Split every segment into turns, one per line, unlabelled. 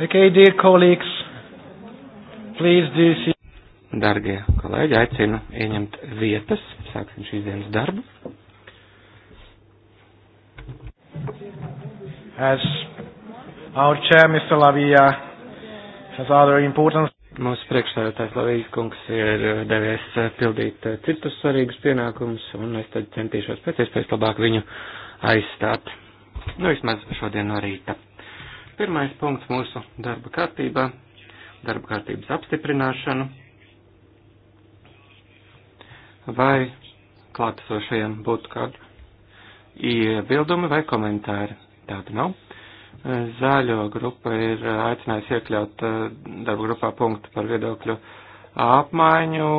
Okay, dear colleagues,
please do see. Dargie kolēģi, aicinu ieņemt vietas, sāksim šīs dienas darbu. As our chair, Mr. Lavija, has other important. Mūsu priekšstādātājs Lavijas kungs ir uh, devies uh, pildīt uh, citus svarīgus pienākumus, un es tad centīšos pēc iespējas labāk viņu aizstāt. Nu, vismaz šodien no rīta. Pirmais punkts mūsu darba kārtībā - darba kārtības apstiprināšana. Vai klātesošajiem būtu kādi iebildumi vai komentāri? Tāda nav. Zāļo grupa ir aicinājusi iekļaut eh, darba grupā punktu par viedokļu apmaiņu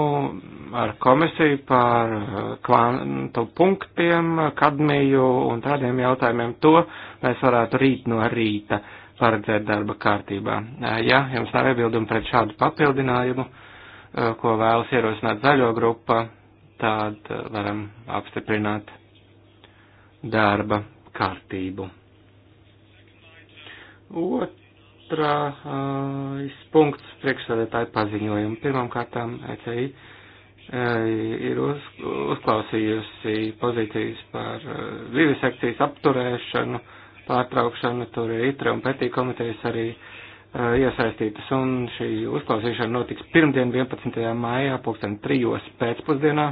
ar komisiju par eh, kvantu punktiem, kadmiju un tādiem jautājumiem. To mēs varētu rīt no rīta paredzēt darba kārtībā. Ja jums nav iebildumi pret šādu papildinājumu, ko vēlas ierosināt zaļo grupa, tad varam apstiprināt darba kārtību. Otrā uh, punkts priekšsēdētāju paziņojumu. Pirmkārtām ECI ir uz, uzklausījusi pozīcijas par vivisekcijas apturēšanu. Uh, pārtraukšana, tur ir itra un petī komitejas arī uh, iesaistītas, un šī uzklausīšana notiks pirmdien 11. maijā, pulksten 3. pēcpusdienā,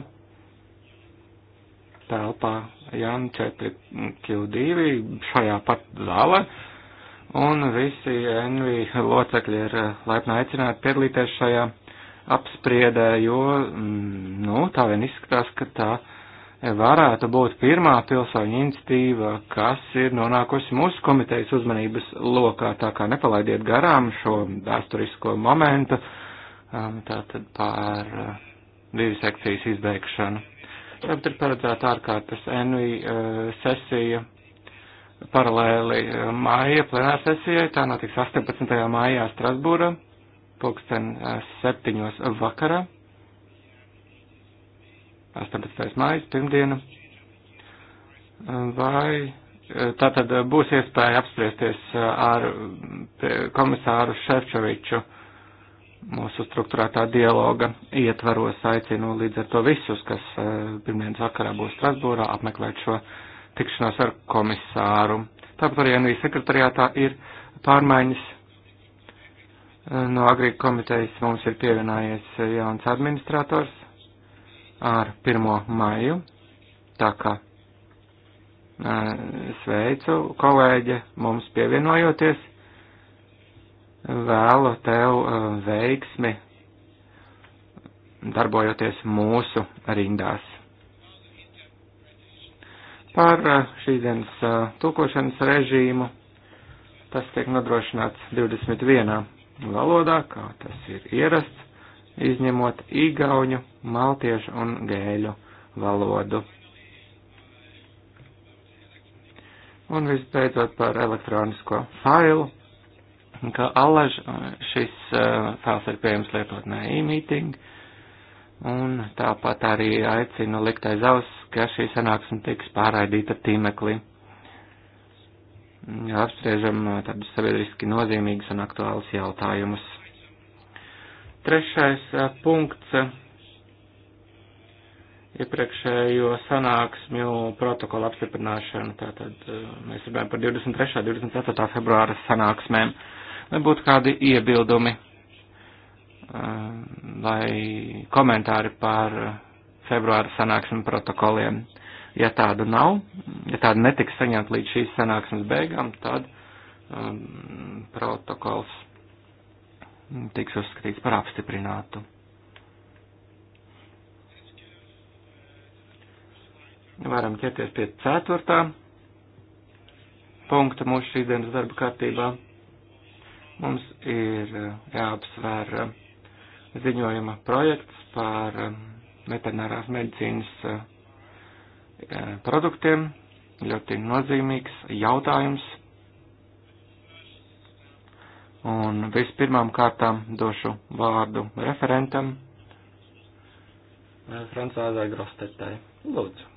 telpā Jan 4Q2 šajā pat zālē, un visi NV locekļi ir eh, laipni aicināti piedalīties šajā apspriedē, jo, mm, nu, tā vien izskatās, ka tā varētu būt pirmā pilsoņa iniciatīva, kas ir nonākusi mūsu komitejas uzmanības lokā, tā kā nepalaidiet garām šo vēsturisko momentu, um, tātad pār uh, divu sekcijas izbeigšanu. Tāpat ir paredzēta ārkārtas NVI uh, sesija paralēli uh, māja plenā sesijai, tā notiks 18. mājā Strasbūra, pulksten 7. vakarā. 18. mājas, pirmdiena, vai eh, tātad eh, būs iespēja apspriesties eh, ar komisāru Šefčoviču mūsu struktūrētā dialoga ietvaros aicinu līdz ar to visus, kas pirmdienas vakarā būs Strasbūrā, apmeklēt šo tikšanos ar komisāru. Tāpat arī NV sekretariātā ir pārmaiņas. No agrīk komitejas mums ir pievienājies jauns administrators, ar 1. maiju, tā kā sveicu kolēģi mums pievienojoties, vēlu tev veiksmi darbojoties mūsu rindās. Par šīdienas tūkošanas režīmu tas tiek nodrošināts 21 valodā, kā tas ir ierasts izņemot īgauņu, maltiešu un gēļu valodu. Un visbeidzot par elektronisko failu, ka alaž šis uh, eh, fails ir pieejams lietotnē e-meeting, un tāpat arī aicinu likt aiz auss, ka šī sanāksme tiks pārraidīta tīmeklī. Apspriežam eh, tādus sabiedriski nozīmīgus un aktuālus jautājumus. Trešais punkts iepriekšējo sanāksmju protokolu apstiprināšanu. Tātad mēs runājam par 23. un 24. februāra sanāksmēm. Vai būtu kādi iebildumi vai komentāri par februāra sanāksmu protokoliem? Ja tādu nav, ja tādu netiks saņemt līdz šīs sanāksmes beigām, tad um, protokols tiks uzskatīts par apstiprinātu. Varam ķerties pie ceturtā punkta mūsu šīs dienas darba kārtībā. Mums ir eh, jāapsver eh, ziņojuma projekts par eh, veterinārās medicīnas produktiem. Ļoti nozīmīgs jautājums Un vispirmām kārtām došu vārdu referentam, eh, Francāzai Grostetai. Lūdzu.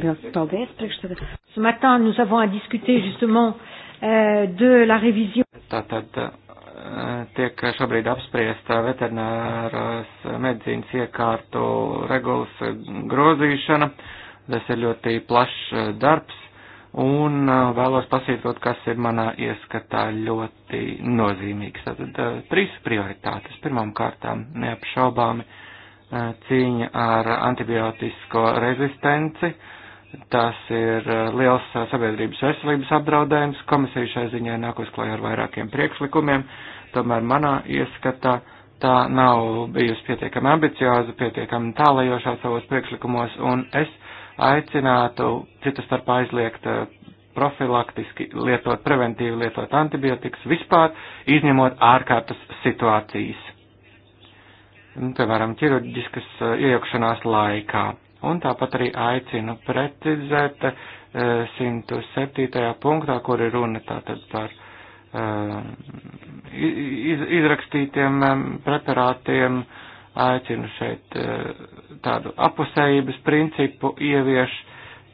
Bien, paldies, priekšsēdētāj. Ce matin, nous avons à discuter justement euh, de la révision.
Tātad eh, tiek šobrīd apspriesta veterināras medicīnas iekārtu regulas grozīšana. Tas ir ļoti plašs eh, darbs, un uh, vēlos pasvītrot, kas ir manā ieskatā ļoti nozīmīgs. Tātad uh, trīs prioritātes. Pirmām kārtām neapšaubāmi uh, cīņa ar antibiotisko rezistenci. Tas ir liels sabiedrības veselības apdraudējums. Komisija šai ziņā nākos klajā ar vairākiem priekšlikumiem. Tomēr manā ieskatā tā nav bijusi pietiekami ambicioza, pietiekami tālajošā savos priekšlikumos, un es aicinātu citu starp aizliegt eh, profilaktiski lietot, preventīvi lietot antibiotikas vispār, izņemot ārkārtas situācijas, nu, piemēram, ķirurģiskas eh, iejaukšanās laikā. Un tāpat arī aicinu precizēt 107. Eh, punktā, kur ir runa tātad par iz, izrakstītiem preparātiem, uh, aicinu šeit eh, tādu apusējības principu ievieš,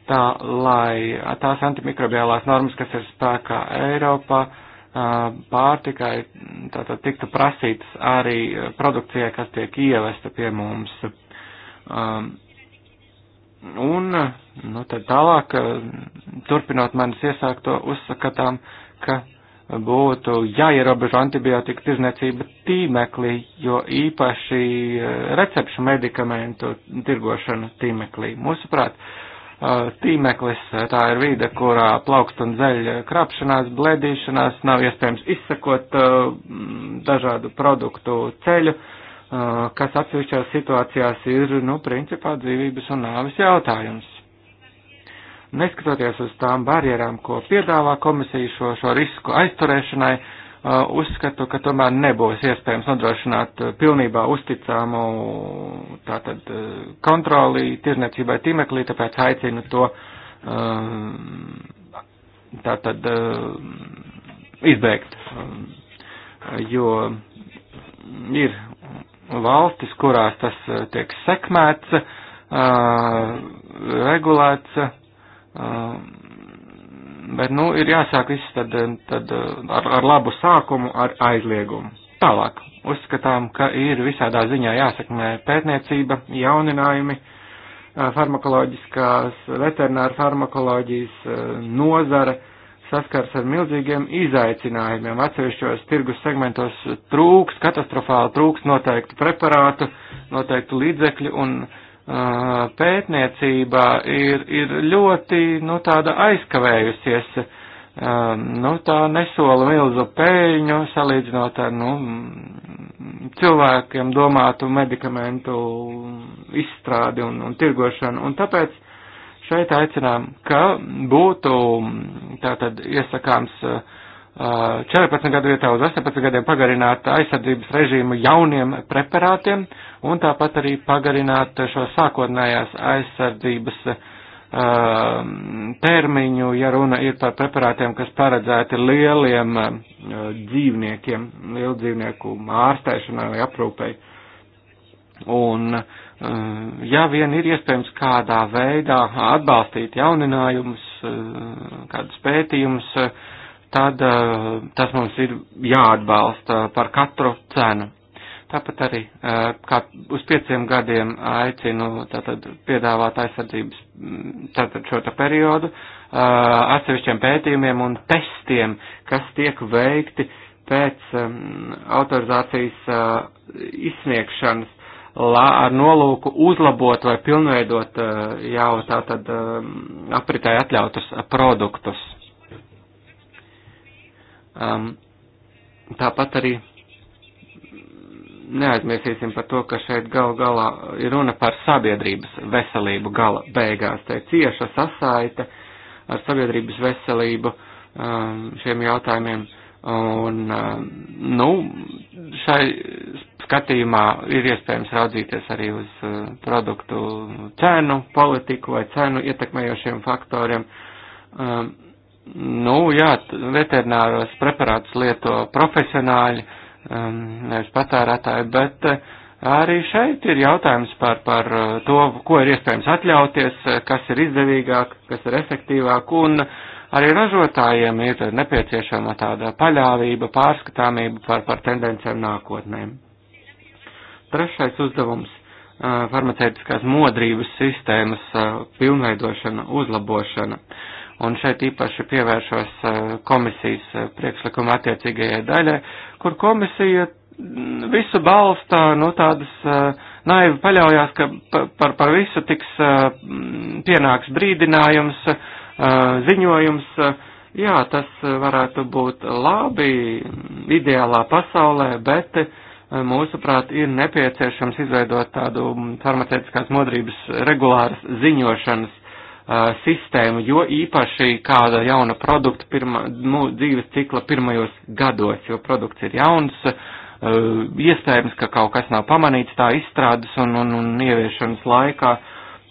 tā lai tās antimikrobiālās normas, kas ir spēkā Eiropā, eh, pārtikai tātad tiktu prasītas arī eh, produkcijai, kas tiek ievesta pie mums. Um, un, nu, tad tālāk, turpinot manis iesākto, uzsakatām, ka būtu jāierobežo antibiotika tirzniecība tīmeklī, jo īpaši e, recepšu medikamentu tirgošana tīmeklī. Mūsuprāt, e, tīmeklis e, tā ir vide, kurā plaukst un zeļ krapšanās, blēdīšanās, nav iespējams izsekot dažādu produktu ceļu, kas atsevišķās situācijās ir, nu, principā dzīvības un nāvis jautājums neskatoties uz tām barjerām, ko piedāvā komisija šo, šo risku aizturēšanai, uh, uzskatu, ka tomēr nebūs iespējams nodrošināt uh, pilnībā uzticamu tātad uh, kontroli tirzniecībai tīmeklī, tāpēc aicinu to um, tātad izbēgt, um, jo ir valstis, kurās tas tiek sekmēts, regulēts, Um, bet, nu, ir jāsāk viss tad, tad ar, ar labu sākumu, ar aizliegumu. Tālāk uzskatām, ka ir visādā ziņā jāsakmē pētniecība, jauninājumi, uh, farmakoloģiskās, veterināra farmakoloģijas uh, nozara saskars ar milzīgiem izaicinājumiem. Atsevišķos tirgus segmentos trūks, katastrofāli trūks noteiktu preparātu, noteiktu līdzekļu un uh, pētniecība ir, ir ļoti, nu, tāda aizkavējusies, nu, tā nesola milzu pēļņu salīdzinot ar, nu, cilvēkiem domātu medikamentu izstrādi un, un tirgošanu, un tāpēc šeit aicinām, ka būtu, tātad, iesakāms, uh, 14 gadu vietā uz 18 gadiem pagarināt aizsardzības režīmu jauniem preparātiem un tāpat arī pagarināt šo sākotnējās aizsardzības uh, termiņu, ja runa ir par preparātiem, kas paredzēti lieliem uh, dzīvniekiem, lielu dzīvnieku ārstēšanai vai aprūpei. Un, uh, ja vien ir iespējams kādā veidā atbalstīt jauninājumus, kādus pētījumus, tad eh, tas mums ir jāatbalsta par katru cenu. Tāpat arī eh, kā uz pieciem gadiem aicinu tātad piedāvāt aizsardzības mm, tātad šo tā periodu eh, atsevišķiem pētījumiem un testiem, kas tiek veikti pēc mm, autorizācijas izsniegšanas ar nolūku uzlabot vai pilnveidot jau tātad apritai atļautus produktus Um, tāpat arī neaizmirsīsim par to, ka šeit gal galā ir runa par sabiedrības veselību gala beigās. Te cieša sasaita ar sabiedrības veselību um, šiem jautājumiem. Un, um, nu, šai skatījumā ir iespējams raudzīties arī uz uh, produktu cenu politiku vai cenu ietekmējošiem faktoriem. Um, Nu, jā, veterināros preparātus lieto profesionāļi, um, nevis patērētāji, bet eh, arī šeit ir jautājums par, par eh, to, ko ir iespējams atļauties, eh, kas ir izdevīgāk, kas ir efektīvāk, un arī ražotājiem ir nepieciešama tāda paļāvība, pārskatāmība par, par tendencēm nākotnēm. Trešais uzdevums farmaceitiskās modrības sistēmas pilnveidošana, uzlabošana. Uh, un šeit īpaši pievēršos eh, komisijas eh, priekšlikuma attiecīgajai daļai, kur komisija mm, visu balstā, nu tādas eh, naivi paļaujās, ka par, par visu tiks mm, pienāks brīdinājums, ziņojums. Jā, tas varētu būt labi mm, ideālā pasaulē, bet mūsuprāt ir nepieciešams izveidot tādu farmaceitiskās modrības regulāras ziņošanas sistēmu, jo īpaši kāda jauna produkta pirma, nu, dzīves cikla pirmajos gados, jo produkts ir jauns, iespējams, ka kaut kas nav pamanīts tā izstrādes un, un, un ieviešanas laikā,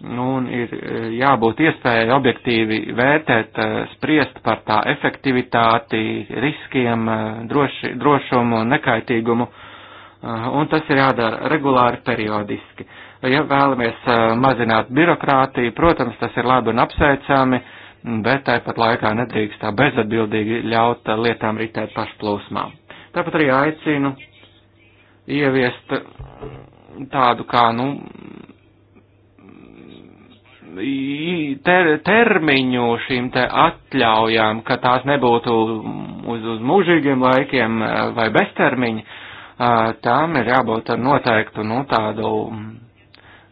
nu, un ir jābūt iespējai objektīvi vērtēt, spriest par tā efektivitāti, riskiem, droši, drošumu un nekaitīgumu, un tas ir jādara regulāri periodiski. Ja vēlamies mazināt birokrātiju, protams, tas ir labi un apsveicami, bet tāpat laikā nedrīkst tā bezatbildīgi ļaut lietām ritēt pašplūsmā. Tāpat arī aicinu ieviest tādu kā, nu, ter, termiņu šīm te atļaujām, ka tās nebūtu uz, uz mūžīgiem laikiem vai beztermiņi, tām ir jābūt ar noteiktu, nu, tādu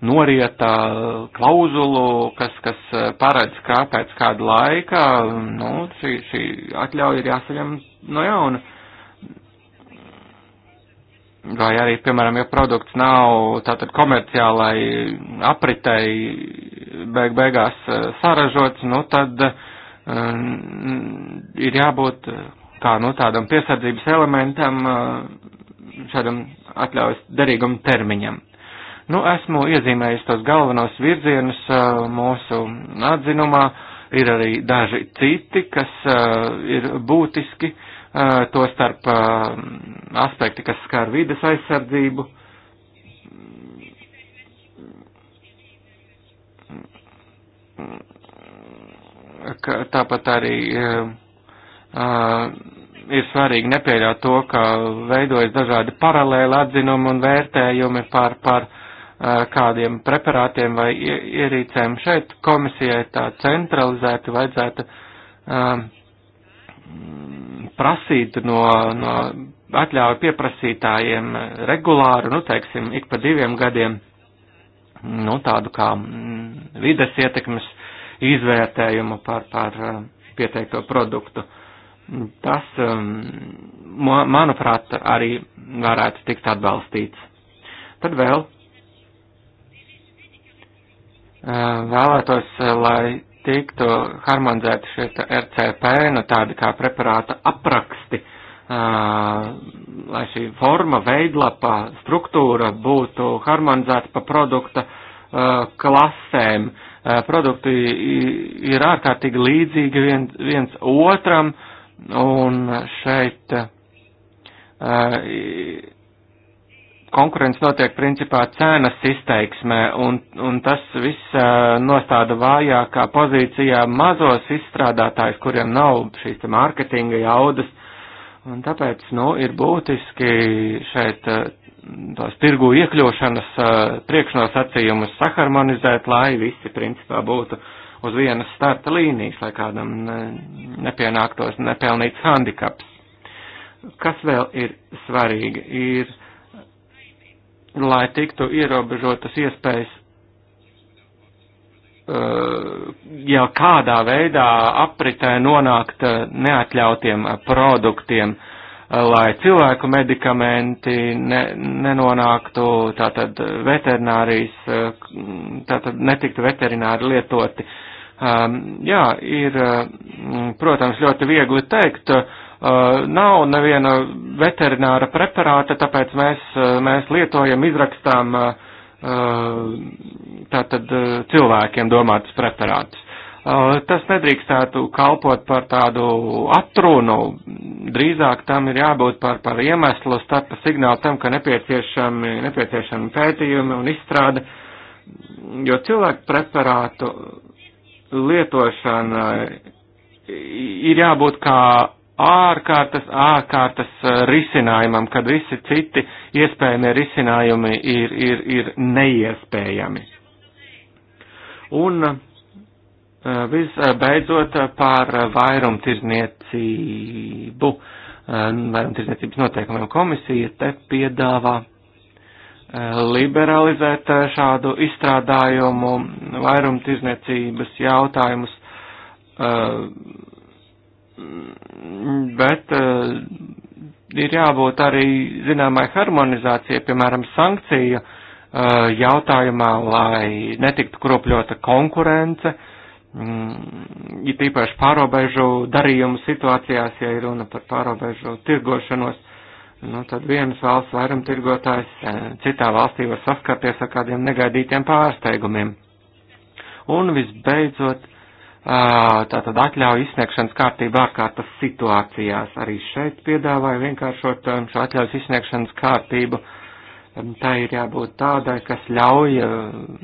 norieta klauzulu, kas, kas eh, paredz, ka pēc kāda laika nu, šī, šī atļauja ir jāsaņem no jauna. Vai arī, piemēram, ja produkts nav tātad komerciālai apritei beig beigās eh, saražots, nu tad um, ir jābūt kā nu tādam piesardzības elementam šādam atļaujas derīgam termiņam. Nu, esmu iezīmējis tos galvenos virzienus mūsu atzinumā, ir arī daži citi, kas ir būtiski, to starp aspekti, kas skar vides aizsardzību. Ka, tāpat arī uh, ir svarīgi nepieļaut to, ka veidojas dažādi paralēli atzinumi un vērtējumi par, par kādiem preparātiem vai ierīcēm. Šeit komisijai tā centralizēti vajadzētu um, prasīt no, no atļauju pieprasītājiem regulāru, nu, teiksim, ik pa diviem gadiem, nu, tādu kā mm, vides ietekmes izvērtējumu par, par um, pieteikto produktu. Tas, um, manuprāt, arī varētu tikt atbalstīts. Tad vēl vēlētos, lai tiktu harmonizēti šie RCP, nu tādi kā preparāta apraksti, lai šī forma, veidlapa, struktūra būtu harmonizēta pa produkta klasēm. Produkti ir ārkārtīgi līdzīgi viens, viens otram, un šeit konkurence notiek principā cenas izteiksmē, un, un tas viss nostāda vājākā pozīcijā mazos izstrādātājs, kuriem nav šīs te mārketinga jaudas, un tāpēc, nu, ir būtiski šeit tos tirgu iekļūšanas priekšnosacījumus saharmonizēt, lai visi principā būtu uz vienas starta līnijas, lai kādam nepienāktos nepelnīts handikaps. Kas vēl ir svarīgi? Ir lai tiktu ierobežotas iespējas uh, jau kādā veidā apritē nonākt uh, neatļautiem uh, produktiem, lai cilvēku medikamenti ne, nenonāktu, tātad veterinārijas, tātad netiktu veterināri lietoti. Um, jā, ir, protams, ļoti viegli teikt, Eh, nav neviena veterināra preparāta, tāpēc mēs, eh, mēs lietojam, izrakstām eh, tātad cilvēkiem domātas preparātus. Tas nedrīkstētu kalpot par tādu atrunu, drīzāk tam ir jābūt par, par iemeslu starp signālu tam, ka nepieciešami, nepieciešami pētījumi un izstrāde, jo cilvēku preparātu lietošana ir jābūt kā ārkārtas, ārkārtas uh, risinājumam, kad visi citi iespējamie risinājumi ir, ir, ir neiespējami. Un uh, visbeidzot uh, par vairumtirdzniecību, vairumtirdzniecības noteikumiem komisija te piedāvā liberalizēt šādu izstrādājumu vairumtirdzniecības jautājumus Mm, bet uh, ir jābūt arī zināmai harmonizācijai, piemēram, sankcija uh, eh, jautājumā, lai netiktu kropļota konkurence, mm, it īpaši pārobežu darījumu situācijās, ja ir runa par pārobežu tirgošanos. Nu, tad vienas valsts vairuma tirgotājs eh, citā valstī var saskarties ar kādiem negaidītiem pārsteigumiem. Un visbeidzot, tātad atļauju izsniegšanas kārtību ārkārtas situācijās. Arī šeit piedāvāju vienkāršot um, šo atļaujas izsniegšanas kārtību. Um, tā ir jābūt tādai, kas ļauj uh,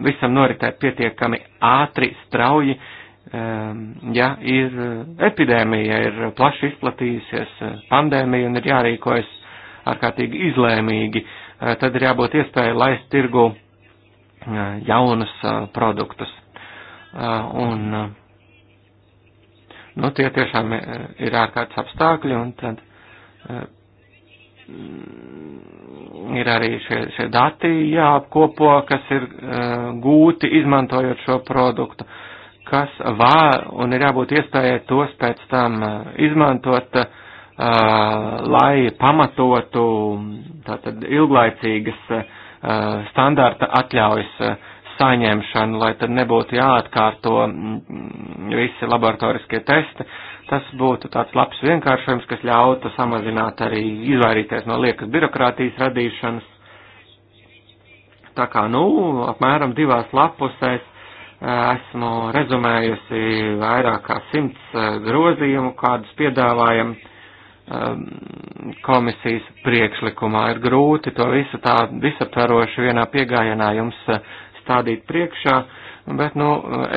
visam noritēt pietiekami ātri, strauji, um, ja ir uh, epidēmija, ir plaši izplatījusies uh, pandēmija un ir jārīkojas ārkārtīgi izlēmīgi. Tad ir jābūt iespēja laist tirgu jaunus produktus. Un, uh, nu, tie tiešām ir ārkārtas apstākļi, un tad e, mm, ir arī šie, šie dati jāapkopo, kas ir e, gūti izmantojot šo produktu, kas var un ir jābūt iespējai tos pēc tam e, izmantot, lai pamatotu tātad ilglaicīgas standarta atļaujas saņemšanu, lai tad nebūtu jāatkārto mm, mm, visi laboratoriskie testi. Tas būtu tāds labs vienkāršojums, kas ļautu samazināt arī izvairīties no liekas birokrātijas radīšanas. Tā kā, nu, apmēram divās lapusēs eh, esmu rezumējusi vairāk kā simts eh, grozījumu, kādus piedāvājam ehm, komisijas priekšlikumā. Ir grūti to visu tā visaptvaroši vienā piegājienā jums eh, stādīt priekšā, bet, nu,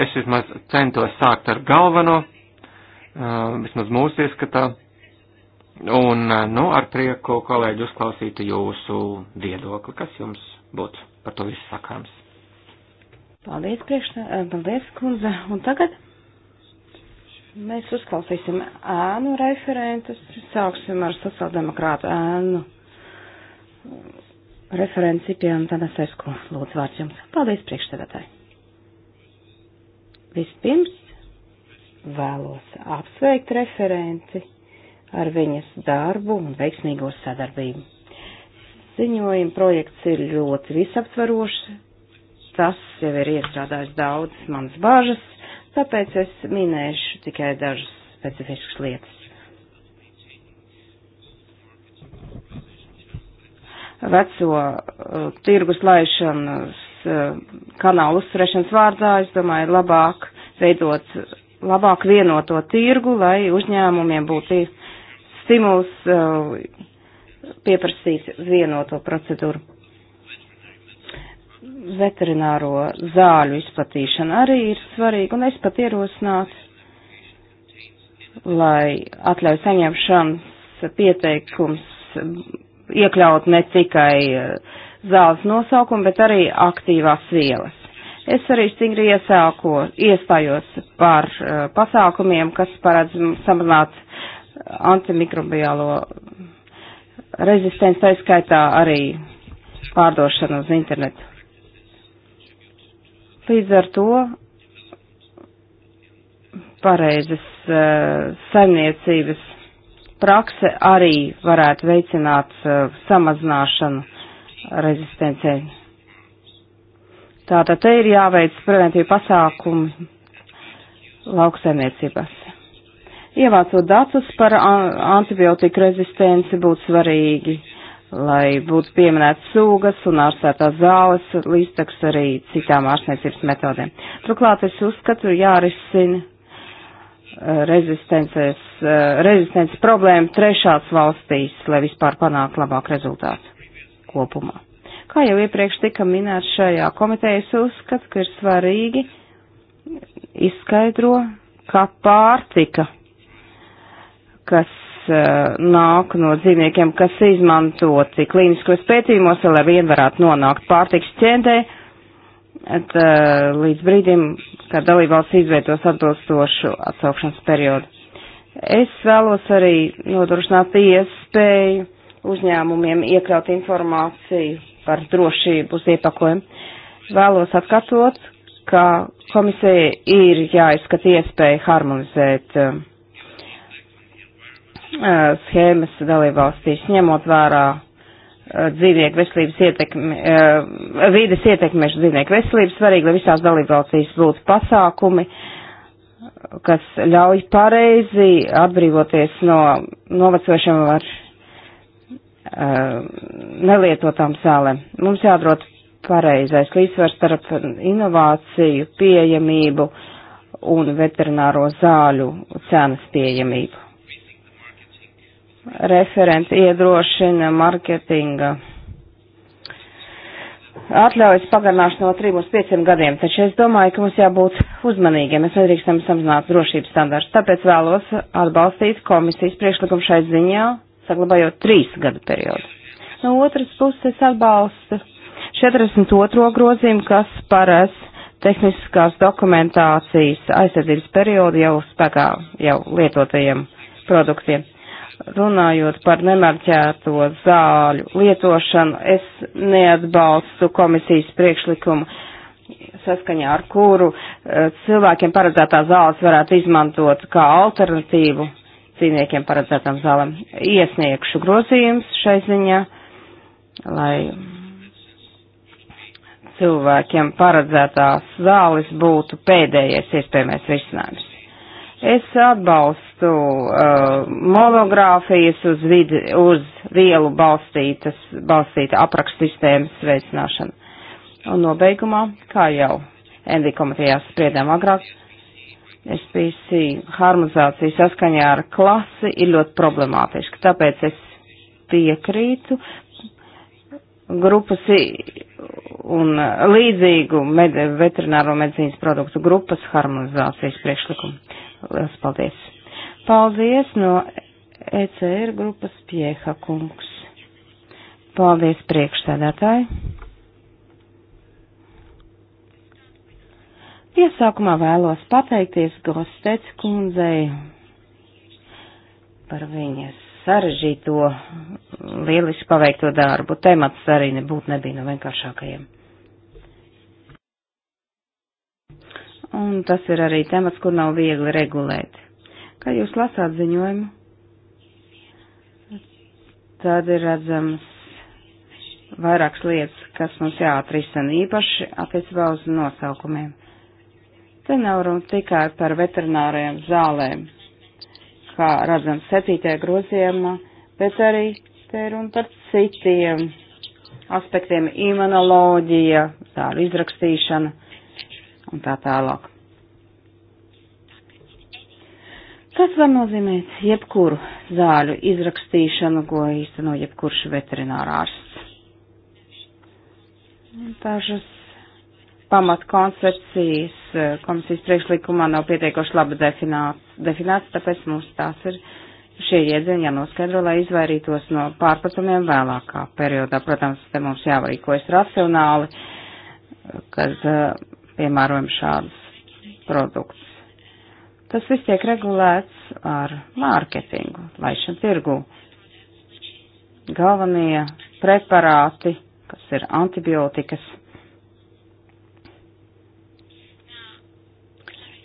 es vismaz centos sākt ar galveno, eh, vismaz mūsu ieskatā, un, eh, nu, ar prieku kolēģi uzklausītu jūsu viedokli, kas jums būtu par to visu sakāms.
Paldies, priekšā, eh, paldies, kundze, un tagad? Mēs uzklausīsim ēnu referentus, sāksim ar sociāldemokrātu ēnu referenci pie Tanasesku. Lūdzu, vārds jums. Paldies priekšstādātāji. Vispirms vēlos apsveikt referenci ar viņas darbu un veiksmīgo sadarbību. Ziņojuma projekts ir ļoti visaptvarošs. Tas jau ir iestrādājis daudz manas bāžas, tāpēc es minēšu tikai dažas specifiskas lietas. veco uh, tirgus laišanas uh, eh, kanālu uzturēšanas vārdā, es domāju, labāk veidot labāk vienoto tirgu, lai uzņēmumiem būtu stimuls uh, pieprasīt vienoto procedūru. Veterināro zāļu izplatīšana arī ir svarīga, un es pat ierosinātu, lai atļauj saņemšanas pieteikums iekļaut ne tikai eh, zāles nosaukumu, bet arī aktīvās vielas. Es arī stingri iesāko, iestājos par uh, pasākumiem, kas paredz samazināt eh, antimikrobiālo rezistenci, tā skaitā arī pārdošanu uz internetu. Līdz ar to pareizes uh, saimniecības prakse arī varētu veicināt uh, samazināšanu rezistencei. Tātad te ir jāveic preventīvi pasākumi lauksaimniecības. Ievācot datus par antibiotiku rezistenci būtu svarīgi, lai būtu pieminēts sūgas un ārstētās zāles līdztaks arī citām ārstniecības metodēm. Turklāt es uzskatu jārisina rezistences, eh, rezistences problēmu trešās valstīs, lai vispār panāktu labāku rezultātu kopumā. Kā jau iepriekš tika minēts šajā komitejas uzskats, ka ir svarīgi izskaidro, ka pārtika, kas uh, nāk no dzīvniekiem, kas izmantoti klīniskos pētījumos, lai vien varētu nonākt pārtiks ķēdē, uh, et, uh, līdz brīdim, kad dalībvalsts izvietos atbilstošu atsaukšanas periodu. Es vēlos arī nodrošināt iespēju uzņēmumiem iekļaut informāciju par drošību uz iepakojumu. Vēlos atkārtot, ka komisija ir jāizskata iespēja harmonizēt um, uh, schēmas dalībvalstīs, ņemot vērā Uh, dzīvnieku veselības ietekmi, uh, vīdes ietekmešu dzīvnieku veselību svarīgi, lai visās dalībvalstīs būtu pasākumi, kas ļauj pareizi atbrīvoties no novecošiem ar uh, nelietotām zālēm. Mums jādrot pareizais līdzsvars starp inovāciju, pieejamību un veterināro zāļu cenas pieejamību referents iedrošina marketinga atļaujas pagarināšanu no 3 uz 5 gadiem, taču es domāju, ka mums jābūt uzmanīgiem, mēs nedrīkstam samazināt drošības standārts, tāpēc vēlos atbalstīt komisijas priekšlikumu šai ziņā, saglabājot 3 gadu periodu. No otras puses atbalstu 42. grozījumu, kas paredz tehniskās dokumentācijas aizsardzības periodu jau spēkā jau lietotajiem produktiem. Runājot par nemarķēto zāļu lietošanu, es neatbalstu komisijas priekšlikumu, saskaņā ar kuru eh, cilvēkiem paredzētā zāles varētu izmantot kā alternatīvu dzīvniekiem paredzētām zālēm. Iesniegšu grozījums šai ziņā, lai cilvēkiem paredzētās zāles būtu pēdējais iespējamais risinājums. Es atbalstu uh, monogrāfijas uz, vidi, uz vielu balstītas, balstīta aprakstu sistēmas veicināšanu. Un nobeigumā, kā jau Endi komitejā spriedām agrāk, SPC harmonizācija saskaņā ar klasi ir ļoti problemātiska, tāpēc es piekrītu grupas un līdzīgu med veterināro medicīnas produktu grupas harmonizācijas priekšlikumu. Lielas paldies! Paldies no ECR grupas Pieha kungs. Paldies priekšstādātāji! Iesākumā vēlos pateikties Gostec kundzei par viņas sarežģīto, lieliski paveikto darbu. Temats arī nebūtu nebija no vienkāršākajiem. un tas ir arī temats, kur nav viegli regulēt. Kā jūs lasāt ziņojumu, tad ir redzams vairākas lietas, kas mums jāatrisina īpaši attiecībā uz nosaukumiem. Te nav runa tikai par veterinārajām zālēm, kā redzams septītajā grozījumā, bet arī te ir runa par citiem aspektiem - imunoloģija, zāļu izrakstīšana un tā tālāk. Tas var nozīmēt jebkuru zāļu izrakstīšanu, ko īsteno jebkurš veterinārārsts. Dažas pamatkoncepcijas eh, komisijas priekšlikumā nav pietiekoši labi definēts, tāpēc mums tās ir šie iedzieni jānoskaidro, lai izvairītos no pārpratumiem vēlākā periodā. Protams, te mums jāvarīkojas racionāli, kad uh, eh, piemērojam šādus produktus. Tas viss tiek regulēts ar mārketingu, laišanu tirgu. Galvenie preparāti, kas ir antibiotikas,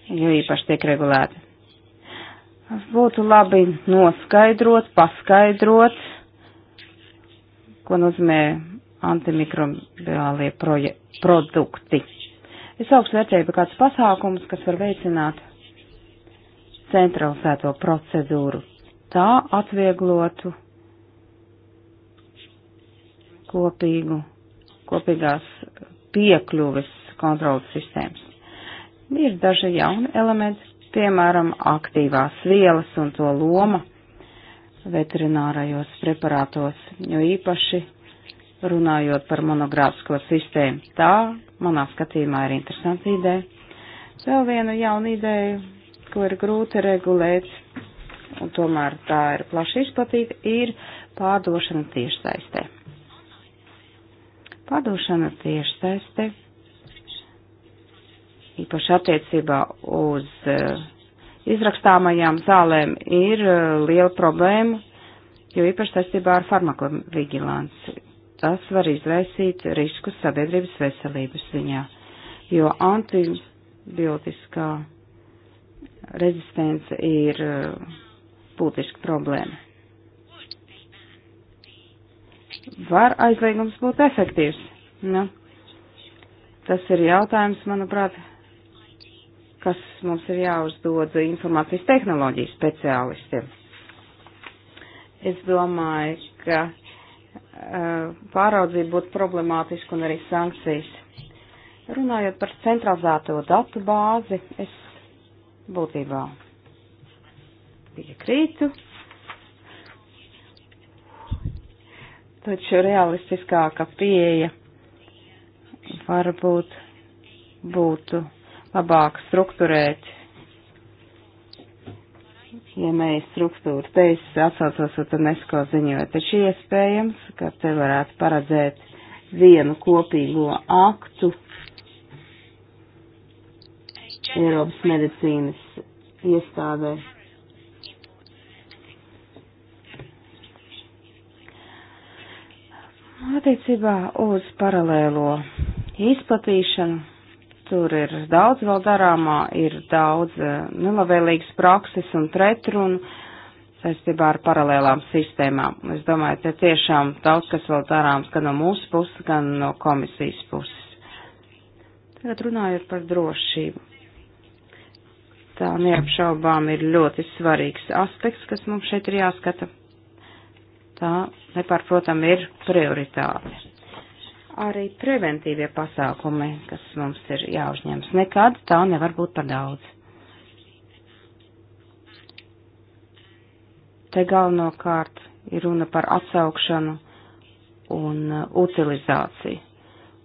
jo īpaši tiek regulēti. Būtu labi noskaidrot, paskaidrot, ko nozīmē antimikrobiālie produkti Es augstu vērtēju kāds pasākums, kas var veicināt centralizēto procedūru. Tā atvieglotu kopīgu, kopīgās piekļuves kontrolas sistēmas. Ir daži jauni elementi, piemēram, aktīvās vielas un to loma veterinārajos preparātos, jo īpaši runājot par monogrāfisko sistēmu. Tā manā skatījumā ir interesanta ideja. Vēl viena jauna ideja, ko ir grūti regulēt, un tomēr tā ir plaši izplatīta, ir pārdošana tiešsaistē. Pārdošana tiešsaistē, īpaši attiecībā uz eh, izrakstāmajām zālēm, ir eh, liela problēma, jo īpaši saistībā ar farmakovigilanci Tas var izraisīt risku sabiedrības veselības ziņā, jo antibiotiskā rezistence ir uh, būtiska problēma. Var aizliegums būt efektīvs? Nu, tas ir jautājums, manuprāt, kas mums ir jāuzdod informācijas tehnoloģiju speciālistiem. Es domāju, ka Eh, pāraudzība būtu problemātiska un arī sankcijas. Runājot par centralizēto datu bāzi, es būtībā piekrītu, taču realistiskāka pieeja varbūt būtu labāk strukturēt iemeja struktūru. Te es atsaucos uz UNESCO ziņoju, taču iespējams, ka te varētu paredzēt vienu kopīgo aktu Eiropas medicīnas iestādē. Attiecībā uz paralēlo izplatīšanu Tur ir daudz vēl darāmā, ir daudz eh, nelabvēlīgas prakses un pretrunu saistībā ar paralēlām sistēmām. Es domāju, te tiešām daudz kas vēl darāms gan no mūsu puses, gan no komisijas puses. Tagad runājot par drošību. Tā neapšaubām ir ļoti svarīgs aspekts, kas mums šeit ir jāskata. Tā, nepārprotam, ir prioritāte arī preventīvie pasākumi, kas mums ir jāuzņems. Nekad tā nevar būt par daudz. Te galvenokārt ir runa par atsaukšanu un uh, utilizāciju.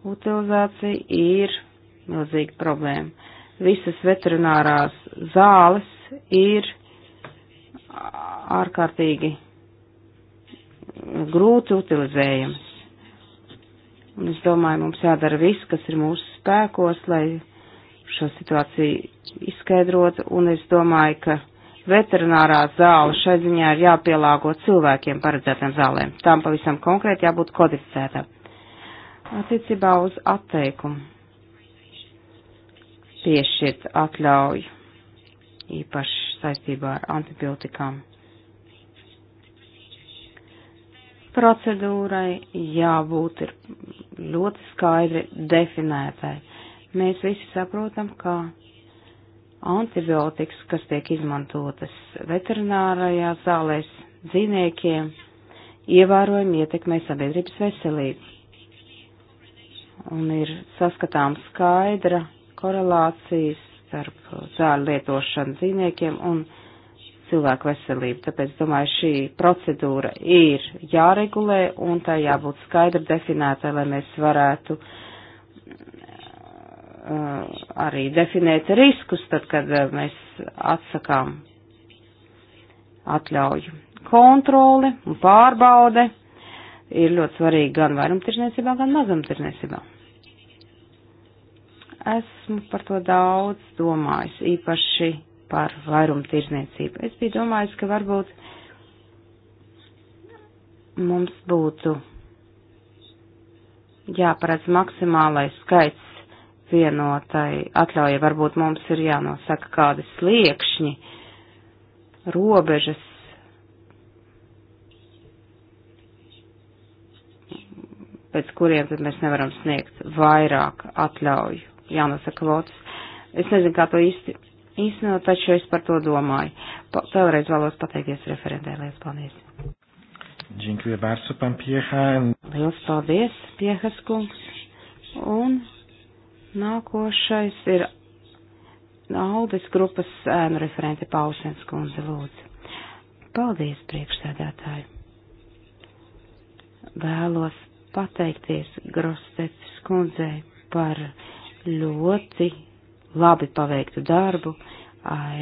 Utilizācija ir milzīga problēma. Visas veterinārās zāles ir uh, ārkārtīgi grūti utilizējams. Un es domāju, mums jādara viss, kas ir mūsu spēkos, lai šo situāciju izskaidrotu. Un es domāju, ka veterinārā zāle šai ziņā ir jāpielāgo cilvēkiem paredzētām zālēm. Tām pavisam konkrēti jābūt kodificētām. Attiecībā uz atteikumu piešķirt atļauju, īpaši saistībā ar antibiotikām. procedūrai jābūt ir ļoti skaidri definētai. Mēs visi saprotam, ka antibiotikas, kas tiek izmantotas veterinārajā zālēs dzīvniekiem, ievērojami ietekmē sabiedrības veselību. Un ir saskatām skaidra korelācijas starp zāļu lietošanu dzīvniekiem un dzīvniekiem cilvēku veselību. Tāpēc, domāju, šī procedūra ir jāregulē un tā jābūt skaidri definēta, lai mēs varētu uh, arī definēt riskus, tad, kad uh, mēs atsakām atļauju. Kontrole un pārbaude ir ļoti svarīgi gan vairumtirniecībā, gan mazumtirniecībā. Esmu par to daudz domājis, īpaši par vairumu tirzniecību. Es biju domājis, ka varbūt mums būtu jāparedz maksimālais skaits vienotai atļauja. Varbūt mums ir jānosaka kādi sliekšņi, robežas. pēc kuriem tad mēs nevaram sniegt vairāk atļauju, jānosaka kvotas. Es nezinu, kā to īsti īstenot, taču es par to domāju. Pa, vēlreiz vēlos pateikties referentē. Lielas paldies! Dziękuję bardzo, pan Piecha. Lielas paldies, Piehas kungs. Un nākošais ir Aldes grupas ēnu referente Pausens kundze lūdzu. Paldies, priekšsēdētāji. Vēlos pateikties Grostets kundzei par ļoti labi paveiktu darbu.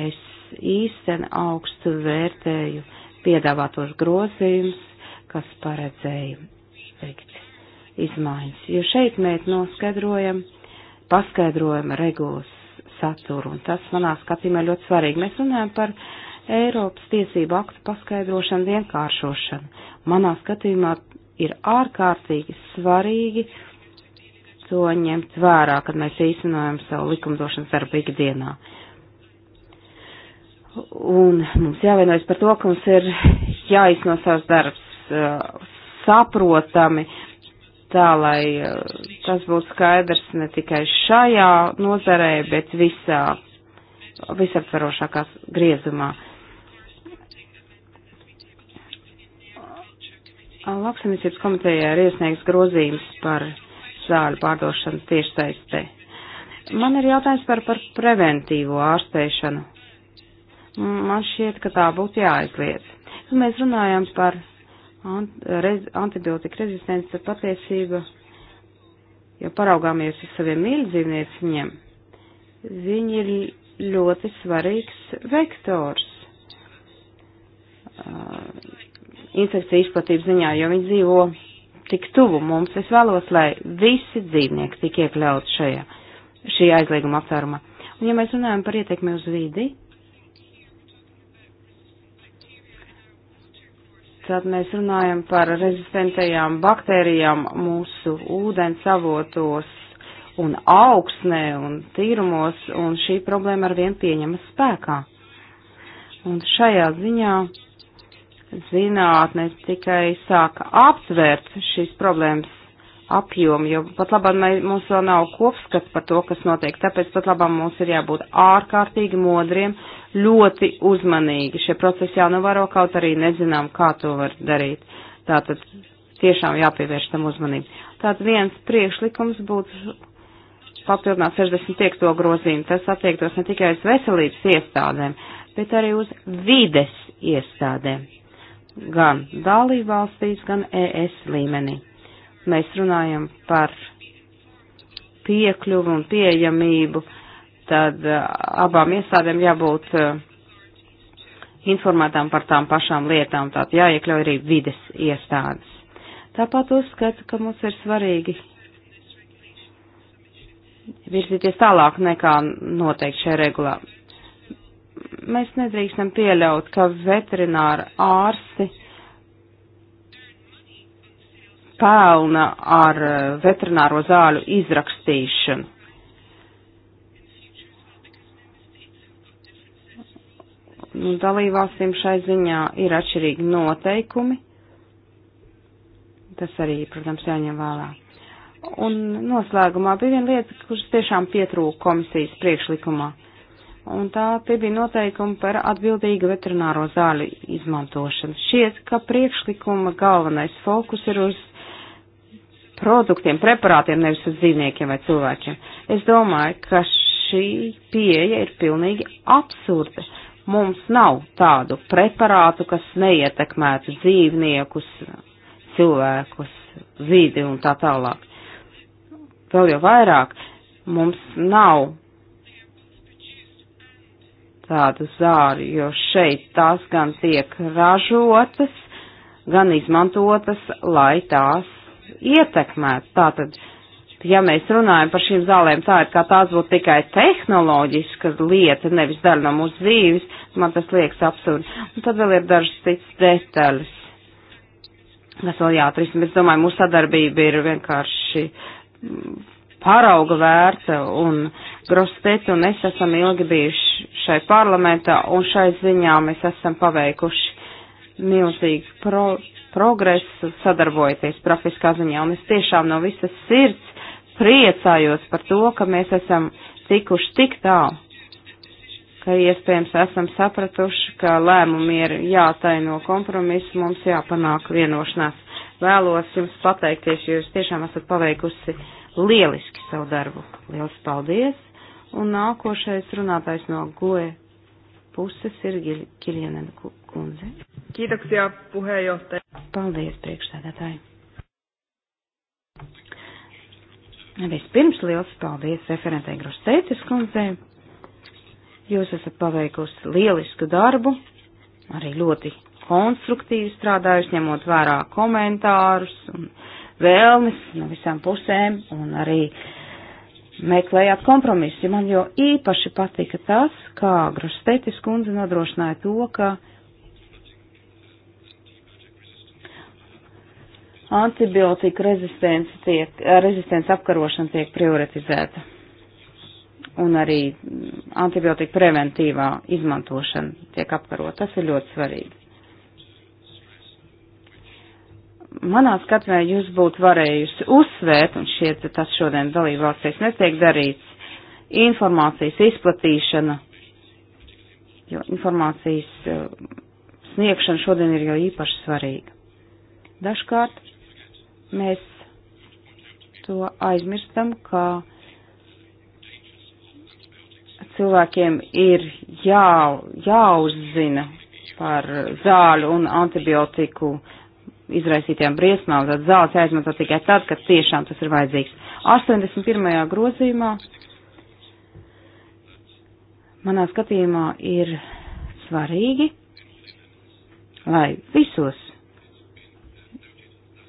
Es īsten augstu vērtēju piedāvātos grozījumus, kas paredzēja veikt izmaiņas. Jo šeit mēs noskaidrojam, paskaidrojam regulas saturu, un tas manā skatījumā ļoti svarīgi. Mēs runājam par Eiropas tiesību aktu paskaidrošanu, vienkāršošanu. Manā skatījumā ir ārkārtīgi svarīgi to ņemt vērā, kad mēs īstenojam savu likumdošanas darbu ikdienā. Un mums jāvienojas par to, ka mums ir jāizno savs darbs uh, saprotami, tā lai uh, tas būtu skaidrs ne tikai šajā nozarē, bet visā, visaptverošākā griezumā. Lauksaimniecības komitejā ir iesniegts grozījums par zāļu pārdošanas tiešsaistē. Man ir jautājums par, par preventīvo ārstēšanu. Man šķiet, ka tā būtu jāaizliedz. Kad mēs runājam par ant, rez, antibiotika rezistenci, tad patiesība, ja paraugāmies uz saviem mīļdzīvnieciņiem, viņi ir ļoti svarīgs vektors uh, infekcija izplatības ziņā, jo viņi dzīvo tik tuvu mums. Es vēlos, lai visi dzīvnieki tik iekļaut šajā, šī aizlieguma aptvērumā. Un ja mēs runājam par ietekmi uz vidi, tad mēs runājam par rezistentajām baktērijām mūsu ūdens avotos un augsnē un tīrumos, un šī problēma ar vien pieņemas spēkā. Un šajā ziņā zinātnes tikai sāka aptvērt šīs problēmas apjomu, jo pat labam mums vēl nav kopskats par to, kas notiek, tāpēc pat labam mums ir jābūt ārkārtīgi modriem, ļoti uzmanīgi. Šie procesi jānovaro, kaut arī nezinām, kā to var darīt. Tātad tiešām jāpievērš tam uzmanību. Tātad viens priekšlikums būtu papildināt 65. grozījumu. Tas attiektos ne tikai uz veselības iestādēm, bet arī uz vides iestādēm gan dalībvalstīs, gan ES līmenī. Mēs runājam par piekļuvu un pieejamību, tad uh, abām iestādēm jābūt uh, informētām par tām pašām lietām, tātad jāiekļauj arī vides iestādes. Tāpat uzskatu, ka mums ir svarīgi virzīties tālāk nekā noteikti šajā regulā mēs nedrīkstam pieļaut, ka veterināri ārsti pelna ar eh, veterināro zāļu izrakstīšanu. Nu, dalībvalstīm šai ziņā ir atšķirīgi noteikumi. Tas arī, protams, jāņem vērā. Un noslēgumā bija viena lieta, kuras tiešām pietrūka komisijas priekšlikumā. Uh, un tā tie bija noteikumi par atbildīgu veterināro zāļu izmantošanu. Šiet, ka priekšlikuma galvenais fokus ir uz produktiem, preparātiem, nevis uz dzīvniekiem vai cilvēkiem. Es domāju, ka šī pieeja ir pilnīgi absurda. Mums nav tādu preparātu, kas neietekmētu dzīvniekus, cilvēkus, vidi un tā tālāk. Vēl jau vairāk, mums nav tādu zāru, jo šeit tās gan tiek ražotas, gan izmantotas, lai tās ietekmētu. Tātad, ja mēs runājam par šīm zālēm, tā ir kā tās būtu tikai tehnoloģiska lieta, nevis daļa no mūsu dzīves, man tas liekas absurdi. Un tad vēl ir dažas citas detaļas, kas vēl jāatrisina. Es domāju, mūsu sadarbība ir vienkārši mm, parauga vērta un Grostete un es esam ilgi bijuši šai parlamentā, un šai ziņā mēs esam paveikuši milzīgu pro progresu, sadarbojoties praktiskā ziņā, un es tiešām no visas sirds priecājos par to, ka mēs esam tikuši tik tālu, ka iespējams esam sapratuši, ka lēmumi ir jātaino kompromisu, mums jāpanāk vienošanās. Vēlos jums pateikties, jo jūs tiešām esat paveikusi lieliski savu darbu. Lielas paldies! Un nākošais runātājs no GOE puses ir Kiljanen kundze. Kiitoksia puheenjohtaja. Paldies, priekšsēdētāji. Vispirms liels paldies referentei Grostētis kundzei. Jūs esat paveikusi lielisku darbu, arī ļoti konstruktīvi strādājusi, ņemot vērā komentārus un vēlmes no visām pusēm un arī uh, meklējāt kompromisu. Man jau īpaši patika tas, kā Grostetis kundze nodrošināja to, ka antibiotika rezistence, tiek, rezistence apkarošana tiek prioritizēta. Un arī antibiotika preventīvā izmantošana tiek apkarota. Tas ir ļoti svarīgi. manā skatījumā jūs būtu varējusi uzsvērt, un šķiet, tas šodien dalībvalstīs netiek darīts, informācijas izplatīšana, jo informācijas eh, sniegšana šodien ir jau īpaši svarīga. Dažkārt mēs to aizmirstam, ka cilvēkiem ir jā, jāuzzina par zāļu un antibiotiku uh, izraisītajām briesmām, tad zāles jāizmanto tikai tad, kad tiešām tas ir vajadzīgs. 81. grozījumā manā skatījumā ir svarīgi, lai visos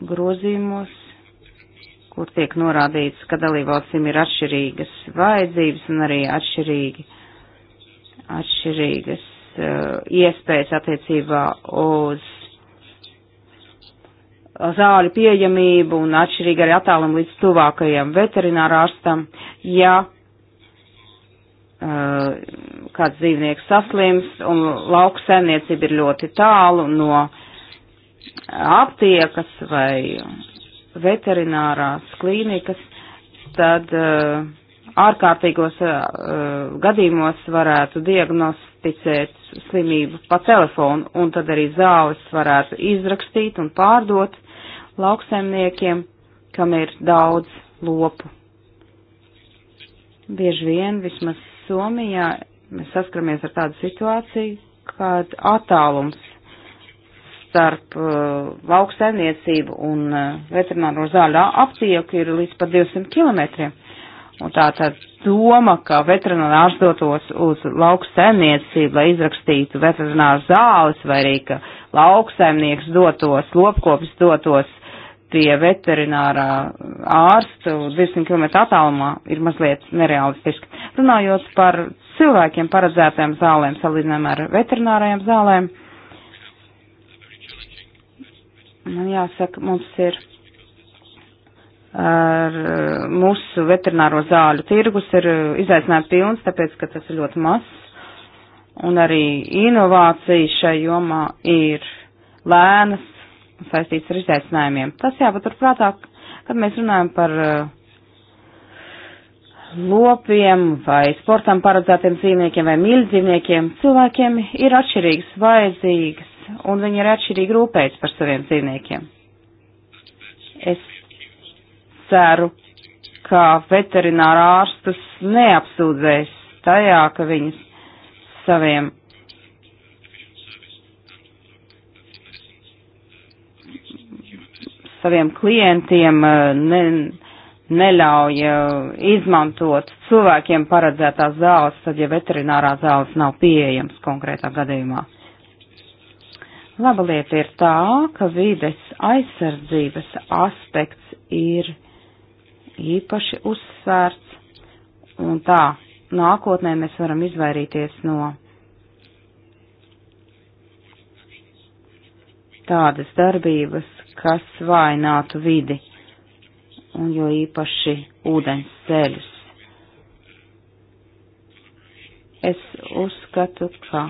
grozījumos, kur tiek norādīts, ka dalībvalstīm ir atšķirīgas vajadzības un arī atšķirīgi, atšķirīgas uh, iespējas attiecībā uz zāļu pieejamību un atšķirīgi arī attālumu līdz tuvākajam veterinārārstam. Ja uh, kāds dzīvnieks saslims un lauksaimniecība ir ļoti tālu no aptiekas vai veterinārās klīnikas, tad uh, ārkārtīgos uh, uh, gadījumos varētu diagnosticēt slimību pa telefonu, un tad arī zāles varētu izrakstīt un pārdot lauksaimniekiem, kam ir daudz lopu. Bieži vien, vismaz Somijā, mēs saskaramies ar tādu situāciju, kad attālums starp uh, lauksaimniecību un uh, veterināro zāļu aptieku ir līdz pat 200 kilometriem. Un tā tad doma, ka veterinārs dotos uz lauksaimniecību, lai izrakstītu veterināru zāles, vai arī, ka lauksaimnieks dotos, lopkopis dotos pie veterinārā ārsta uz 20 km attālumā ir mazliet nerealistiski. Runājot par cilvēkiem paredzētajām zālēm, salīdzinām ar veterinārajām zālēm, man jāsaka, mums ir ar mūsu veterināro zāļu tirgus ir izaicinājums pilns, tāpēc, ka tas ir ļoti mazs, un arī inovācija šai jomā ir lēnas, saistīts ar izaicinājumiem. Tas jāpaturprātā, kad mēs runājam par eh, lopiem vai sportam paredzētiem dzīvniekiem vai mīļdzīvniekiem, cilvēkiem ir atšķirīgas vajadzīgas un viņi ir atšķirīgi rūpējas par saviem dzīvniekiem. Es ceru, ka veterināra ārstus neapsūdzēs tajā, ka viņas saviem saviem klientiem eh, ne, neļauj eh, izmantot cilvēkiem paredzētās zāles, tad ja veterinārā zāles nav pieejams konkrētā gadījumā. Laba lieta ir tā, ka vides aizsardzības aspekts ir īpaši uzsvērts, un tā nākotnē mēs varam izvairīties no tādas darbības, kas vainātu vidi, un jo īpaši ūdens ceļus. Es uzskatu, ka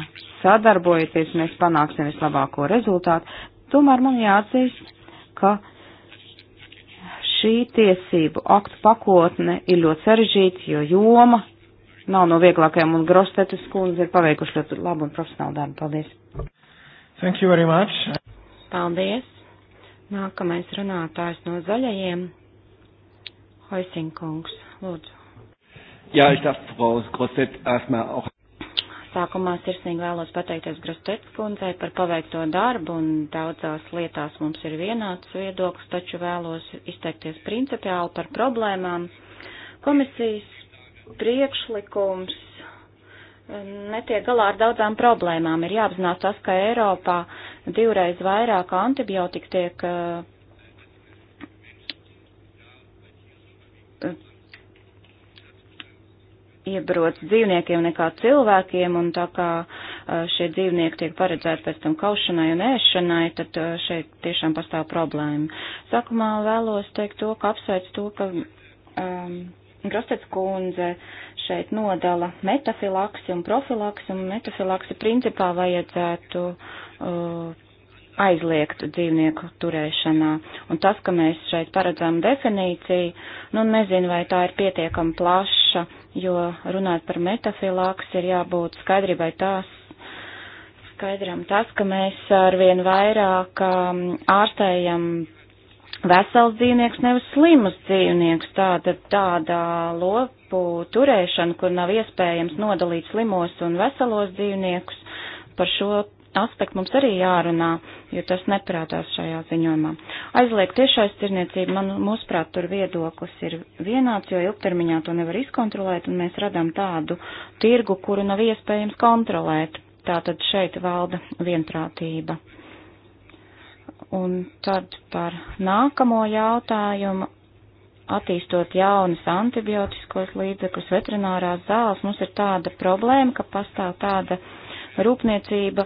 sadarbojoties mēs panāksim vislabāko rezultātu, tomēr man jāatzīst, ka šī tiesību aktu pakotne ir ļoti sarežģīta, jo joma nav no vieglākajām, un Grostetas kundze ir paveikuši ļoti labu un profesionālu darbu. Paldies! Thank you very much! Paldies! Nākamais runātājs no zaļajiem - Hoisinkungs. Lūdzu.
Jā, es darf Frau Grosset erstmal auch.
Sākumā sirsnīgi vēlos pateikties Grostet kundzei par paveikto darbu un daudzās lietās mums ir vienāds viedoklis, taču vēlos izteikties principiāli par problēmām. Komisijas priekšlikums netiek galā ar daudzām problēmām. Ir jāapzinās tas, ka Eiropā divreiz vairāk antibiotika tiek eh, iebrots dzīvniekiem nekā cilvēkiem, un tā kā eh, šie dzīvnieki tiek paredzēti pēc tam kaušanai un ēšanai, tad eh, šeit tiešām pastāv problēma. Sākumā vēlos teikt to, ka apsveic to, ka um, ehm, Grostets kundze uh, šeit nodala metafilaksi un profilaksi, un metafilaksi principā vajadzētu uh, aizliegt dzīvnieku turēšanā. Un tas, ka mēs šeit paredzam definīciju, nu nezinu, vai tā ir pietiekami plaša, jo runāt par metafilaks ir jābūt skaidrībai tās, skaidram tas, ka mēs arvien vairāk um, ārstējam vesels dzīvnieks, nevis slimus dzīvnieks, tāda, tāda lo, dzīvnieku turēšanu, kur nav iespējams nodalīt slimos un veselos dzīvniekus. Par šo aspektu mums arī jārunā, jo tas neprātās šajā ziņojumā. Aizliegt tiešais tirniecību, man, mūsuprāt, tur viedoklis ir vienāds, jo ilgtermiņā to nevar izkontrolēt, un mēs radām tādu tirgu, kuru nav iespējams kontrolēt. Tātad šeit valda vienprātība. Un tad par nākamo jautājumu attīstot jaunus antibiotiskos līdzekļus, veterinārās zāles, mums ir tāda problēma, ka pastāv tāda rūpniecība,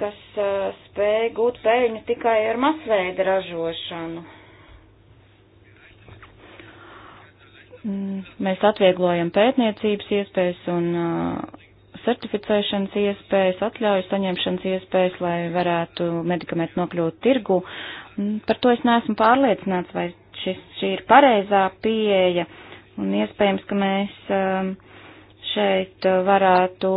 kas uh, eh, spēja gūt peļņu tikai ar masveida ražošanu. Mm, mēs atvieglojam pētniecības iespējas un uh, certificēšanas iespējas, atļauju saņemšanas iespējas, lai varētu medikamenti nokļūt tirgu. Mm, par to es neesmu pārliecināts, vai šis, šī ir pareizā pieeja, un iespējams, ka mēs um, šeit varētu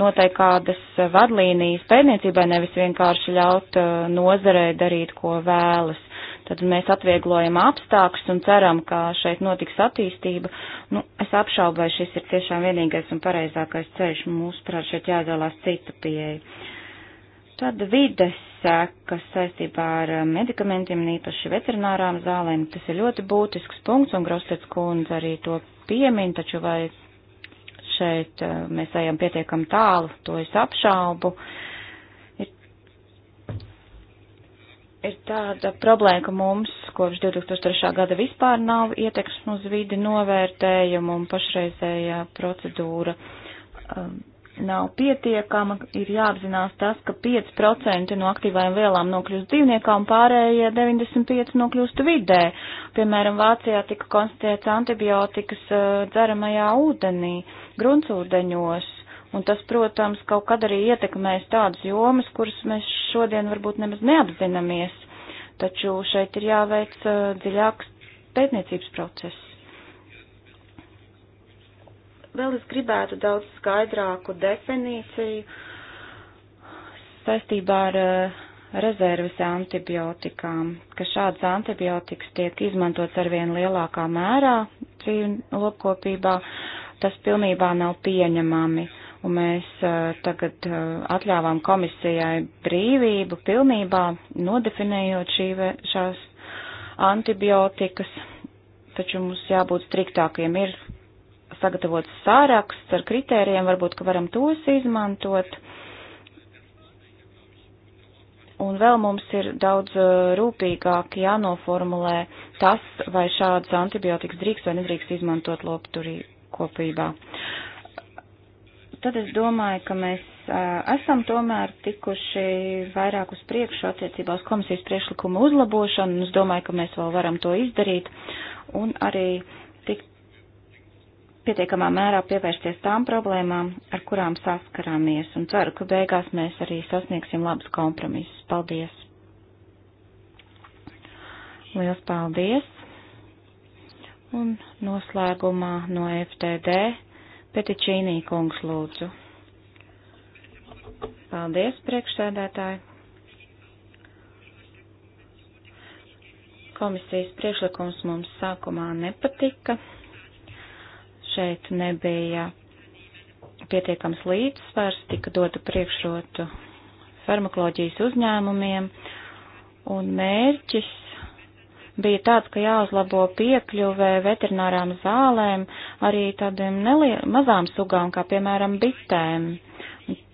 noteikt kādas vadlīnijas pētniecībai, nevis vienkārši ļaut uh, nozarei darīt, ko vēlas tad mēs atvieglojam apstākļus un ceram, ka šeit notiks attīstība. Nu, es apšaubu, vai šis ir tiešām vienīgais un pareizākais ceļš. Mūsuprāt, šeit jāizvēlās cita pieeja. Tad vides sekas saistībā ar um, medikamentiem, īpaši veterinārām zālēm. Tas ir ļoti būtisks punkts, un Grostets kundze arī to piemin, taču vai šeit uh, mēs ejam pietiekam tālu, to es apšaubu. Ir, ir tāda problēma, ka mums kopš 2003. gada vispār nav ietekmes uz vidi novērtējumu un pašreizējā procedūra. Um, nav pietiekama, ir jāapzinās tas, ka 5% no aktīvajām vielām nokļūst dzīvniekā un pārējie 95% nokļūst vidē. Piemēram, Vācijā tika konstatēts antibiotikas uh, dzeramajā ūdenī, gruntsūdeņos, un tas, protams, kaut kad arī ietekmēs tādas jomas, kuras mēs šodien varbūt nemaz neapzināmies, taču šeit ir jāveic uh, dziļāks pētniecības process. Vēl es gribētu daudz skaidrāku definīciju saistībā ar uh, rezerves antibiotikām, ka šādas antibiotikas tiek izmantots arvien lielākā mērā dzīvu lopkopībā, tas pilnībā nav pieņemami. Un mēs uh, tagad uh, atļāvām komisijai brīvību pilnībā nodefinējot šī, šās antibiotikas, taču mums jābūt striktākiem. Ir sagatavots sāraksts ar kritērijiem, varbūt, ka varam tos izmantot. Un vēl mums ir daudz uh, rūpīgāk jānoformulē tas, vai šādas antibiotikas drīkst vai nedrīkst izmantot lopturīkopībā. Tad es domāju, ka mēs uh, esam tomēr tikuši vairāk uz priekšu attiecībā uz komisijas priekšlikumu uzlabošanu, un es domāju, ka mēs vēl varam to izdarīt, un arī pietiekamā mērā pievērsties tām problēmām, ar kurām saskarāmies, un ceru, ka beigās mēs arī sasniegsim labus kompromisus. Paldies! Liels paldies! Un noslēgumā no FTD Petičīnī kungs lūdzu. Paldies, priekšsēdētāji! Komisijas priekšlikums mums sākumā nepatika Šeit nebija pietiekams līdzsvars, tika dota priekšrotu farmakoloģijas uzņēmumiem, un mērķis bija tāds, ka jāuzlabo piekļuvē veterinārām zālēm arī tādiem mazām sugām, kā piemēram bitēm.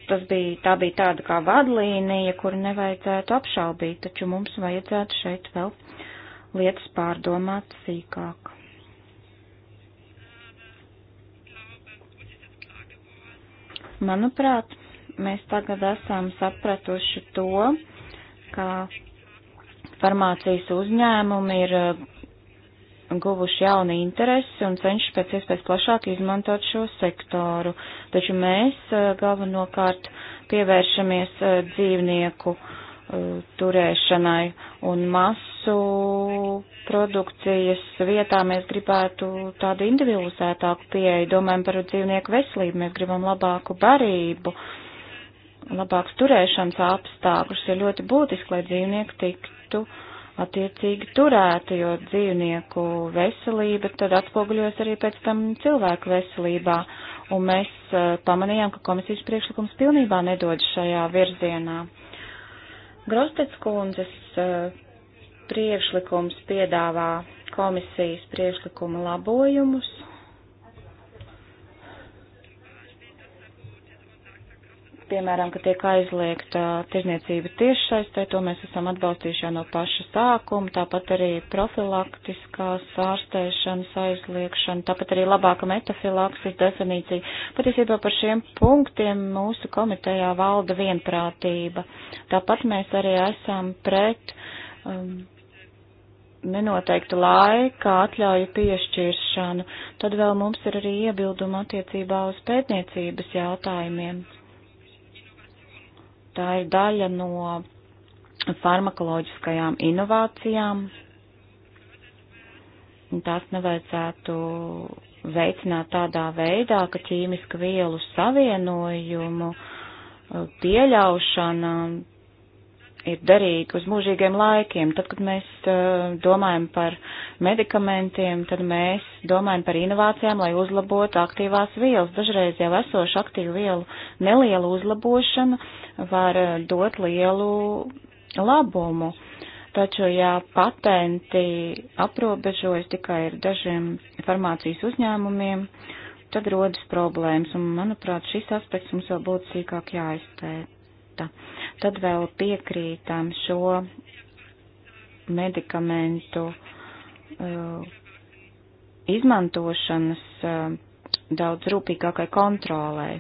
Tas bija, tā bija tāda kā vadlīnija, kuru nevajadzētu apšaubīt, taču mums vajadzētu šeit vēl lietas pārdomāt sīkāk. Manuprāt, mēs tagad esam sapratuši to, ka farmācijas uzņēmumi ir uh, guvuši jaunu interesi un cenšas pēc iespējas plašāk izmantot šo sektoru. Taču mēs uh, galvenokārt pievēršamies uh, dzīvnieku uh, turēšanai un masu produkcijas vietā mēs gribētu tādu individualizētāku pieeju, domājam par dzīvnieku veselību, mēs gribam labāku barību, labāks turēšanas apstākļus, ir ļoti būtiski, lai dzīvnieki tiktu attiecīgi turēti, jo dzīvnieku veselība tad atspoguļos arī pēc tam cilvēku veselībā, un mēs eh, pamanījām, ka komisijas priekšlikums pilnībā nedod šajā virzienā. Grostets kundzes eh, priekšlikums piedāvā komisijas priekšlikuma labojumus piemēram, ka tiek aizliegta tirzniecība tiešsaistē, to mēs esam atbalstījuši jau no paša sākuma, tāpat arī profilaktiskās ārstēšanas aizliekšana, tāpat arī labāka metafilakses definīcija. Patiesībā par šiem punktiem mūsu komitejā valda vienprātība. Tāpat mēs arī esam pret um, nenoteiktu laika atļauju piešķiršanu. Tad vēl mums ir arī iebilduma attiecībā uz pētniecības jautājumiem Tā ir daļa no farmakoloģiskajām inovācijām. Tās nevajadzētu veicināt tādā veidā, ka ķīmisku vielu savienojumu pieļaušana ir derīgi uz mūžīgiem laikiem. Tad, kad mēs uh, domājam par medikamentiem, tad mēs domājam par inovācijām, lai uzlabotu aktīvās vielas. Dažreiz jau esošu aktīvu vielu nelielu uzlabošanu var eh, dot lielu labumu. Taču, ja patenti aprobežojas tikai ar dažiem farmācijas uzņēmumiem, tad rodas problēmas, un, manuprāt, šis aspekts mums vēl būtu sīkāk jāizpēta lieta. Tad vēl piekrītam šo medikamentu uh, izmantošanas uh, daudz rūpīgākai kontrolai.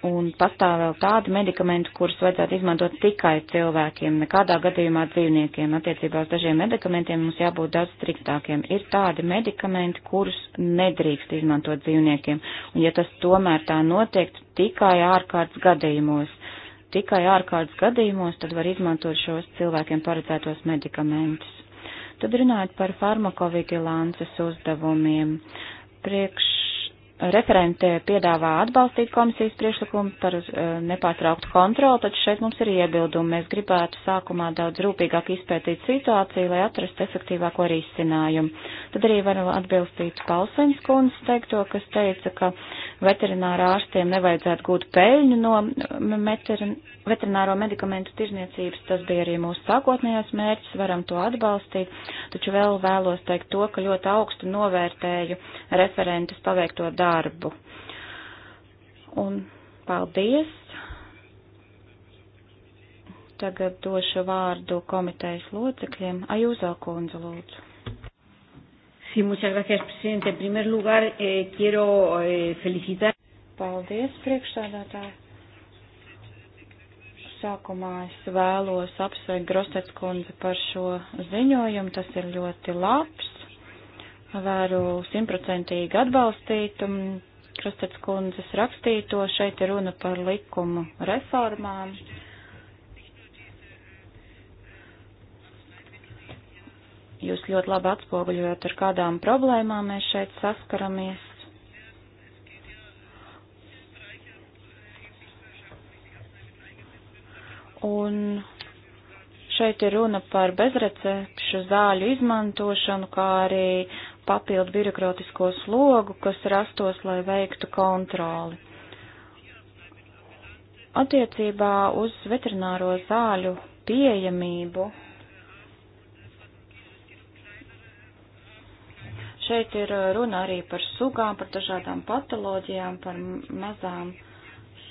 Un pastāv vēl tādi medikamenti, kurus vajadzētu izmantot tikai cilvēkiem, nekādā gadījumā dzīvniekiem. Attiecībā uz dažiem medikamentiem mums jābūt daudz striktākiem. Ir tādi medikamenti, kurus nedrīkst izmantot dzīvniekiem. Un ja tas tomēr tā notiek, tikai ārkārtas gadījumos. Tikai ārkārtas gadījumos tad var izmantot šos cilvēkiem paredzētos medikamentus. Tad runājot par farmakovigilances uzdevumiem. Priekš referente piedāvā atbalstīt komisijas priekšlikumu par uh, nepārtrauktu kontroli, taču šeit mums ir iebildumi. Mēs gribētu sākumā daudz rūpīgāk izpētīt situāciju, lai atrastu efektīvāko risinājumu. Tad arī varu atbilstīt Palseņas kundzes teikto, kas teica, ka veterinārā ārstiem nevajadzētu gūt peļņu no veterināro medikamentu tirzniecības. Tas bija arī mūsu sākotnējais mērķis, varam to atbalstīt, taču vēl vēlos teikt to, ka ļoti augstu novērtēju referentes paveikto darbu. Un paldies! Tagad došu vārdu komitejas locekļiem. Ajūzā kundze lūdzu. Sí, muchas gracias, presidente. En primer lugar, eh, quiero eh, felicitar. Paldies, priekšsādātāji. Sākumā es vēlos apsveikt Grostets kundzi par šo ziņojumu. Tas ir ļoti labs. Vēru simtprocentīgi atbalstīt um, Grostets kundzes rakstīto. Šeit ir runa par likumu reformām. Jūs ļoti labi atspoguļojat, ar kādām problēmām mēs šeit saskaramies. Un šeit ir runa par bezrecepšu zāļu izmantošanu, kā arī papildu birokrātisko slogu, kas rastos, lai veiktu kontroli. Attiecībā uz veterināro zāļu pieejamību Šeit ir uh, runa arī par sugām, par dažādām patoloģijām, par mazām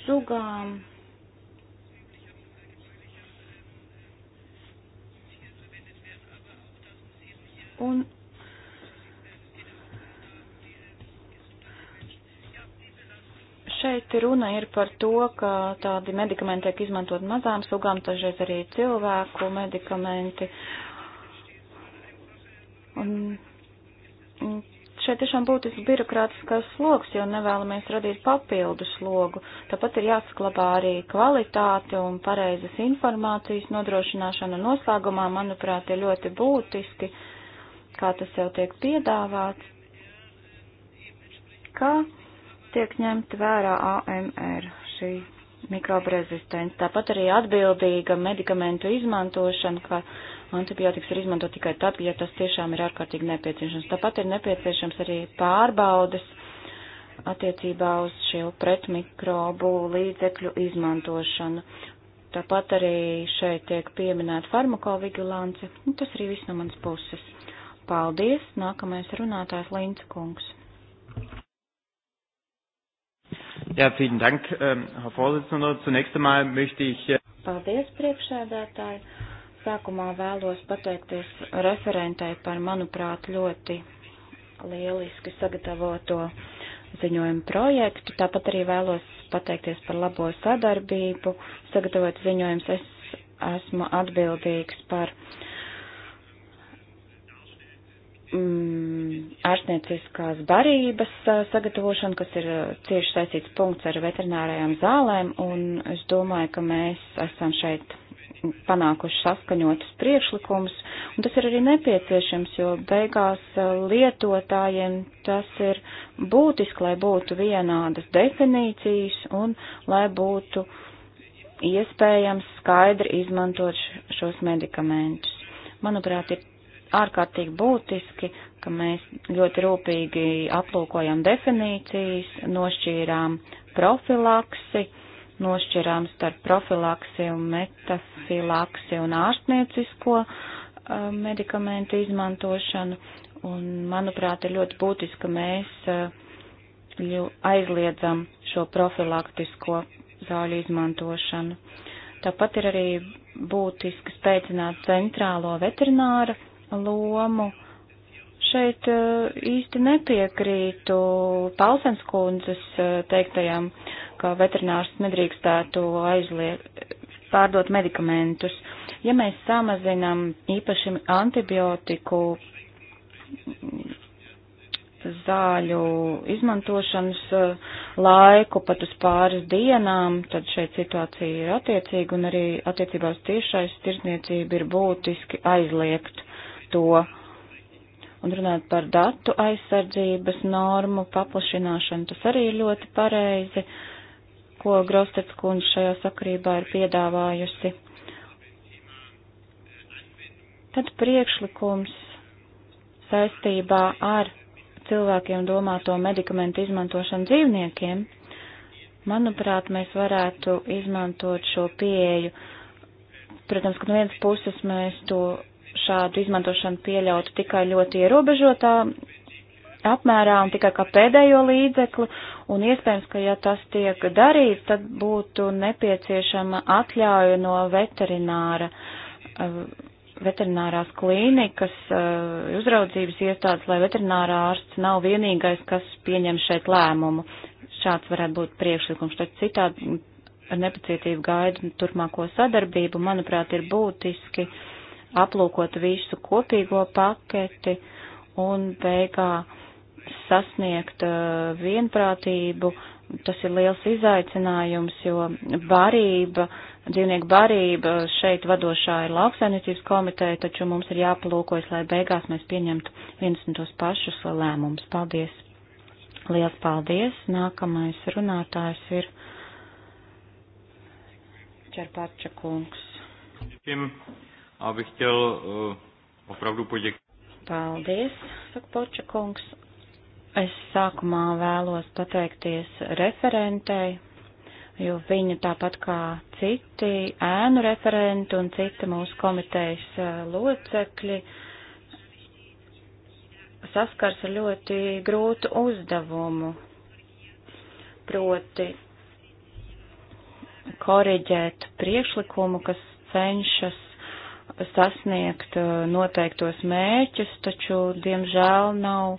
sugām. Un šeit runa ir par to, ka tādi medikamenti tiek izmantot mazām sugām, dažreiz arī cilvēku medikamenti. Un šeit tiešām būtisks birokrātiskais sloks, jo nevēlamies radīt papildu slogu. Tāpat ir jāsaklabā arī kvalitāte un pareizas informācijas nodrošināšana noslēgumā, manuprāt, ir ļoti būtiski, kā tas jau tiek piedāvāts, kā tiek ņemta vērā AMR šī mikrobrezistence. Tāpat arī atbildīga medikamentu izmantošana, kā Antibiotikas ir izmantot tikai tad, ja tas tiešām ir ārkārtīgi nepieciešams. Tāpat ir nepieciešams arī pārbaudes attiecībā uz šo pretmikrobu līdzekļu izmantošanu. Tāpat arī šeit tiek pieminēta farmakovigilance. Nu, tas arī viss no manas puses. Paldies! Nākamais runātājs Līns Kungs.
Jā, vielen dank, ähm, Herr Vorsitzender. Zunächst einmal möchte ich. Äh,
Paldies, priekšsēdētāji. Sākumā vēlos pateikties referentai par, manuprāt, ļoti lieliski sagatavoto ziņojumu projektu. Tāpat arī vēlos pateikties par labo sadarbību. Sagatavot ziņojumus es esmu atbildīgs par mm, ārstnieciskās barības sagatavošanu, kas ir cieši saistīts punkts ar veterinārajām zālēm, un es domāju, ka mēs esam šeit panākuši saskaņotus priekšlikumus, un tas ir arī nepieciešams, jo beigās eh, lietotājiem tas ir būtiski, lai būtu vienādas definīcijas un lai būtu iespējams skaidri izmantot šos medikamentus. Manuprāt, ir ārkārtīgi būtiski, ka mēs ļoti rūpīgi aplūkojam definīcijas, nošķīrām profilaksi, nošķirām starp profilaksi un metafilaksi un ārstniecisko um, medikamentu izmantošanu. Un, manuprāt, ir ļoti būtiski, ka mēs uh, aizliedzam šo profilaktisko zāļu izmantošanu. Tāpat ir arī būtiski spēcināt centrālo veterināra lomu. Šeit uh, īsti nepiekrītu Palsenskundzes uh, teiktajam uh, ka veterinārs nedrīkstētu aizliegt pārdot medikamentus. Ja mēs samazinam īpaši antibiotiku zāļu izmantošanas uh, laiku pat uz pāris dienām, tad šeit situācija ir attiecīga un arī attiecībā uz tiešais tirzniecību ir būtiski aizliegt to. Un runāt par datu aizsardzības normu paplašināšanu, tas arī ir ļoti pareizi. Uh, ko Grostets kundze šajā sakarībā ir piedāvājusi. Tad priekšlikums saistībā ar cilvēkiem domāto medikamentu izmantošanu dzīvniekiem, manuprāt, mēs varētu izmantot šo pieeju. Protams, ka no vienas puses mēs to šādu izmantošanu pieļautu tikai ļoti ierobežotā apmērā un tikai kā pēdējo līdzekli, un iespējams, ka ja tas tiek darīts, tad būtu nepieciešama atļauja no veterināra, eh, veterinārās klīnikas, eh, uzraudzības iestādes, lai veterinārā ārsts nav vienīgais, kas pieņem šeit lēmumu. Šāds varētu būt priekšlikums, tad citādi ar nepacietību gaidu turpmāko sadarbību, manuprāt, ir būtiski aplūkot visu kopīgo paketi un beigā uh, sasniegt uh, vienprātību. Tas ir liels izaicinājums, jo barība, dzīvnieku barība šeit vadošā ir lauksainicības komiteja, taču mums ir jāpalūkojas, lai beigās mēs pieņemtu viens un tos pašus lēmumus. Paldies! Liels paldies! Nākamais runātājs ir Čerpača kungs. Eh, paldies, saka Poča kungs, Es sākumā vēlos pateikties referentei, jo viņa tāpat kā citi ēnu referenti un citi mūsu komitejas eh, locekļi saskars ar ļoti grūtu uzdevumu, proti koriģēt priekšlikumu, kas cenšas sasniegt eh, noteiktos mērķus, taču, diemžēl, nav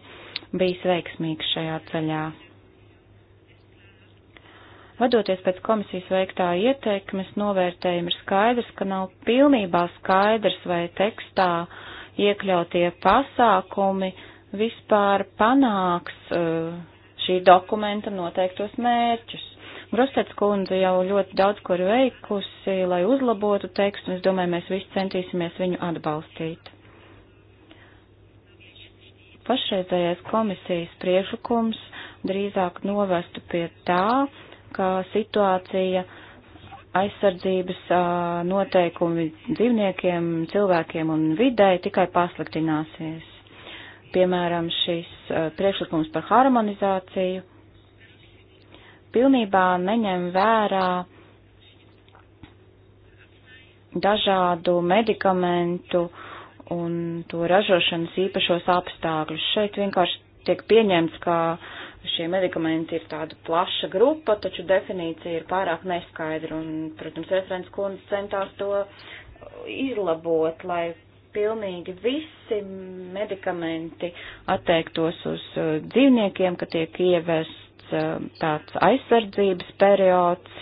bijis veiksmīgs šajā ceļā. Vadoties pēc komisijas veiktā ieteikmes novērtējuma ir skaidrs, ka nav pilnībā skaidrs, vai tekstā iekļautie pasākumi vispār panāks eh, šī dokumenta noteiktos mērķus. Grostets kundze jau ļoti daudz ko ir veikusi, lai uzlabotu tekstu, un es domāju, mēs visi centīsimies viņu atbalstīt pašreizējais komisijas priešlikums drīzāk novestu pie tā, ka situācija aizsardzības noteikumi dzīvniekiem, cilvēkiem un videi tikai pasliktināsies. Piemēram, šis priekšlikums par harmonizāciju pilnībā neņem vērā dažādu medikamentu uh, un to ražošanas īpašos apstākļus. Šeit vienkārši tiek pieņemts, ka šie medikamenti ir tāda plaša grupa, taču definīcija ir pārāk neskaidra un, protams, referents kundze centās to izlabot, lai pilnīgi visi medikamenti attiektos uz uh, dzīvniekiem, ka tiek ievests uh, tāds aizsardzības periods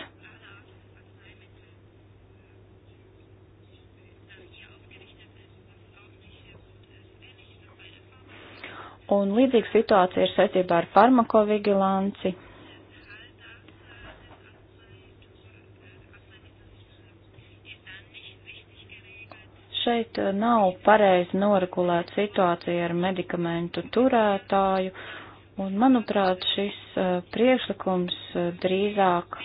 Un līdzīga situācija ir saistībā ar farmakovigilanci. Šeit uh, nav pareizi noregulēta situācija ar medikamentu turētāju, un manuprāt, šis uh, priekšlikums uh, drīzāk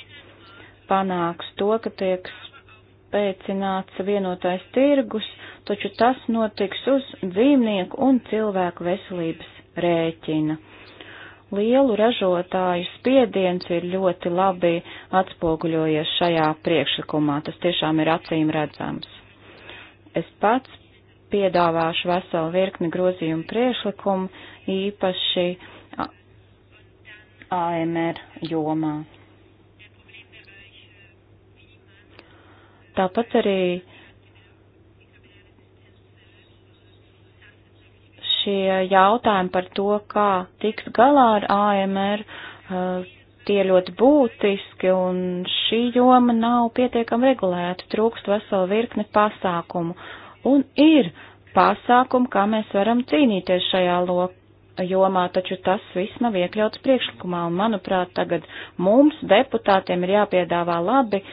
panāks to, ka tiek spēcināts vienotais tirgus, taču tas notiks uz dzīvnieku un cilvēku veselības rēķina. Lielu ražotāju spiediens ir ļoti labi atspoguļojies šajā priekšlikumā. Tas tiešām ir acīm redzams. Es pats piedāvāšu veselu virkni grozījumu priešlikumu, īpaši AMR jomā. Tāpat arī šie jautājumi par to, kā tikt galā ar AMR, eh, tie ļoti būtiski, un šī joma nav pietiekami regulēta, trūkst vesela virkne pasākumu. Un ir pasākumu, kā mēs varam cīnīties šajā lokā jomā, taču tas viss nav iekļauts priekšlikumā, un manuprāt, tagad mums, deputātiem, ir jāpiedāvā labi eh,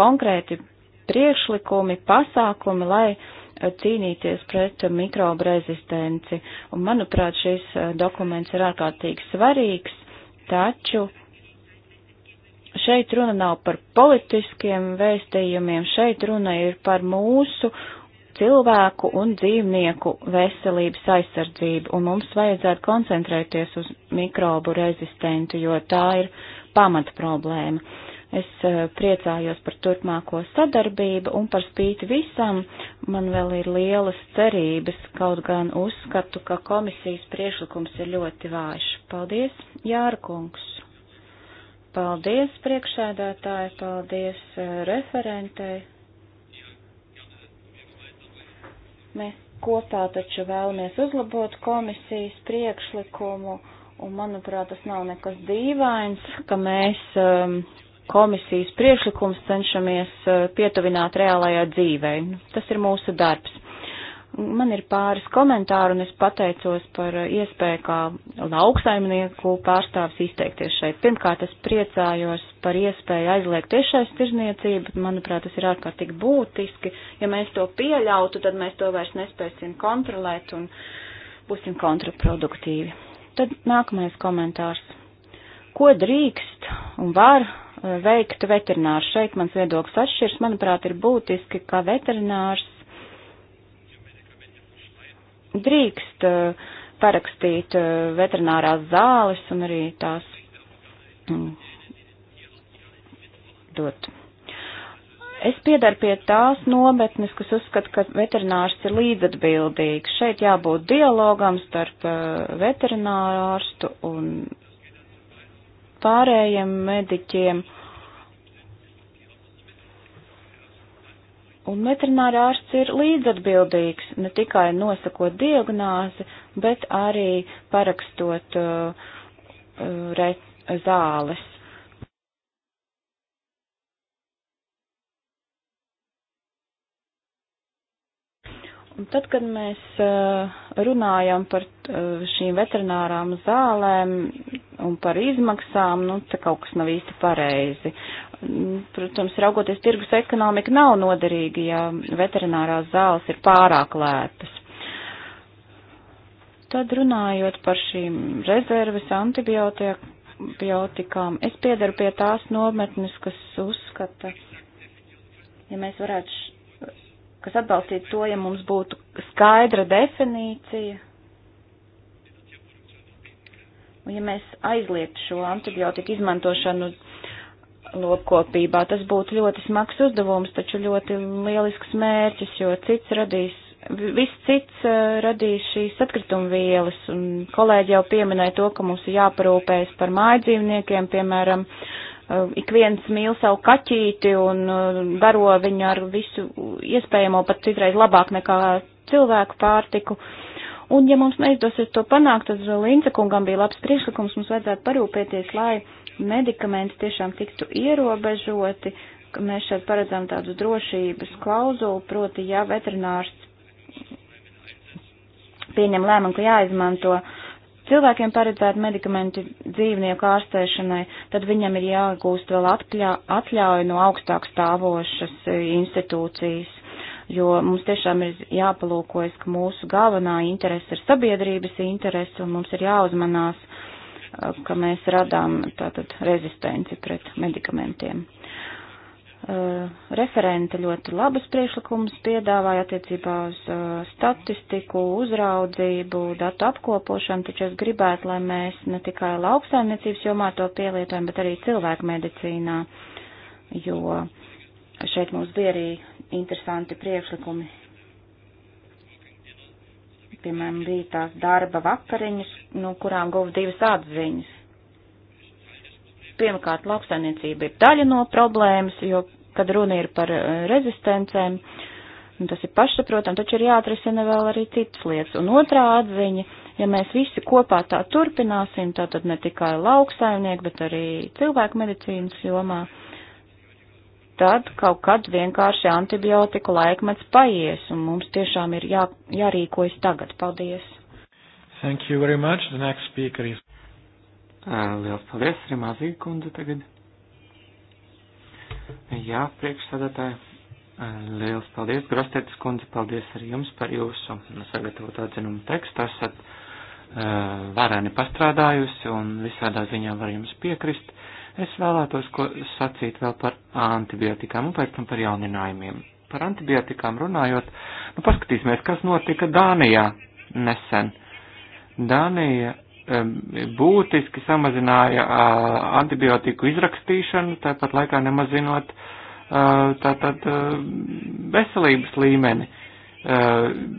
konkrēti priekšlikumi, pasākumi, lai uh, cīnīties pret mikrobu rezistenci. Un, manuprāt, šis eh, dokuments ir ārkārtīgi svarīgs, taču šeit runa nav par politiskiem vēstījumiem, šeit runa ir par mūsu cilvēku un dzīvnieku veselības aizsardzību, un mums vajadzētu koncentrēties uz mikrobu rezistentu, jo tā ir pamat problēma. Es eh, priecājos par turpmāko sadarbību un par spīti visam man vēl ir lielas cerības, kaut gan uzskatu, ka komisijas priekšlikums ir ļoti vājš. Paldies, Jārkungs! Paldies, priekšsēdētāji, paldies eh, referentei. Mēs kopā taču vēlamies uzlabot komisijas priekšlikumu. Un, manuprāt, tas nav nekas dīvains, ka mēs um, komisijas priekšlikums cenšamies eh, pietuvināt reālajā dzīvē. Tas ir mūsu darbs. Man ir pāris komentāru un es pateicos par eh, iespēju kā lauksaimnieku pārstāvs izteikties šeit. Pirmkārt, es priecājos par iespēju aizliegt tiešais tirzniecību. Manuprāt, tas ir ārkārtīgi būtiski. Ja mēs to pieļautu, tad mēs to vairs nespēsim kontrolēt un būsim kontraproduktīvi. Tad nākamais komentārs. Ko drīkst un var veiktu veterinārs. Šeit mans viedoklis atšķirs. Manuprāt, ir būtiski, ka veterinārs drīkst uh, parakstīt uh, veterinārās zāles un arī tās mm, dot. Es piedaru pie tās nometnes, kas uzskata, ka veterinārs ir līdzatbildīgs. Šeit jābūt dialogam starp uh, veterinārārstu un pārējiem mediķiem. Un veterinārā ārsts ir līdzatbildīgs ne tikai nosakot diagnāzi, bet arī parakstot uh, uh re, zāles. Un tad, kad mēs eh, runājam par eh, šīm veterinārām zālēm un par izmaksām, nu, te kaut kas nav īsti pareizi. Mm, protams, raugoties tirgus ekonomika nav noderīga, ja veterinārās zāles ir pārāk lētas. Tad runājot par šīm rezerves antibiotikām, es piedaru pie tās nometnes, kas uzskata, ja mēs varētu kas atbalstītu to, ja mums būtu skaidra definīcija. Un ja mēs aizliegtu šo antibiotiku izmantošanu lopkopībā, tas būtu ļoti smags uzdevums, taču ļoti lielisks mērķis, jo cits radīs, viss cits uh, radīs šīs atkritumvielas. Un kolēģi jau pieminēja to, ka mums ir jāparūpējas par mājdzīvniekiem, piemēram, uh, Eh, ik viens mīl savu kaķīti un garo eh, viņu ar visu iespējamo, pat citreiz labāk nekā cilvēku pārtiku. Un ja mums neizdosies to panākt, tad Lince kungam bija labs priekšlikums, mums vajadzētu parūpēties, lai medikamenti tiešām tiktu ierobežoti, ka mēs šeit paredzam tādu drošības klauzulu, proti, ja veterinārs pieņem lēmumu, ka jāizmanto uh, cilvēkiem paredzēti medikamenti dzīvnieku ārstēšanai, tad viņam ir jāgūst vēl atļa, atļauju no augstāk stāvošas e, institūcijas, jo mums tiešām ir jāpalūkojas, ka mūsu galvenā interese ir sabiedrības interese un mums ir jāuzmanās, e, ka mēs radām tātad rezistenci pret medikamentiem. Eh, referente ļoti labus priekšlikumus piedāvāja attiecībā uz eh, statistiku, uzraudzību, datu apkopošanu, taču es gribētu, lai mēs ne tikai lauksaimniecības jomā to pielietojam, bet arī cilvēku medicīnā, jo šeit mums bija arī interesanti priekšlikumi. Piemēram, bija tās darba vakariņas, no kurām guva divas atziņas Pirmkārt, lauksainiecība ir daļa no problēmas, jo, kad runa ir par eh, rezistencēm, tas ir pašsaprotam, taču ir jāatrisina vēl arī citas lietas. Un otrā atziņa, ja mēs visi kopā tā turpināsim, tātad ne tikai lauksaimnieki, bet arī cilvēku medicīnas jomā, tad kaut kad vienkārši antibiotiku laikmets paies, un mums tiešām ir jā, jārīkojas tagad. Paldies!
Thank you very much. The next speaker is. Liels paldies, Rimāzija kundze tagad. Jā, priekšsādātāji, liels paldies, Grostētas kundze, paldies arī jums par jūsu sagatavot atzinumu tekstu. Esat uh, varēni pastrādājusi un visādā ziņā var jums piekrist. Es vēlētos ko sacīt vēl par antibiotikām un pēc tam par jauninājumiem. Par antibiotikām runājot, nu paskatīsimies, kas notika Dānijā nesen. Dānija būtiski samazināja antibiotiku izrakstīšanu, tāpat laikā nemazinot tātad veselības līmeni.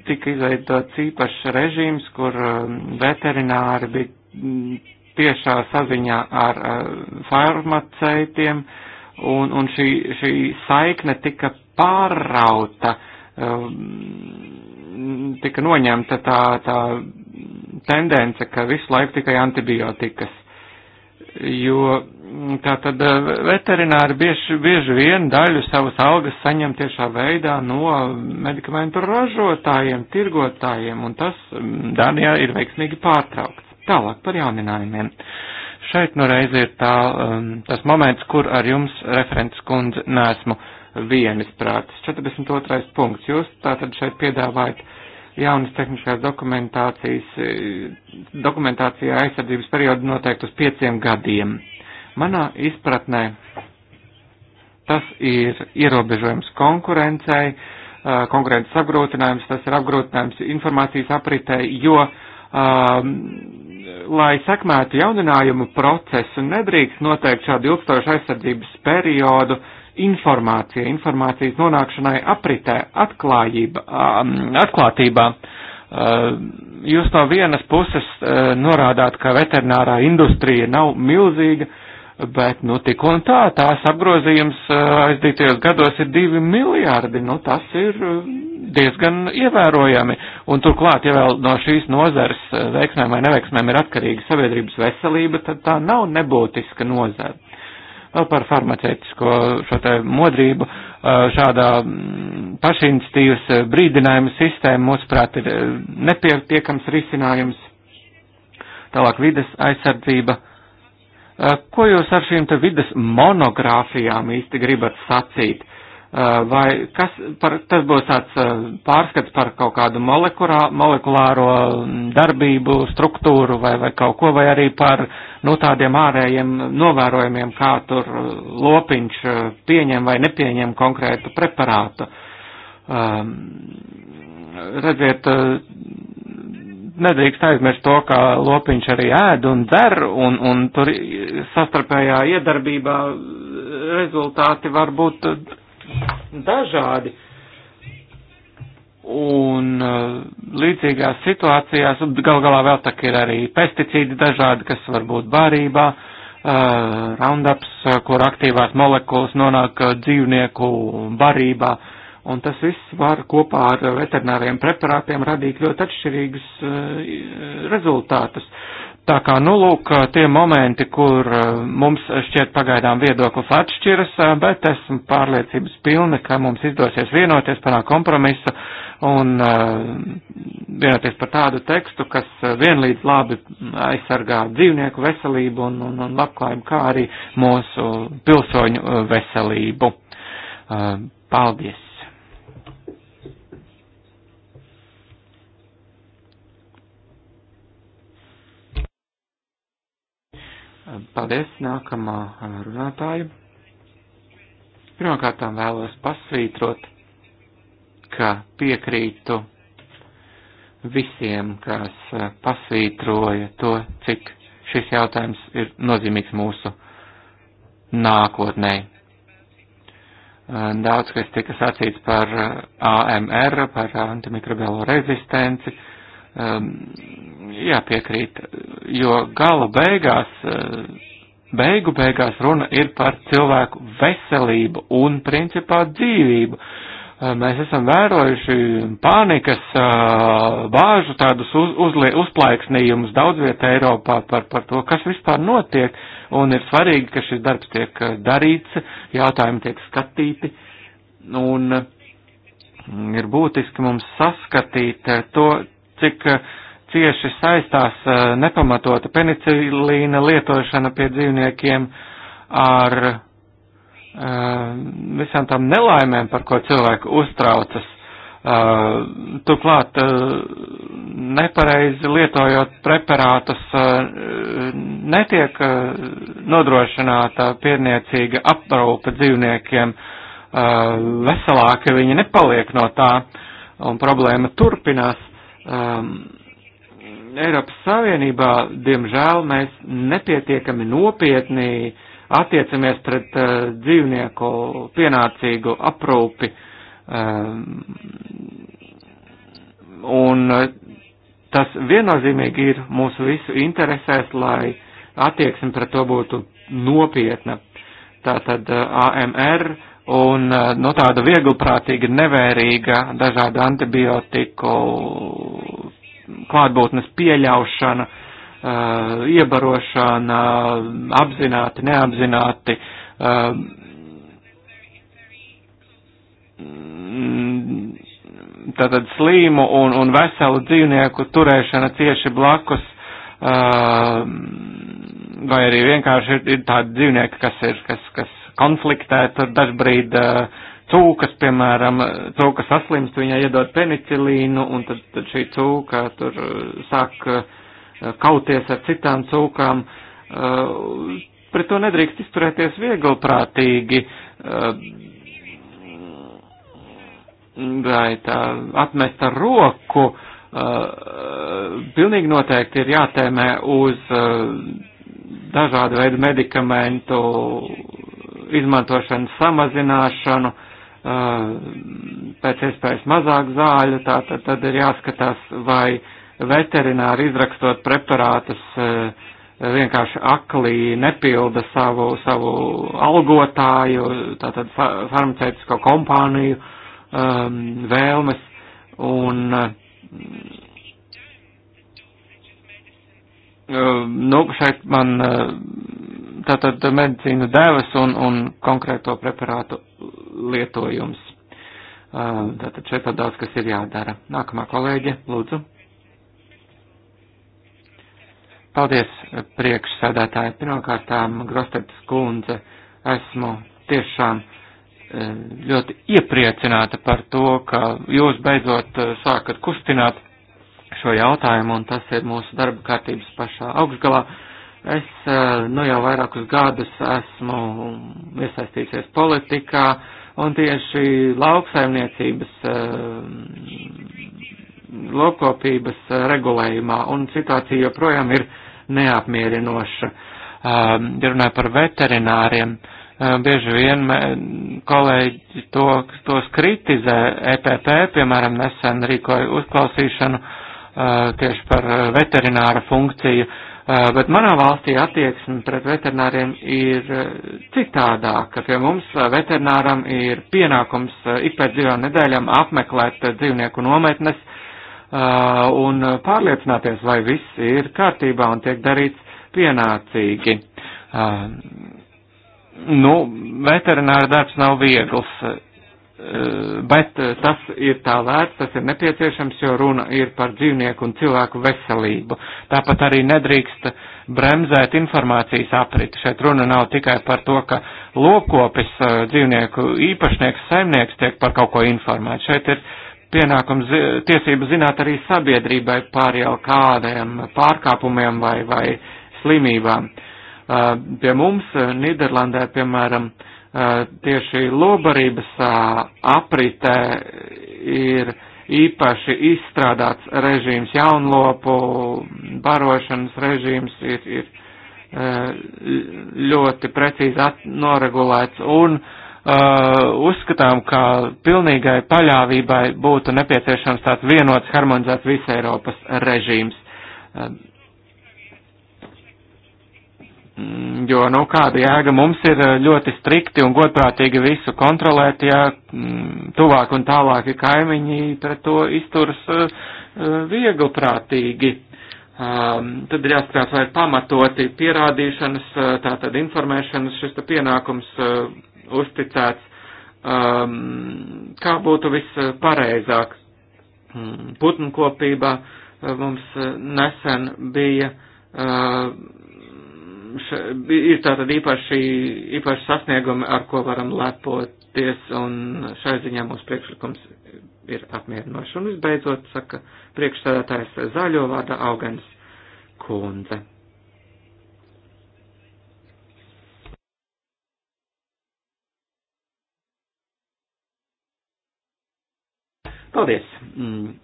Tika izveidots īpašs režīms, kur veterināri bija tiešā saziņā ar farmaceitiem, un, un šī, šī saikne tika pārrauta, tika noņemta tā, tā tendence, ka visu laiku tikai antibiotikas. Jo mm, tā tad eh, veterināri bieži, bieži vien daļu savas algas saņem tiešā veidā no medikamentu ražotājiem, tirgotājiem, un tas mm, Dānijā ir veiksmīgi pārtraukts. Tālāk par jauninājumiem. Šeit nu reizi ir tā, um, tas moments, kur ar jums, referents kundze, nesmu vienisprātis. 42. punkts. Jūs tātad šeit piedāvājat uh, jaunas tehniskās dokumentācijas, eh, dokumentācijā aizsardzības periodu noteikti uz pieciem gadiem. Manā izpratnē tas ir ierobežojums konkurencei, eh, konkurences apgrūtinājums, tas ir apgrūtinājums informācijas apritei, jo, um, lai sekmētu jauninājumu procesu, nedrīkst noteikt šādu ilgstošu aizsardzības periodu, uh, informācija, informācijas nonākšanai apritē, atklājība, um, atklātībā. Uh, jūs no vienas puses uh, norādāt, ka veterinārā industrija nav milzīga, bet, nu, tik un tā, tās apgrozījums uh, aizdītajos gados ir divi miljārdi, nu, tas ir diezgan ievērojami. Un turklāt, ja vēl no šīs nozares veiksmēm vai neveiksmēm ir atkarīga sabiedrības veselība, tad tā nav nebūtiska nozara par farmaceitisko šo te modrību. Eh, šādā mm, pašinstīvas eh, brīdinājuma sistēma, mūsuprāt, ir eh, nepietiekams risinājums. Tālāk vides aizsardzība. Ko jūs ar šīm te vides monogrāfijām īsti gribat sacīt? Uh, vai kas par, tas būs tāds uh, pārskats par kaut kādu molekulā, molekulāro mm, darbību, struktūru vai, vai kaut ko, vai arī par nu, tādiem ārējiem novērojumiem, kā tur uh, lopiņš pieņem vai nepieņem konkrētu preparātu. Um, redziet, nedrīkst aizmirst to, ka lopiņš arī ēd un der, un, un tur sastarpējā iedarbībā rezultāti var būt dažādi. Un eh, līdzīgās situācijās, gal galā vēl tā ir arī pesticīdi dažādi, kas var būt bārībā, eh, roundups, eh, kur aktīvās molekulas nonāk dzīvnieku barībā. Un tas viss var kopā ar veterināriem preparātiem radīt ļoti atšķirīgus rezultātus. Uh, Tā kā, nu, lūk, tie momenti, kur eh, mums šķiet pagaidām viedoklis atšķiras, eh, bet esmu pārliecības pilna, ka mums izdosies vienoties par kompromisu un eh, vienoties par tādu tekstu, kas vienlīdz labi aizsargā dzīvnieku veselību un, un, un labklājību, kā arī mūsu pilsoņu veselību. Paldies! Paldies, nākamā runātāja. Pirmkārt, vēlos pasvītrot, ka piekrītu visiem, kas pasvītroja to, cik šis jautājums ir nozīmīgs mūsu nākotnē. Daudz, kas tika sacīts par AMR, par antimikrobiālo rezistenci, jāpiekrīt, jo gala beigās, beigu beigās runa ir par cilvēku veselību un principā dzīvību. Mēs esam vērojuši pānikas, bāžu tādus uz, uzlie, uzplaiksnījumus daudz vietā Eiropā par, par to, kas vispār notiek, un ir svarīgi, ka šis darbs tiek darīts, jautājumi tiek skatīti, un ir būtiski mums saskatīt to, cik uh, cieši saistās eh, nepamatota penicilīna lietošana pie dzīvniekiem ar eh, visām tām nelaimēm, par ko cilvēku uztraucas. Eh, turklāt nepareizi lietojot preparātus netiek nodrošināta pierniecīga aprūpa dzīvniekiem, veselāki viņi nepaliek no tā, un problēma turpinās. Um, Eiropas Savienībā, diemžēl, mēs nepietiekami nopietni attiecamies pret uh, dzīvnieku pienācīgu aprūpi. Um, un eh, tas viennozīmīgi ir mūsu visu interesēs, lai attieksme pret to būtu nopietna. Tātad uh, eh, AMR un uh, no tāda vieglprātīga, nevērīga dažādu antibiotiku klātbūtnes pieļaušana, eh, iebarošana, apzināti, neapzināti, eh, tātad slīmu un, un veselu dzīvnieku turēšana cieši blakus, eh, vai arī vienkārši ir, ir tādi dzīvnieki, kas ir, kas, kas konfliktē tur dažbrīd cūkas, piemēram, cūka saslimst, viņai iedod penicilīnu, un tad, tad šī cūka tur eh, sāk eh, kauties ar citām cūkām. Eh, pret to nedrīkst izturēties vieglprātīgi. Vai tā atmest ar roku, pilnīgi noteikti ir jātēmē uz dažādu veidu medikamentu izmantošanas samazināšanu, pēc iespējas mazāk zāļu, tā, tad, tad ir jāskatās, vai veterināri izrakstot preparātus vienkārši aklī nepilda savu, savu algotāju, tātad farmaceitisko kompāniju um, vēlmes. Un, um, nu, šeit man tātad medicīnu devas un, un konkrēto preparātu lietojums. Tātad šeit vēl daudz, kas ir jādara. Nākamā kolēģe, lūdzu. Paldies, priekšsēdētāji. Pirmkārtām, Grostetas kundze, esmu tiešām ļoti iepriecināta par to, ka jūs beidzot sākat kustināt šo jautājumu, un tas ir mūsu darba kārtības pašā augšgalā. Es nu jau vairākus gadus esmu iesaistījusies politikā, uh, un tieši lauksaimniecības, eh, lopkopības regulējumā, un situācija joprojām ir neapmierinoša. Ehm, ja runāju par veterināriem, eh, bieži vien kolēģi to, tos kritizē, EPP, piemēram, nesen rīkoja uzklausīšanu eh, tieši par veterināra funkciju Uh, bet manā valstī attieksme pret veterināriem ir uh, citādāka. Pie mums uh, veterināram ir pienākums ik pēc divām nedēļām apmeklēt dzīvnieku nometnes un pārliecināties, vai viss ir kārtībā un tiek darīts pienācīgi. Nu, veterināra darbs nav viegls. Eh, bet eh, tas ir tā vērts, tas ir nepieciešams, jo runa ir par dzīvnieku un cilvēku veselību. Tāpat arī nedrīkst bremzēt informācijas apriti. Šeit runa nav tikai par to, ka lokopis eh, dzīvnieku īpašnieks, saimnieks tiek par kaut ko informēt. Šeit ir pienākums tiesības zināt arī sabiedrībai par jau kādiem pārkāpumiem vai, vai slimībām. Pie mums Nīderlandē, piemēram, uh, Eh, tieši lobarības eh, apritē ir īpaši izstrādāts režīms, jaunlopu barošanas režīms ir, ir eh, ļoti precīzi noregulēts un uzskatām, ka pilnīgai paļāvībai būtu nepieciešams tāds vienots, harmonizēts visai Eiropas režīms Mm, jo, nu, kāda jēga mums ir eh, ļoti strikti un godprātīgi visu kontrolēt, ja mm, tuvāk un tālāki kaimiņi pret to izturas eh, eh, viegli prātīgi. Tad ir jāskatās, vai ir pamatoti pierādīšanas, tātad informēšanas šis pienākums uzticēts, kā būtu vispareizāk. Mm, Putnkopībā mums nesen bija še, ir tātad īpaši, īpaši sasniegumi, ar ko varam lepoties, un šai ziņā mūsu priekšlikums ir apmierinošs. Un visbeidzot, saka priekšsēdētājs zaļo vārda Augans Kundze. Paldies! Mm,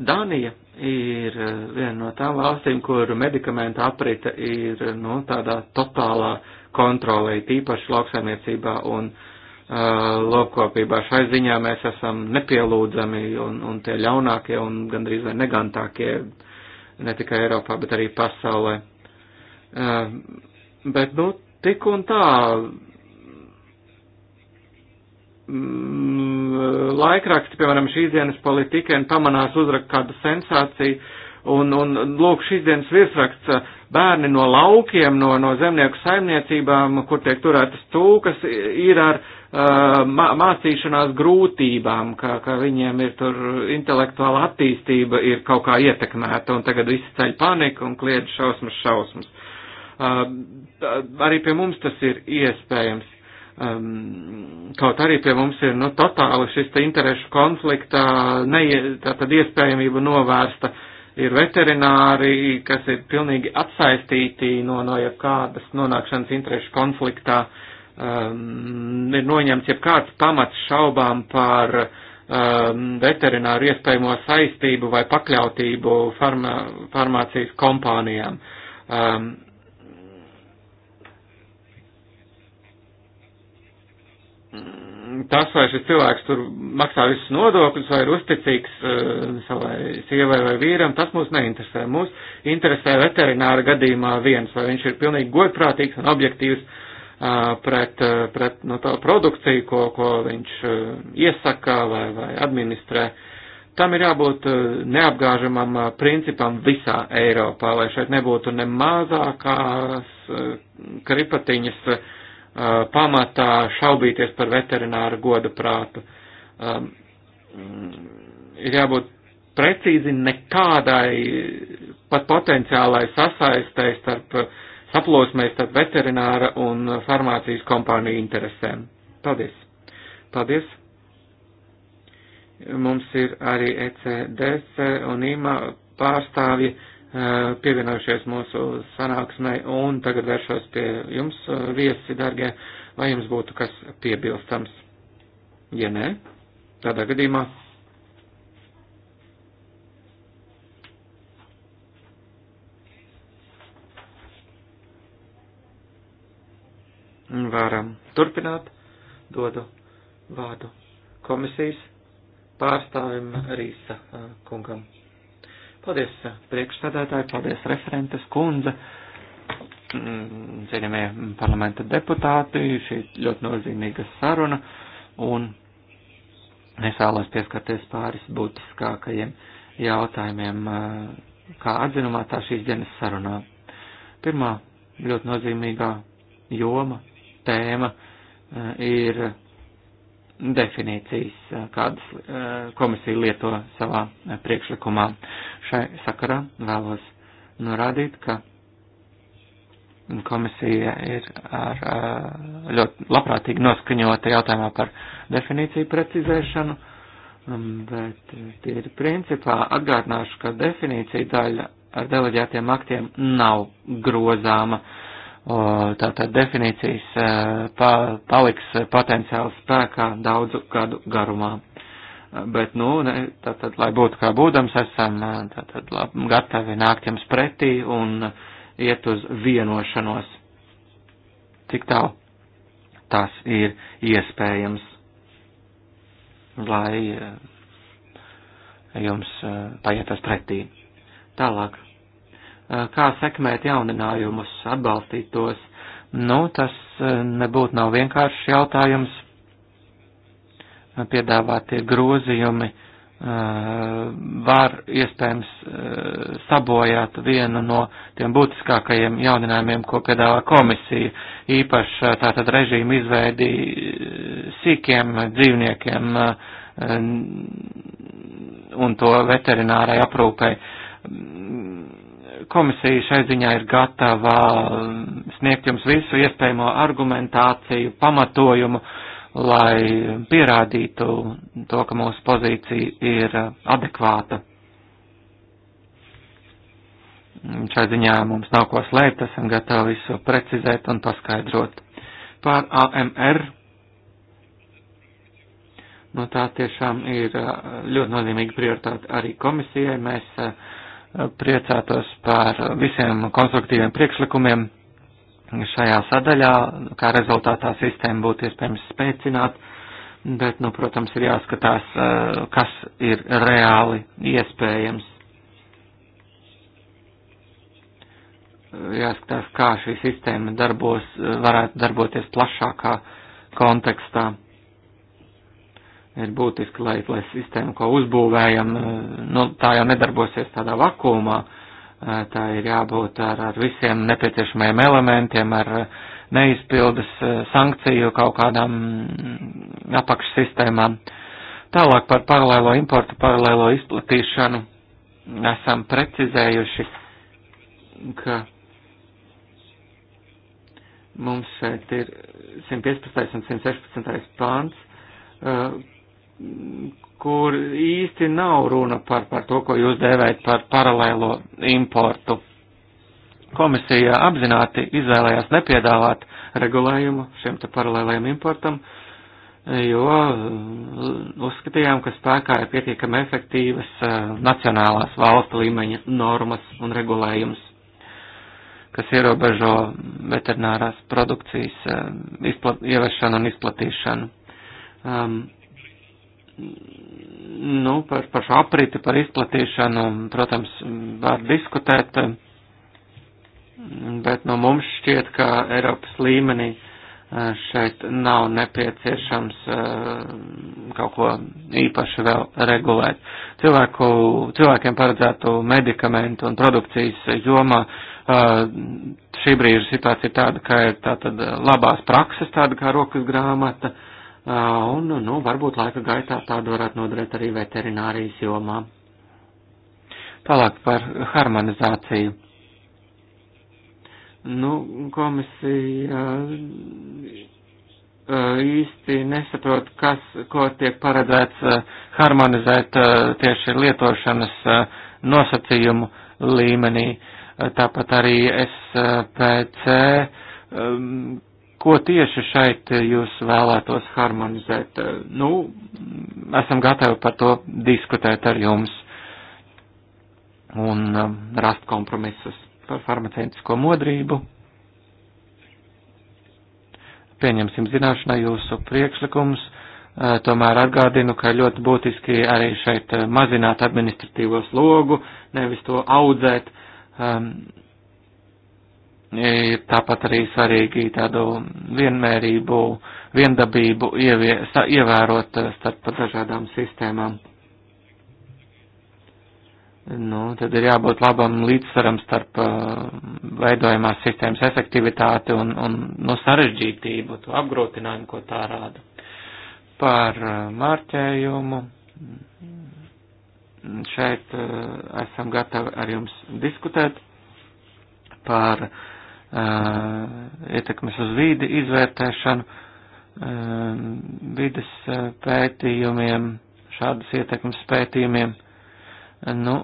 Dānija ir eh, viena no tām valstīm, kur medikamentu aprita ir nu, tādā totālā kontrolē, tīpaši lauksaimniecībā un uh, lopkopībā. Šai ziņā mēs esam nepielūdzami un, un tie ļaunākie un gandrīz vai negantākie ne tikai Eiropā, bet arī pasaulē. Uh, bet, nu, tik un tā Mm, laikraksti, piemēram, šīs dienas politika, un pamanās uzrakt kādu sensāciju, un, un lūk, šīs dienas virsraksts bērni no laukiem, no, no zemnieku saimniecībām, kur tiek turētas tūkas, ir ar uh, mācīšanās grūtībām, ka, ka viņiem ir tur intelektuāla attīstība ir kaut kā ietekmēta, un tagad visi ceļ panika un kliedz šausmas, šausmas. Uh, arī pie mums tas ir iespējams um, kaut arī pie mums ir nu, totāli šis interešu konflikta, neie, tātad iespējamība novērsta, ir veterināri, kas ir pilnīgi atsaistīti no, no jebkādas nonākšanas interešu konfliktā, um, ir noņemts jebkāds pamats šaubām par um, veterināru iespējamo saistību vai pakļautību farma, farmācijas kompānijām. Um, Mm, tas, vai šis cilvēks tur maksā visus nodokļus vai ir uzticīgs uh, savai sievai vai vīram, tas mūs neinteresē. Mūs interesē veterināra gadījumā viens, vai viņš ir pilnīgi godprātīgs un objektīvs uh, pret, uh, pret no nu, tā produkciju, ko, ko viņš uh, iesaka vai, vai administrē. Tam ir jābūt uh, neapgāžamam uh, principam visā Eiropā, lai šeit nebūtu ne mazākās uh, kripatiņas. Uh, pamatā šaubīties par veterināru godu prātu. Um, ir jābūt precīzi nekādai pat potenciālai sasaistai starp saplosmēs starp veterināra un farmācijas kompāniju interesēm. Paldies! Paldies! Mums ir arī ECDC un IMA pārstāvji pievienojušies mūsu sanāksmai un tagad vēršos pie jums, viesi, dargie, vai jums būtu kas piebilstams? Ja nē, tādā gadījumā. Varam turpināt, dodu vārdu komisijas pārstāvim Rīsa kungam. Paldies priekšsēdētāji, paldies referentes kundze, mm, cienījamie parlamenta deputāti, šī ļoti nozīmīga saruna, un es vēlos pieskarties pāris būtiskākajiem jautājumiem, eh, kā atzinumā tā šīs dienas sarunā. Pirmā ļoti nozīmīgā joma, tēma eh, ir definīcijas, eh, kādas eh, komisija lieto savā eh, priekšlikumā. Šai sakarā vēlos norādīt, ka komisija ir ar ļoti labprātīgi noskaņota jautājumā par definīciju precizēšanu, um, bet tie ir principā atgādināšu, ka definīcija daļa ar deleģētiem aktiem nav grozāma. Uh, tātad definīcijas e, pa, paliks potenciāli spēkā daudzu gadu garumā. Bet, nu, ne, tātad, lai būtu kā būdams, esam e, tātad, lab, gatavi nākt jums pretī un iet uz vienošanos, cik tālu tas ir iespējams, lai e, jums paietas pretī. Tālāk Eh, kā sekmēt jauninājumus, atbalstīt tos. Nu, tas eh, nebūtu nav vienkāršs jautājums. Eh, piedāvātie grozījumi var iespējams sabojāt vienu no tiem būtiskākajiem jauninājumiem, ko piedāvā komisija, īpaši tātad režīmu izveidi sīkiem dzīvniekiem un to veterinārai aprūpei komisija šai ziņā ir gatava sniegt jums visu iespējamo argumentāciju, pamatojumu, lai pierādītu to, ka mūsu pozīcija ir adekvāta. Šai ziņā mums nav ko slēpt, esam gatavi visu precizēt un paskaidrot. Par AMR. Nu, tā tiešām ir ļoti nozīmīga prioritāte arī komisijai. Mēs uh, priecātos par visiem konstruktīviem priekšlikumiem šajā sadaļā, kā rezultātā sistēma būtu iespējams spēcināt, bet, nu, protams, ir jāskatās, eh, kas ir reāli iespējams. Jāskatās, kā šī sistēma darbos, varētu darboties plašākā kontekstā ir būtiski, lai, lai sistēma, ko uzbūvējam, eh, nu, tā jau nedarbosies tādā vakumā. Eh, tā ir jābūt ar, ar visiem nepieciešamajiem elementiem, ar eh, neizpildes sankciju kaut kādām mm, apakšsistēmām. Tālāk par paralēlo importu, paralēlo izplatīšanu esam precizējuši, ka mums šeit ir 115. un 116. pāns, kur īsti nav runa par, par to, ko jūs dēvējat par paralēlo importu. Komisija apzināti izvēlējās nepiedāvāt regulējumu šiem te paralēlajiem importam, jo mm, uzskatījām, ka spēkā ir pietiekami efektīvas eh, nacionālās valstu līmeņa normas un regulējums, kas ierobežo veterinārās produkcijas eh, ievešanu un izplatīšanu. Um, nu, par, par šo aprīti, par izplatīšanu, protams, var diskutēt, bet no mums šķiet, ka Eiropas līmenī e, šeit nav nepieciešams e, kaut ko īpaši vēl regulēt. Cilvēku, cilvēkiem paredzētu medikamentu un produkcijas jomā e, šī brīža situācija ir tāda, ka ir tātad labās prakses, tāda kā rokas grāmata, un, nu, varbūt laika gaitā tādu varētu nodarīt arī veterinārijas jomā. Tālāk par harmonizāciju. Nu, komisija īsti nesaprot, kas, ko tiek paredzēts harmonizēt tieši lietošanas nosacījumu līmenī. Tāpat arī SPC Ko tieši šeit eh, jūs vēlētos harmonizēt? Eh, nu, esam gatavi par to diskutēt ar jums un eh, rast kompromisus par farmaceitisko modrību. Pieņemsim zināšanā jūsu priekšlikums. Tomēr atgādinu, ka ļoti būtiski arī šeit mazināt administratīvo slogu, nevis to audzēt ir tāpat arī svarīgi tādu vienmērību, viendabību ievie, ievērot eh, starp dažādām sistēmām. Nu, tad ir jābūt labam līdzsvaram starp uh, veidojamās sistēmas efektivitāti un, un no nu, sarežģītību, to apgrūtinājumu, ko tā rāda. Par uh, mārķējumu šeit uh, esam gatavi ar jums diskutēt par uh, ietekmes uz vīdi izvērtēšanu, vides pētījumiem, šādas ietekmes pētījumiem. Nu,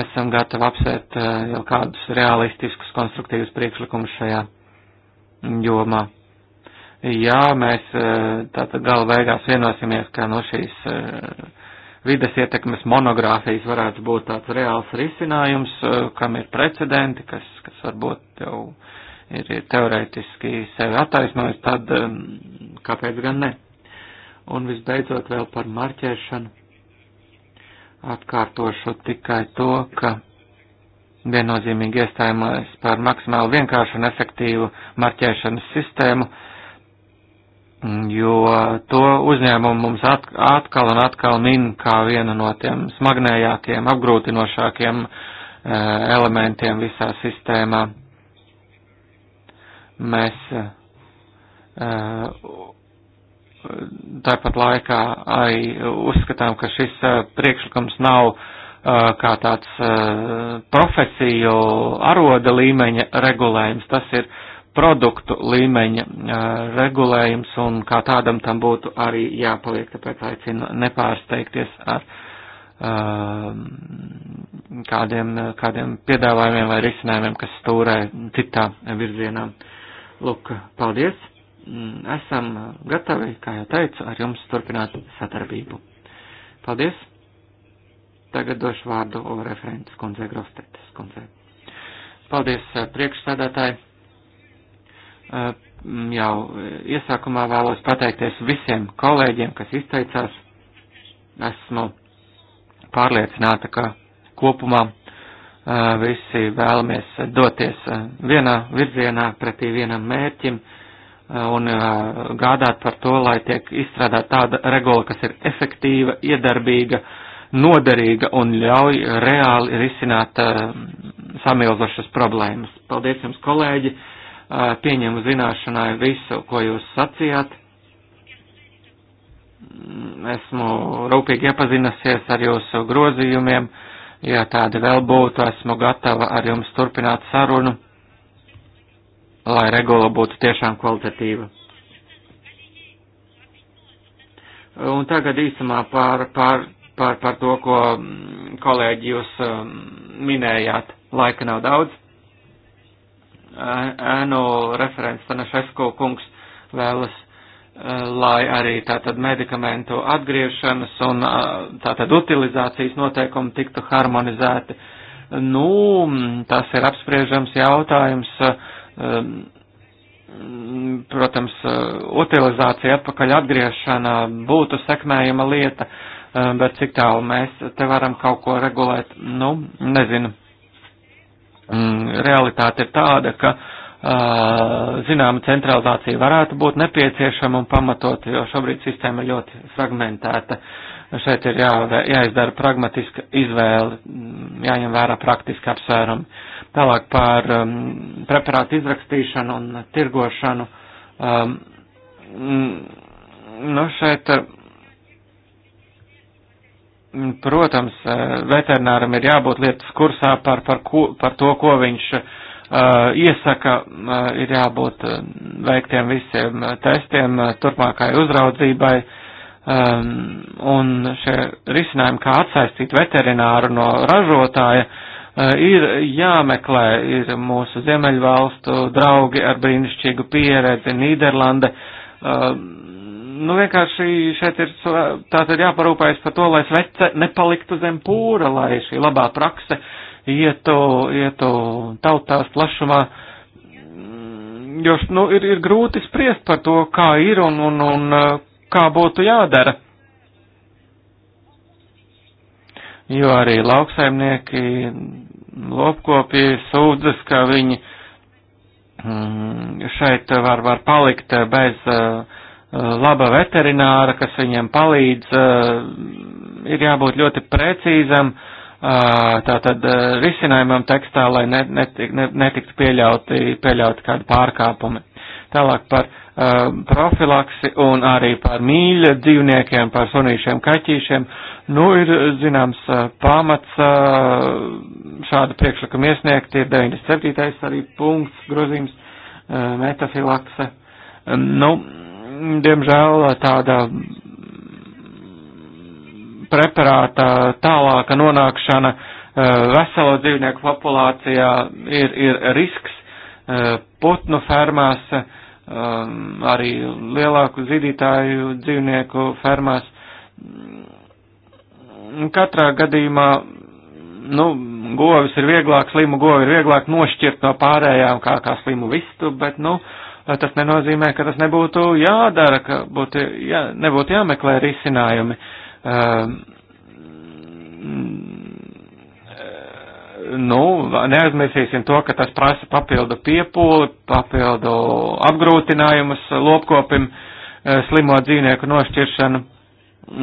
esam gatavi apsvērt jau kādus realistiskus, konstruktīvus priekšlikumus šajā jomā. Jā, mēs tātad gala beigās vienosimies, ka no šīs vides ietekmes monogrāfijas varētu būt tāds reāls risinājums, eh, kam ir precedenti, kas, kas varbūt jau ir, ir teorētiski sevi attaisnojis, tad ehm, kāpēc gan ne? Un visbeidzot vēl par marķēšanu. Atkārtošu tikai to, ka viennozīmīgi iestājumās par maksimāli vienkāršu un efektīvu marķēšanas sistēmu jo to uzņēmumu mums atkal un atkal min kā vienu no tiem smagnējākiem, apgrūtinošākiem eh, elementiem visā sistēmā. Mēs eh, tāpat laikā arī uzskatām, ka šis eh, priekšlikums nav kā tāds profesiju aroda līmeņa regulējums. Tas ir uh, produktu līmeņa regulējums un kā tādam tam būtu arī jāpaliek, tāpēc aicinu nepārsteigties ar kādiem, kādiem piedāvājumiem vai risinājumiem, kas stūrē citā virzienā. Lūk, paldies! Mm, esam gatavi, kā jau teicu, ar jums turpināt sadarbību. Paldies! Tagad došu vārdu referents kundzei Grostetes kundzei. Paldies, priekšstādātāji! jau iesākumā vēlos pateikties visiem kolēģiem, kas izteicās. Esmu pārliecināta, ka kopumā visi vēlamies doties vienā virzienā pretī vienam mērķim un gādāt par to, lai tiek izstrādāt tāda regula, kas ir efektīva, iedarbīga, noderīga un ļauj reāli risināt samilzošas problēmas. Paldies jums, kolēģi! Eh, pieņemu zināšanai visu, ko jūs sacījāt. Mm, esmu rūpīgi iepazinusies ar jūsu grozījumiem. Ja tādi vēl būtu, esmu gatava ar jums turpināt sarunu, lai regula būtu tiešām kvalitatīva. Un tagad īsumā par, par, par, par to, ko mm, kolēģi jūs mm, minējāt. Laika nav daudz ēnu referents Tanašesko kungs vēlas, lai arī tātad medikamentu atgriešanas un tātad utilizācijas noteikumi tiktu harmonizēti. Nu, tas ir apspriežams jautājums. Protams, utilizācija atpakaļ atgriešana būtu sekmējama lieta, bet cik tālu mēs te varam kaut ko regulēt, nu, nezinu Mm, realitāte ir tāda, ka zināma centralizācija varētu būt nepieciešama un pamatot, jo šobrīd sistēma ir ļoti fragmentēta. Šeit ir jā, jāizdara pragmatiska izvēle, mm, jāņem vērā praktiski apsvērumi. Tālāk par um, preparātu izrakstīšanu un tirgošanu. Um, nu šeit uh, Mm, protams, eh, veterināram ir jābūt lietas kursā par, par, ko, par to, ko viņš uh, iesaka, uh, ir jābūt uh, veiktiem visiem testiem, uh, turpmākai uzraudzībai, um, un šie risinājumi, kā atsaistīt veterināru no ražotāja, uh, ir jāmeklē, ir mūsu ziemeļvalstu draugi ar brīnišķīgu pieredzi Nīderlande. Uh, nu, vienkārši šeit ir tātad jāparūpējas par to, lai svece nepaliktu zem pūra, lai šī labā prakse ietu, ietu tautās plašumā. Mm, jo nu, ir, ir grūti spriest par to, kā ir un, un, un uh, kā būtu jādara. Jo arī lauksaimnieki, lopkopji sūdzas, ka viņi mm, šeit var, var palikt bez uh, Eh, laba veterināra, kas viņam palīdz, eh, ir jābūt ļoti precīzam eh, tātad risinājumam tekstā, lai netiktu net, net pieļauti, pieļauti kādi pārkāpumi. Tālāk par profilaksi un arī par mīļa dzīvniekiem, par sunīšiem, kaķīšiem. Nu, ir zināms pamats šādu priekšlikumu iesniegt, ir 97. arī punkts grozījums metafilakse. Nu, diemžēl tāda preparāta tālāka nonākšana eh, veselo dzīvnieku populācijā ir, ir risks eh, putnu fermās, eh, arī lielāku zidītāju dzīvnieku fermās. Katrā gadījumā, nu, govis ir vieglāk, slimu govi ir vieglāk nošķirt no pārējām kā, kā slimu vistu, bet, nu, uh, tas nenozīmē, ka tas nebūtu jādara, ka būtu, jā, nebūtu jāmeklē risinājumi. Uh, nu, neaizmirsīsim to, ka tas prasa papildu piepūli, papildu apgrūtinājumus lopkopim, e, slimo dzīvnieku nošķiršanu,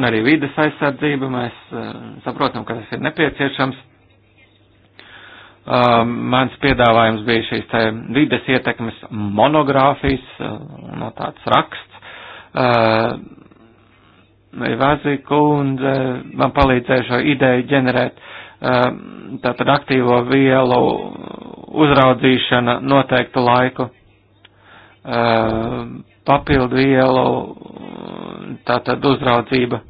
arī vides aizsardzību. Mēs e, saprotam, ka tas ir nepieciešams Um, mans piedāvājums bija šīs te vides ietekmes monogrāfijas, uh, no tāds raksts. Uh, Vazi kundze man palīdzēja šo ideju ģenerēt, um, tātad aktīvo vielu uzraudzīšana noteiktu laiku, uh, papildu vielu, tātad uzraudzība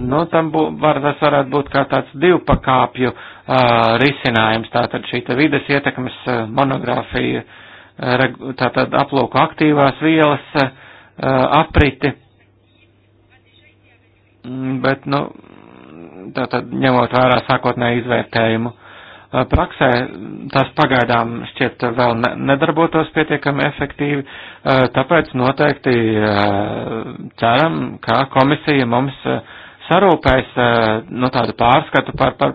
nu, tam bū, var, varētu būt kā tāds divpakāpju risinājums, tātad šī vides ietekmes monogrāfija, tātad aplūku aktīvās vielas apriti, mm, bet, nu, tātad ņemot vērā sākotnēju izvērtējumu. Eh, praksē tās pagaidām šķiet vēl nedarbotos pietiekami efektīvi, eh, tāpēc noteikti eh, ceram, ka komisija mums sarūpēs no tādu pārskatu par, par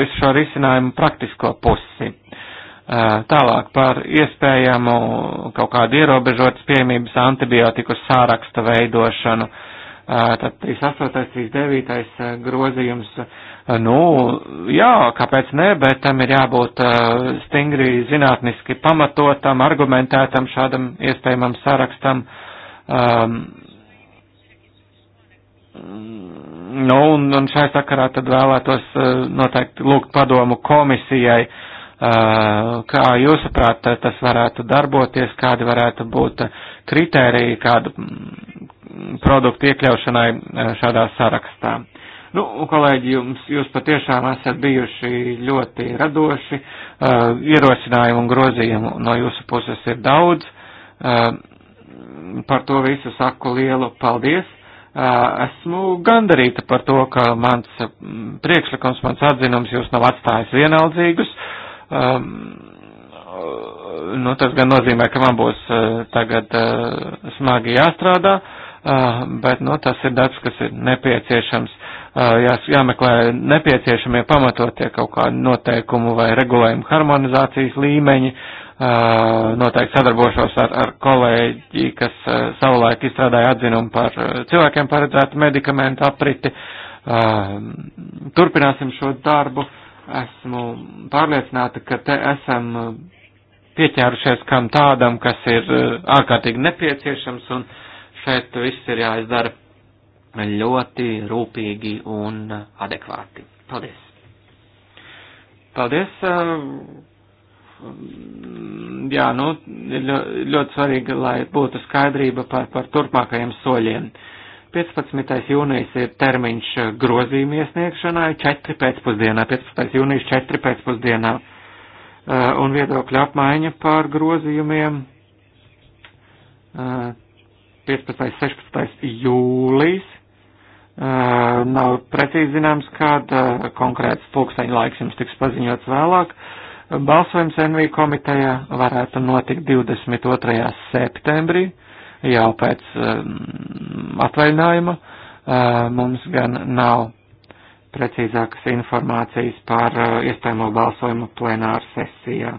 visu šo risinājumu praktisko pusi. Tālāk par iespējamu kaut kādu ierobežotas piemības antibiotiku sāraksta veidošanu. Tad 38. 39. grozījums Nu, jā, kāpēc ne, bet tam ir jābūt stingri zinātniski pamatotam, argumentētam šādam iespējamam sarakstam. Um, Nu, un, un šai sakarā tad vēlētos noteikti lūgt padomu komisijai, kā jūsuprāt tas varētu darboties, kādi varētu būt kritēriji, kādu produktu iekļaušanai šādā sarakstā. Nu, kolēģi, jums, jūs patiešām esat bijuši ļoti radoši, uh, ierosinājumu un grozījumu no jūsu puses ir daudz. Uh, par to visu saku lielu paldies. Uh, esmu gandarīta par to, ka mans mm, priekšlikums, mans atzinums jūs nav atstājis vienaldzīgus. Um, nu, tas gan nozīmē, ka man būs uh, tagad uh, smagi jāstrādā, uh, bet nu, tas ir darbs, kas ir nepieciešams jā, jāmeklē nepieciešamie pamatotie kaut kādi noteikumu vai regulējumu harmonizācijas līmeņi. Noteikti sadarbošos ar, ar kolēģi, kas savulaik izstrādāja atzinumu par cilvēkiem paredzētu medikamentu apriti. Turpināsim šo darbu. Esmu pārliecināta, ka te esam pieķērušies kam tādam, kas ir ārkārtīgi nepieciešams, un šeit viss ir jāizdara ļoti rūpīgi un adekvāti. Paldies! Paldies! Um, jā, nu, ir ļoti svarīgi, lai būtu skaidrība par, par turpmākajiem soļiem. 15. jūnijas ir termiņš grozījuma iesniegšanai, 4 pēcpusdienā, 15. jūnijas 4 pēcpusdienā, uh, un viedokļa apmaiņa par grozījumiem 15. 16. jūlijas, Eh, nav precīzi zināms, kāda konkrēts pulksteņa laiks jums tiks paziņots vēlāk. Balsojums NV komitejā varētu notikt 22. septembrī, jau pēc atvaļinājuma. Eh, mums gan nav precīzākas informācijas par eh, iespējamo balsojumu plenāru sesijā.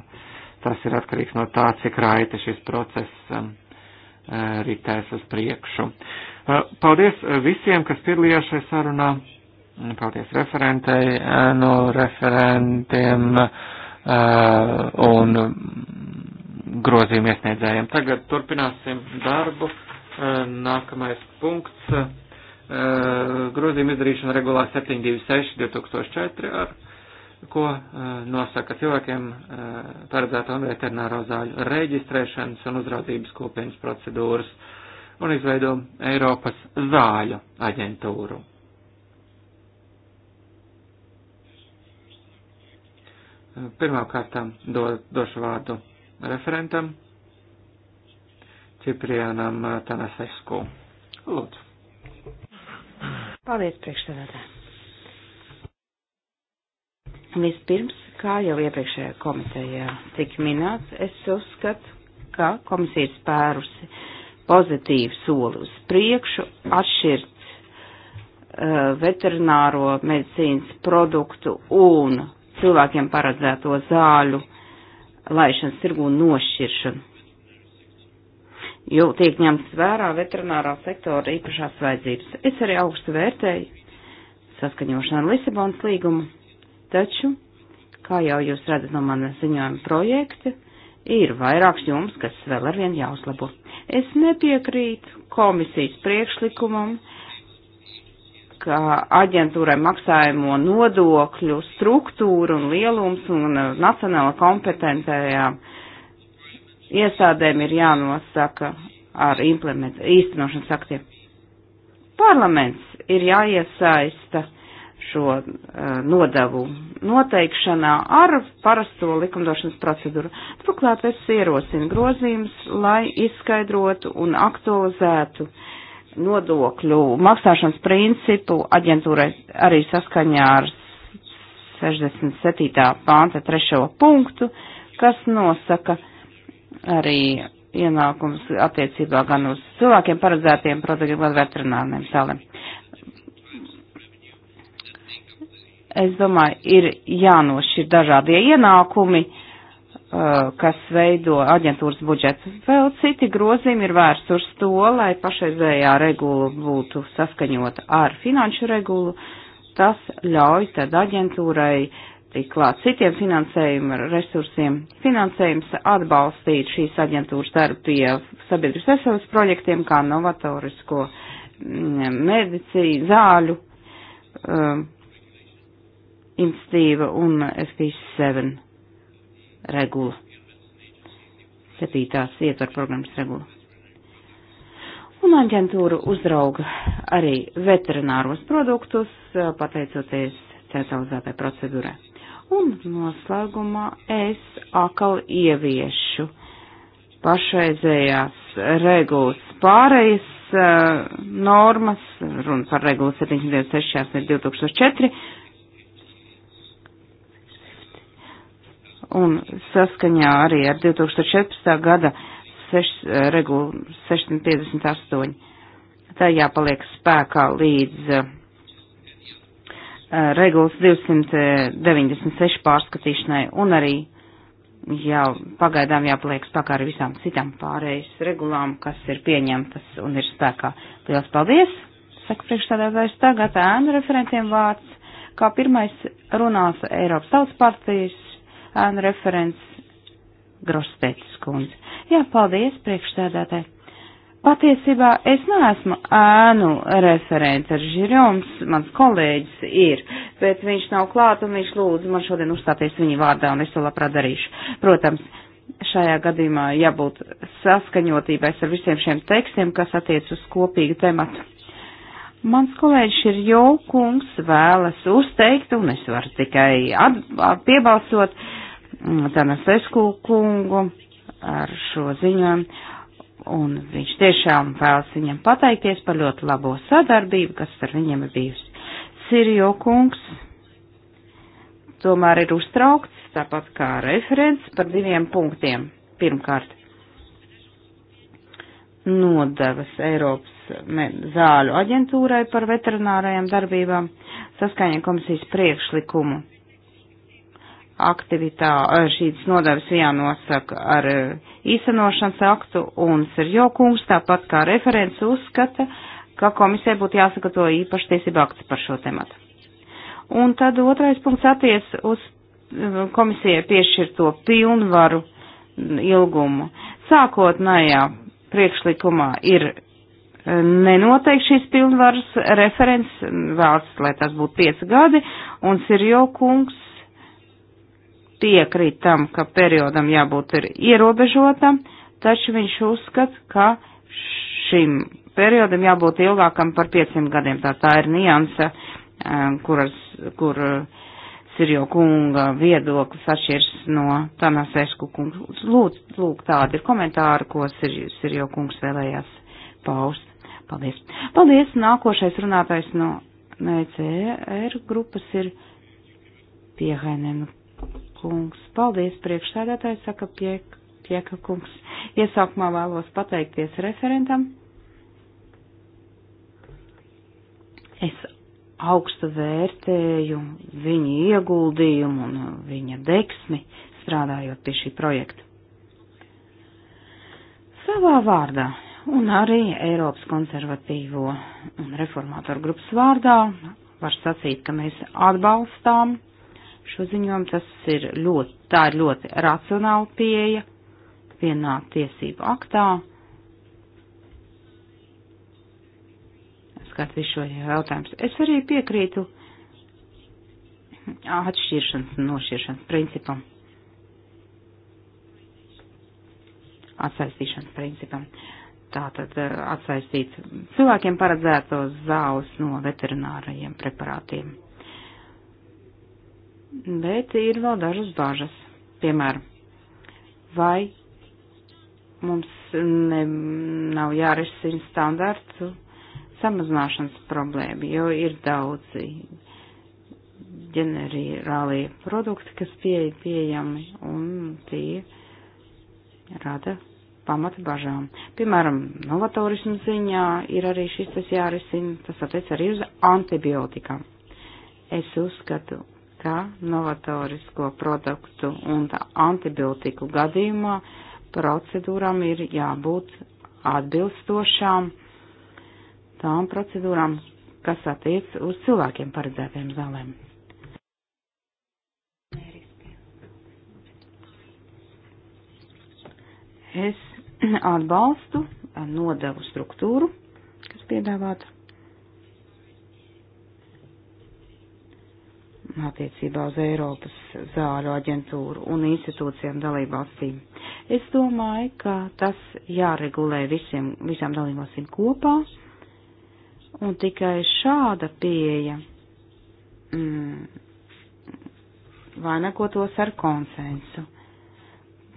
Tas ir atkarīgs no tā, cik raiti šis process ritēs uz priekšu. Uh, Paldies eh, visiem, kas piedalījās šajā sarunā. Mm, paldies referentei, no referentiem eh, un grozījumu iesniedzējiem. Tagad turpināsim darbu. Eh, nākamais punkts. Grozījuma izdarīšana regulā 726 2004 ar ko nosaka cilvēkiem paredzēto veterināro zāļu reģistrēšanas un uzraudzības kopienas procedūras un izveido Eiropas zāļu aģentūru. Pirmkārt, do, došu vārdu referentam Ciprianam Tanasesku.
Lūdzu. Paldies, priekšstādātāji. Vispirms, kā jau iepriekšējā komitejā tika minēts, es uzskatu, ka komisija ir spērusi uh, pozitīvu soli uz priekšu, atšķirt uh, eh, veterināro medicīnas produktu un cilvēkiem paredzēto zāļu laišanas tirgu nošķiršanu. Jo tiek ņemts vērā veterinārā sektora īpašās vajadzības. Es arī augstu vērtēju saskaņošanu ar Lisabonas līgumu, taču, kā jau jūs redzat no mana ziņojuma projekta, ir vairāks jums, kas vēl arvien jāuzlabo. Es nepiekrītu komisijas priekšlikumam, ka aģentūrai maksājumu nodokļu struktūra un lielums un nacionāla kompetentējām iestādēm ir jānosaka ar īstenošanas aktiem. Parlaments ir jāiesaista šo uh, nodevu noteikšanā ar parasto likumdošanas procedūru. Turklāt es ierosinu grozījumus, lai izskaidrotu un aktualizētu nodokļu maksāšanas principu aģentūrai arī saskaņā ar 67. pānta trešo punktu, kas nosaka arī ienākums attiecībā gan uz cilvēkiem paredzētiem produktiem, gan veterināriem saliem. es domāju, ir jānošķir dažādie ienākumi, uh, kas veido aģentūras budžetu. Vēl citi grozījumi ir vērsti uz to, lai pašreizējā regula būtu saskaņota ar finanšu regulu. Tas ļauj tad aģentūrai tik klāt citiem finansējuma resursiem. Finansējums atbalstīt šīs aģentūras darbu pie sabiedrības veselības projektiem, kā novatorisko mm, medicīnu, zāļu. Um, institīva un FP7 regula. Septītās ietver programmas regula. Un aģentūra uzrauga arī veterināros produktus, pateicoties centralizētai procedūrai. Un noslēgumā es atkal ieviešu pašreizējās regulas pārējas uh, normas, runa par regulu 796 2004, un saskaņā arī ar 2014. gada 6, eh, regulu 658. Tā jāpaliek spēkā līdz uh, regulas 296 pārskatīšanai un arī jā, pagaidām jāpaliek spēkā ar visām citām pārējas regulām, kas ir pieņemtas un ir spēkā. Lielas paldies! Saka priekšstādātājs tagad ēnu referentiem vārds. Kā pirmais runās Eiropas tautas partijas ēnu referents Grostētis kundze. Jā, paldies, priekšstādātāji. Patiesībā es neesmu ēnu referents ar Žirjoms, mans kolēģis ir, bet viņš nav klāt un viņš lūdzu man šodien uzstāties viņa vārdā un es to labprāt darīšu. Protams, šajā gadījumā jābūt saskaņotībai ar visiem šiem tekstiem, kas attiec uz kopīgu tematu. Mans kolēģis ir jau kungs, vēlas uzteikt, un es varu tikai piebalsot mm, Tanasesku kungu ar šo ziņojumu, un viņš tiešām vēlas viņam pateikties par ļoti labo sadarbību, kas ar viņiem ir bijusi. Sirijo kungs tomēr ir uztraukts, tāpat kā referents, par diviem punktiem. Pirmkārt, nodevas Eiropas zāļu aģentūrai par veterinārajām darbībām saskaņā komisijas priekšlikumu. Aktivitā eh, šīs nodevas jānosaka ar eh, īstenošanas aktu un Serjo kungs, tāpat kā referents uzskata, ka komisija būtu jāsagatavo īpaši tiesība akts par šo tematu. Un tad otrais punkts attiec uz eh, komisijai piešķirto pilnvaru mm, ilgumu. Sākotnējā priekšlikumā ir e, nenoteikti šīs pilnvaras referents vēlas, lai tas būtu pieci gadi, un Sirjo kungs piekrīt tam, ka periodam jābūt ir ierobežotam, taču viņš uzskata, ka šim periodam jābūt ilgākam par pieciem gadiem. Tā, tā ir niansa, e, kuras, kur Cirjo kunga viedoklis atšķirs no Tanasēsku kunga. Lūdzu, lūk, tādi ir komentāri, ko Cirjo kungs vēlējās paust. Paldies. Paldies. Nākošais runātājs no NCR e grupas ir Piehainen kungs. Paldies, priekšsēdētājs, saka Piek, Pieka kungs. Iesākumā vēlos pateikties referentam. Es augstu vērtēju viņa ieguldījumu un viņa deksmi strādājot pie šī projekta. Savā vārdā un arī Eiropas konservatīvo un reformātoru grupas vārdā var sacīt, ka mēs atbalstām šo ziņojumu. Tas ir ļoti, tā ir ļoti racionāla pieeja vienā tiesību aktā. Skat visu šo jautājumu. Es arī piekrītu atšķiršanas, nošķiršanas principam. Atsaistīšanas principam. Tātad eh, atsaistīt cilvēkiem paredzēto zāles no veterinārajiem preparātiem. Bet ir vēl dažas bāžas. Piemēram, vai mums ne, nav jārisina standārtu samazināšanas problēma, jo ir daudzi ģenerālie produkti, kas pieeja pieejami un tie rada pamata bažām. Piemēram, novatorismu ziņā ir arī šis tas jārisina, tas attiec arī uz antibiotikām. Es uzskatu, ka novatorisko produktu un antibiotiku gadījumā procedūram ir jābūt atbilstošām tām procedūrām, kas attiec uz cilvēkiem paredzētiem zālēm. Es atbalstu nodevu struktūru, kas piedāvāta attiecībā uz Eiropas zāļu aģentūru un institūcijām dalībvalstīm. Es domāju, ka tas jāregulē visiem, visām dalībvalstīm kopā, un tikai šāda pieeja mm, vainagotos ar konsensu,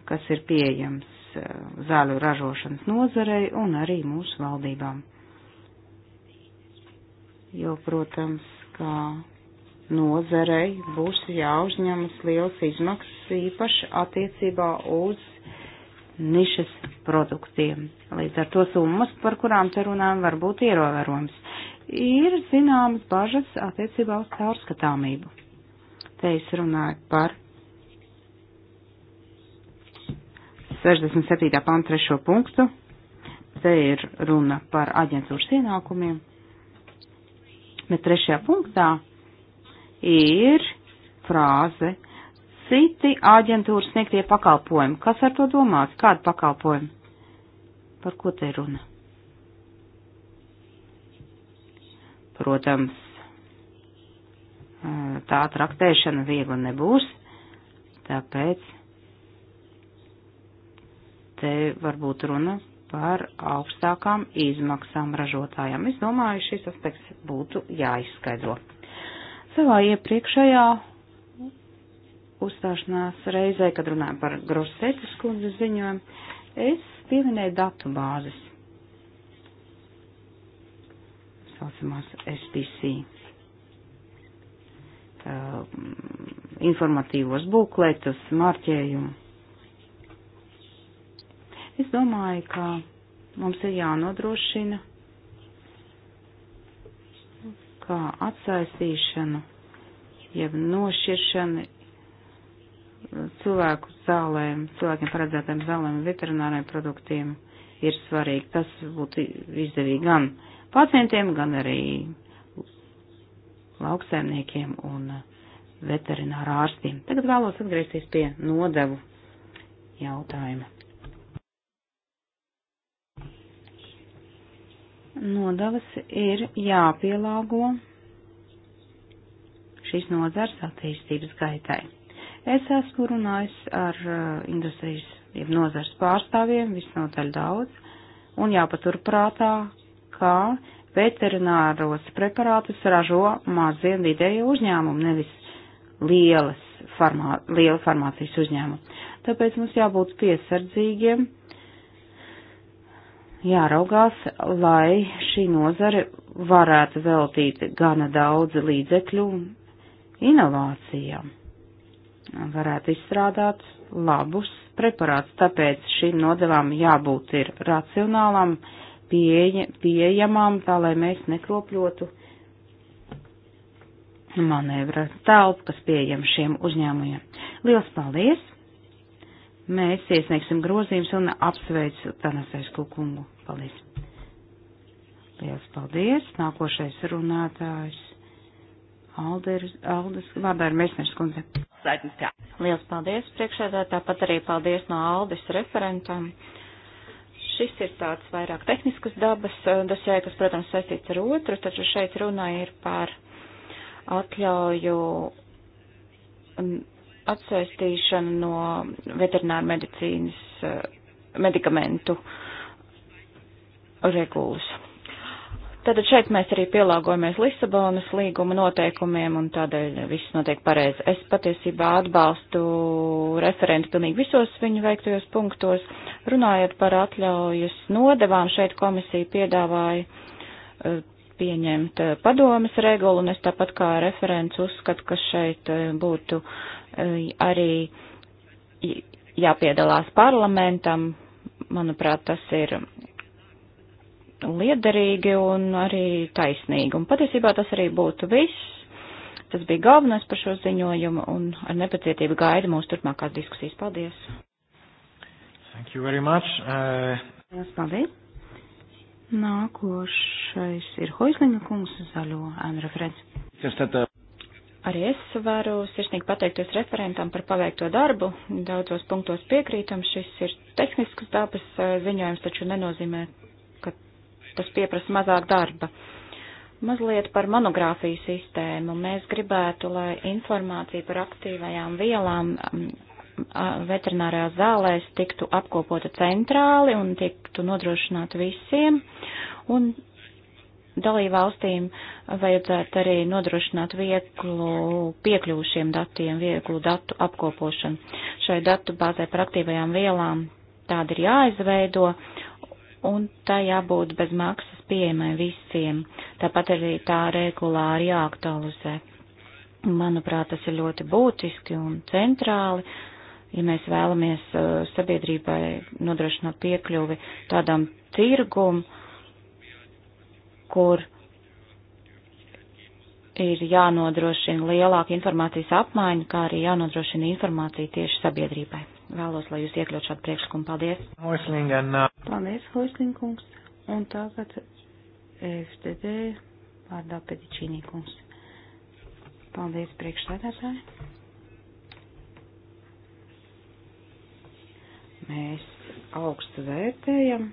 kas ir pieejams Eh, zāļu ražošanas nozarei un arī mūsu valdībām. Jo, protams, kā nozarei būs jāuzņemas liels izmaksas īpaši attiecībā uz nišas produktiem. Līdz ar to summas, par kurām te runājam, var būt ieroverojums. Ir zināmas bažas attiecībā uz caurskatāmību. Te es runāju par 67. pantu trešo punktu. Te ir runa par aģentūras ienākumiem. Bet trešajā punktā ir frāze citi aģentūras sniegtie pakalpojumi. Kas ar to domāts? Kādi pakalpojumi? Par ko te runa? Protams, tā traktēšana viegli nebūs, tāpēc te varbūt runa par augstākām izmaksām ražotājiem. Es domāju, šis aspekts būtu jāizskaidro. Savā iepriekšējā uzstāšanās reizē, kad runājam par Grosetas kundzes ziņojumu, es pieminēju datu bāzes. Saucamās SPC. Uh, ehm, informatīvos būkletus, marķējumu Es domāju, ka mums ir jānodrošina, ka atsaistīšana, jeb nošķiršana cilvēku zālēm, cilvēkiem paredzētām zālēm, veterināriem produktiem ir svarīgi. Tas būtu izdevīgi gan pacientiem, gan arī lauksēmniekiem un veterināru ārstiem. Tagad vēlos atgriezties pie nodevu jautājuma. nodavas ir jāpielāgo šīs nozars attīstības gaitai. Es esmu runājis ar eh, industrijas, jeb nozars pārstāvjiem visnotaļ daudz, un jāpaturprātā, ka veterināros preparātus ražo mazie un vidēji uzņēmumi, nevis lielas farmā, liela farmācijas uzņēmumi. Tāpēc mums jābūt piesardzīgiem jāraugās, lai šī nozare varētu veltīt gana daudz līdzekļu inovācijām, varētu izstrādāt labus preparātus, tāpēc šīm nodevām jābūt ir racionālām, pieeja, pieejamām, tā lai mēs nekropļotu manevra telpu, kas pieejam šiem uzņēmumiem. Liels paldies! Mēs iesniegsim grozījums un apsveicu Tanasēsku kungu. Paldies. Lielas paldies. Nākošais runātājs Alders, Alders, Vārdāra Mēsners kundze. Lielas paldies priekšēdā, tāpat arī paldies no Aldis referentam. Šis ir tāds vairāk tehniskas dabas eh, dosē, kas, protams, saistīts ar otru, taču šeit runā ir par atļauju mm, atsaistīšanu no veterināru medicīnas eh, medikamentu uh, regulas. Tātad šeit mēs arī pielāgojamies Lisabonas līguma noteikumiem un tādēļ viss notiek pareizi. Es patiesībā atbalstu referentu pilnīgi visos viņu veiktajos punktos. Runājot par atļaujas nodevām, šeit komisija piedāvāja eh, pieņemt eh, padomas regulu un es tāpat kā referents uzskatu, ka šeit eh, būtu arī jāpiedalās parlamentam. Manuprāt, tas ir liederīgi un arī taisnīgi. Un patiesībā tas arī būtu viss. Tas bija galvenais par šo ziņojumu un ar nepacietību gaida mūsu turpmākās diskusijas. Paldies!
Thank you very much. Uh...
Paldies! Nākošais ir Hoislinga kungs zaļo Anra Freds. Arī es varu sirsnīgi pateikties referentam par paveikto darbu. Daudzos punktos piekrītam, šis ir tehnisks dabas uh, ziņojums, taču nenozīmē tas pieprasa mazāk darba. Mazliet par monogrāfiju sistēmu. Mēs gribētu, lai informācija par aktīvajām vielām mm, veterinārajā zālēs tiktu apkopota centrāli un tiktu nodrošināta visiem. Un dalībvalstīm vajadzētu arī nodrošināt vieglu piekļuvu šiem datiem, vieglu datu apkopošanu. Šai datu bāzē par aktīvajām vielām tāda ir jāizveido, un tā jābūt bez maksas pieejamai visiem. Tāpat arī tā regulāri jāaktualizē. Manuprāt, tas ir ļoti būtiski un centrāli, ja mēs vēlamies uh, sabiedrībai nodrošināt piekļuvi tādam tirgum, kur ir jānodrošina lielāka informācijas apmaiņa, kā arī jānodrošina informācija tieši sabiedrībai vēlos, lai jūs iekļaut šādu priekšlikumu. Paldies!
Hoisling and,
uh... Paldies, Hoisling kungs! Un tagad FDD vārdā Pedičīnī kungs. Paldies, priekšsēdētāji! Mēs augstu vērtējam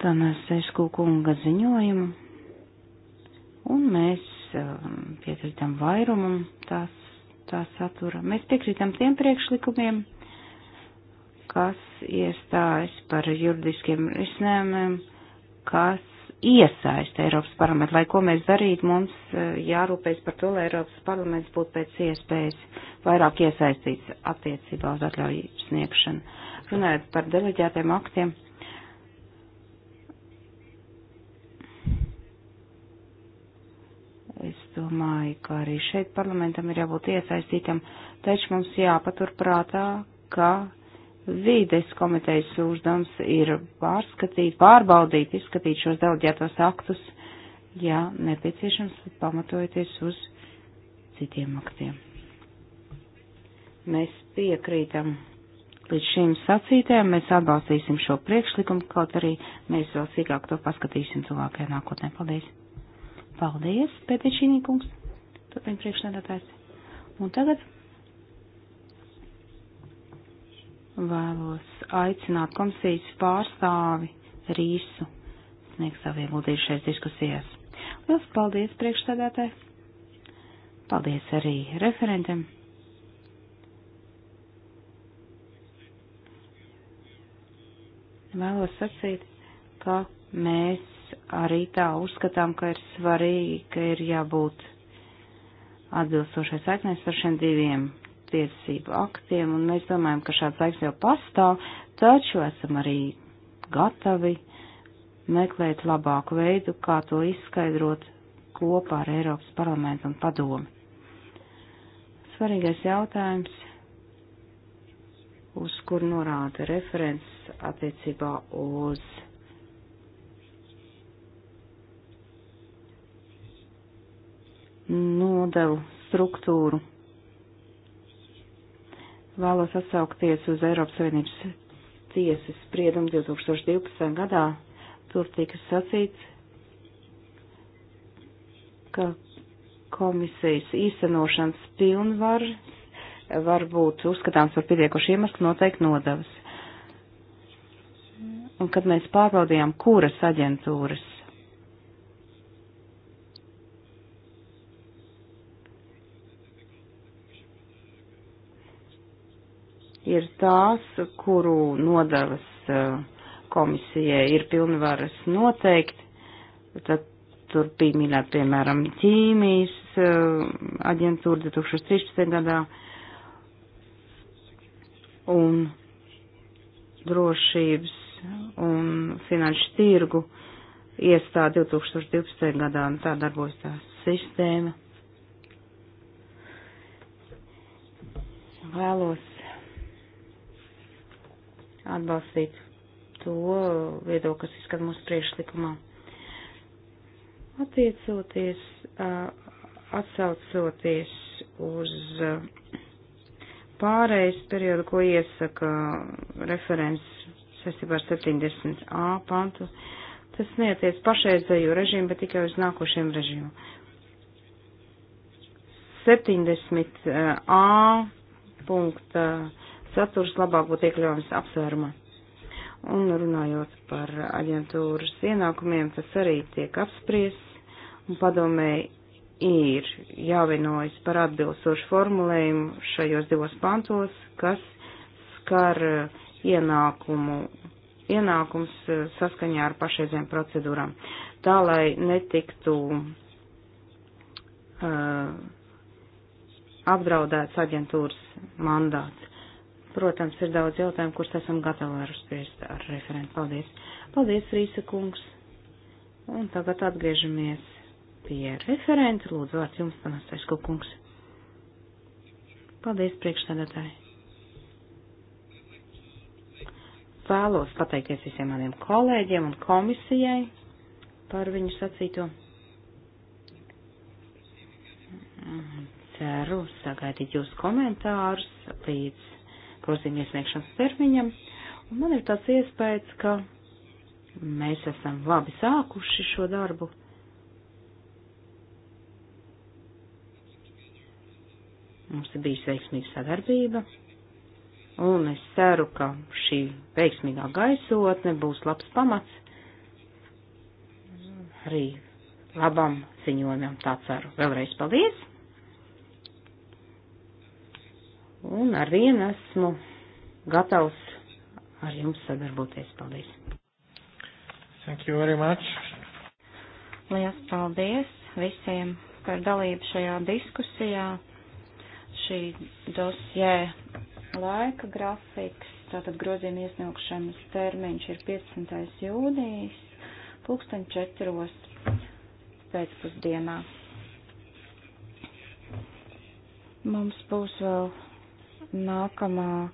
Tanas Esku kunga ziņojumu, un mēs um, piekrītam vairumam tās tā satura. Mēs piekrītam tiem priekšlikumiem, kas iestājas par juridiskiem risinājumiem, kas iesaista Eiropas parlamentu. Lai ko mēs darītu, mums e, jārūpējas par to, lai Eiropas parlaments būtu pēc iespējas vairāk iesaistīts attiecībā uz atļauju sniegšanu. Runājot par deleģētiem aktiem, Es domāju, ka arī šeit parlamentam ir jābūt iesaistītam, taču mums jāpaturprātā, ka vīdes komitejas uzdevums ir pārskatīt, pārbaudīt, izskatīt šos delģētos aktus, ja nepieciešams, pamatojoties uz citiem aktiem. Mēs piekrītam līdz šīm sacītēm, mēs atbalstīsim šo priekšlikumu, kaut arī mēs vēl sīkāk to paskatīsim tuvākajā nākotnē. Paldies! Paldies, Pētečīnī kungs. Turpin priekšnēdātājs. Un tagad vēlos aicināt komisijas pārstāvi Rīsu sniegt savu ieguldījumu šajās diskusijās. Lielas paldies priekšstādātāji. Paldies arī referentiem. Vēlos sacīt, ka mēs arī tā uzskatām, ka ir svarīgi, ka ir jābūt atbilstošai saiknē par šiem diviem tiesību aktiem, un mēs domājam, ka šāds laiks jau pastāv, taču esam arī gatavi meklēt labāku veidu, kā to izskaidrot kopā ar Eiropas parlamentu un padomi. Svarīgais jautājums, uz kur norāda referents attiecībā uz nodevu struktūru. Vēlos atsaukties uz Eiropas Savienības tiesas spriedumu 2012. gadā. Tur tika sacīts, ka komisijas īstenošanas pilnvar var būt uzskatāms par pietiekošu iemeslu noteikt nodevas. Un kad mēs pārbaudījām, kuras aģentūras ir tās, kuru nodevas eh, komisijai ir pilnvaras noteikti. Tad tur bija minēta, piemēram, ķīmijas eh, aģentūra 2013. gadā un drošības un finanšu tirgu iestāde 2012. gadā, un tā darbojas tā sistēma. Vēlos atbalstīt to viedokli, kas izskat mūsu priekšlikumā. Attiecoties, atsaucoties uz pārējais periodu, ko iesaka referents saistībā ar 70a pantu, tas neaties pašreizējo režīmu, bet tikai uz nākošiem režīmu. 70a punkta uh, saturs labāk būtu iekļaujams apsvērumā. Un runājot par aģentūras ienākumiem, tas arī tiek apspriests, un padomēji ir jāvienojas par atbilstošu formulējumu šajos divos pantos, kas skar uh, ienākumu, ienākums uh, saskaņā ar pašreizēm procedūrām, tā lai netiktu uh, apdraudēts aģentūras mandāts. Protams, ir daudz jautājumu, kurus esam gatavi ar uzspriest ar referentu. Paldies. Paldies, Rīsa kungs. Un tagad atgriežamies pie referenta. Lūdzu, vārds jums, Tanastais kungs. Paldies, priekšstādātāji. Vēlos pateikties visiem maniem kolēģiem un komisijai par viņu sacīto. Ceru sagaidīt jūsu komentārus līdz grozījuma iesniegšanas termiņam. Un man ir tāds iespējas, ka mēs esam labi sākuši šo darbu. Mums ir bijusi veiksmīga sadarbība, un es ceru, ka šī veiksmīgā gaisotne būs labs pamats arī labam ziņojumam. Tā ceru. Vēlreiz paldies! Un ar vienu esmu gatavs ar jums sadarboties. Paldies! Thank you very much! Lielas paldies visiem par dalību šajā diskusijā. Šī dosjē laika grafiks, tātad grozījuma iesniegšanas termiņš ir 15. jūnijas, pulksten 4. pēcpusdienā. Mums būs vēl Nākamā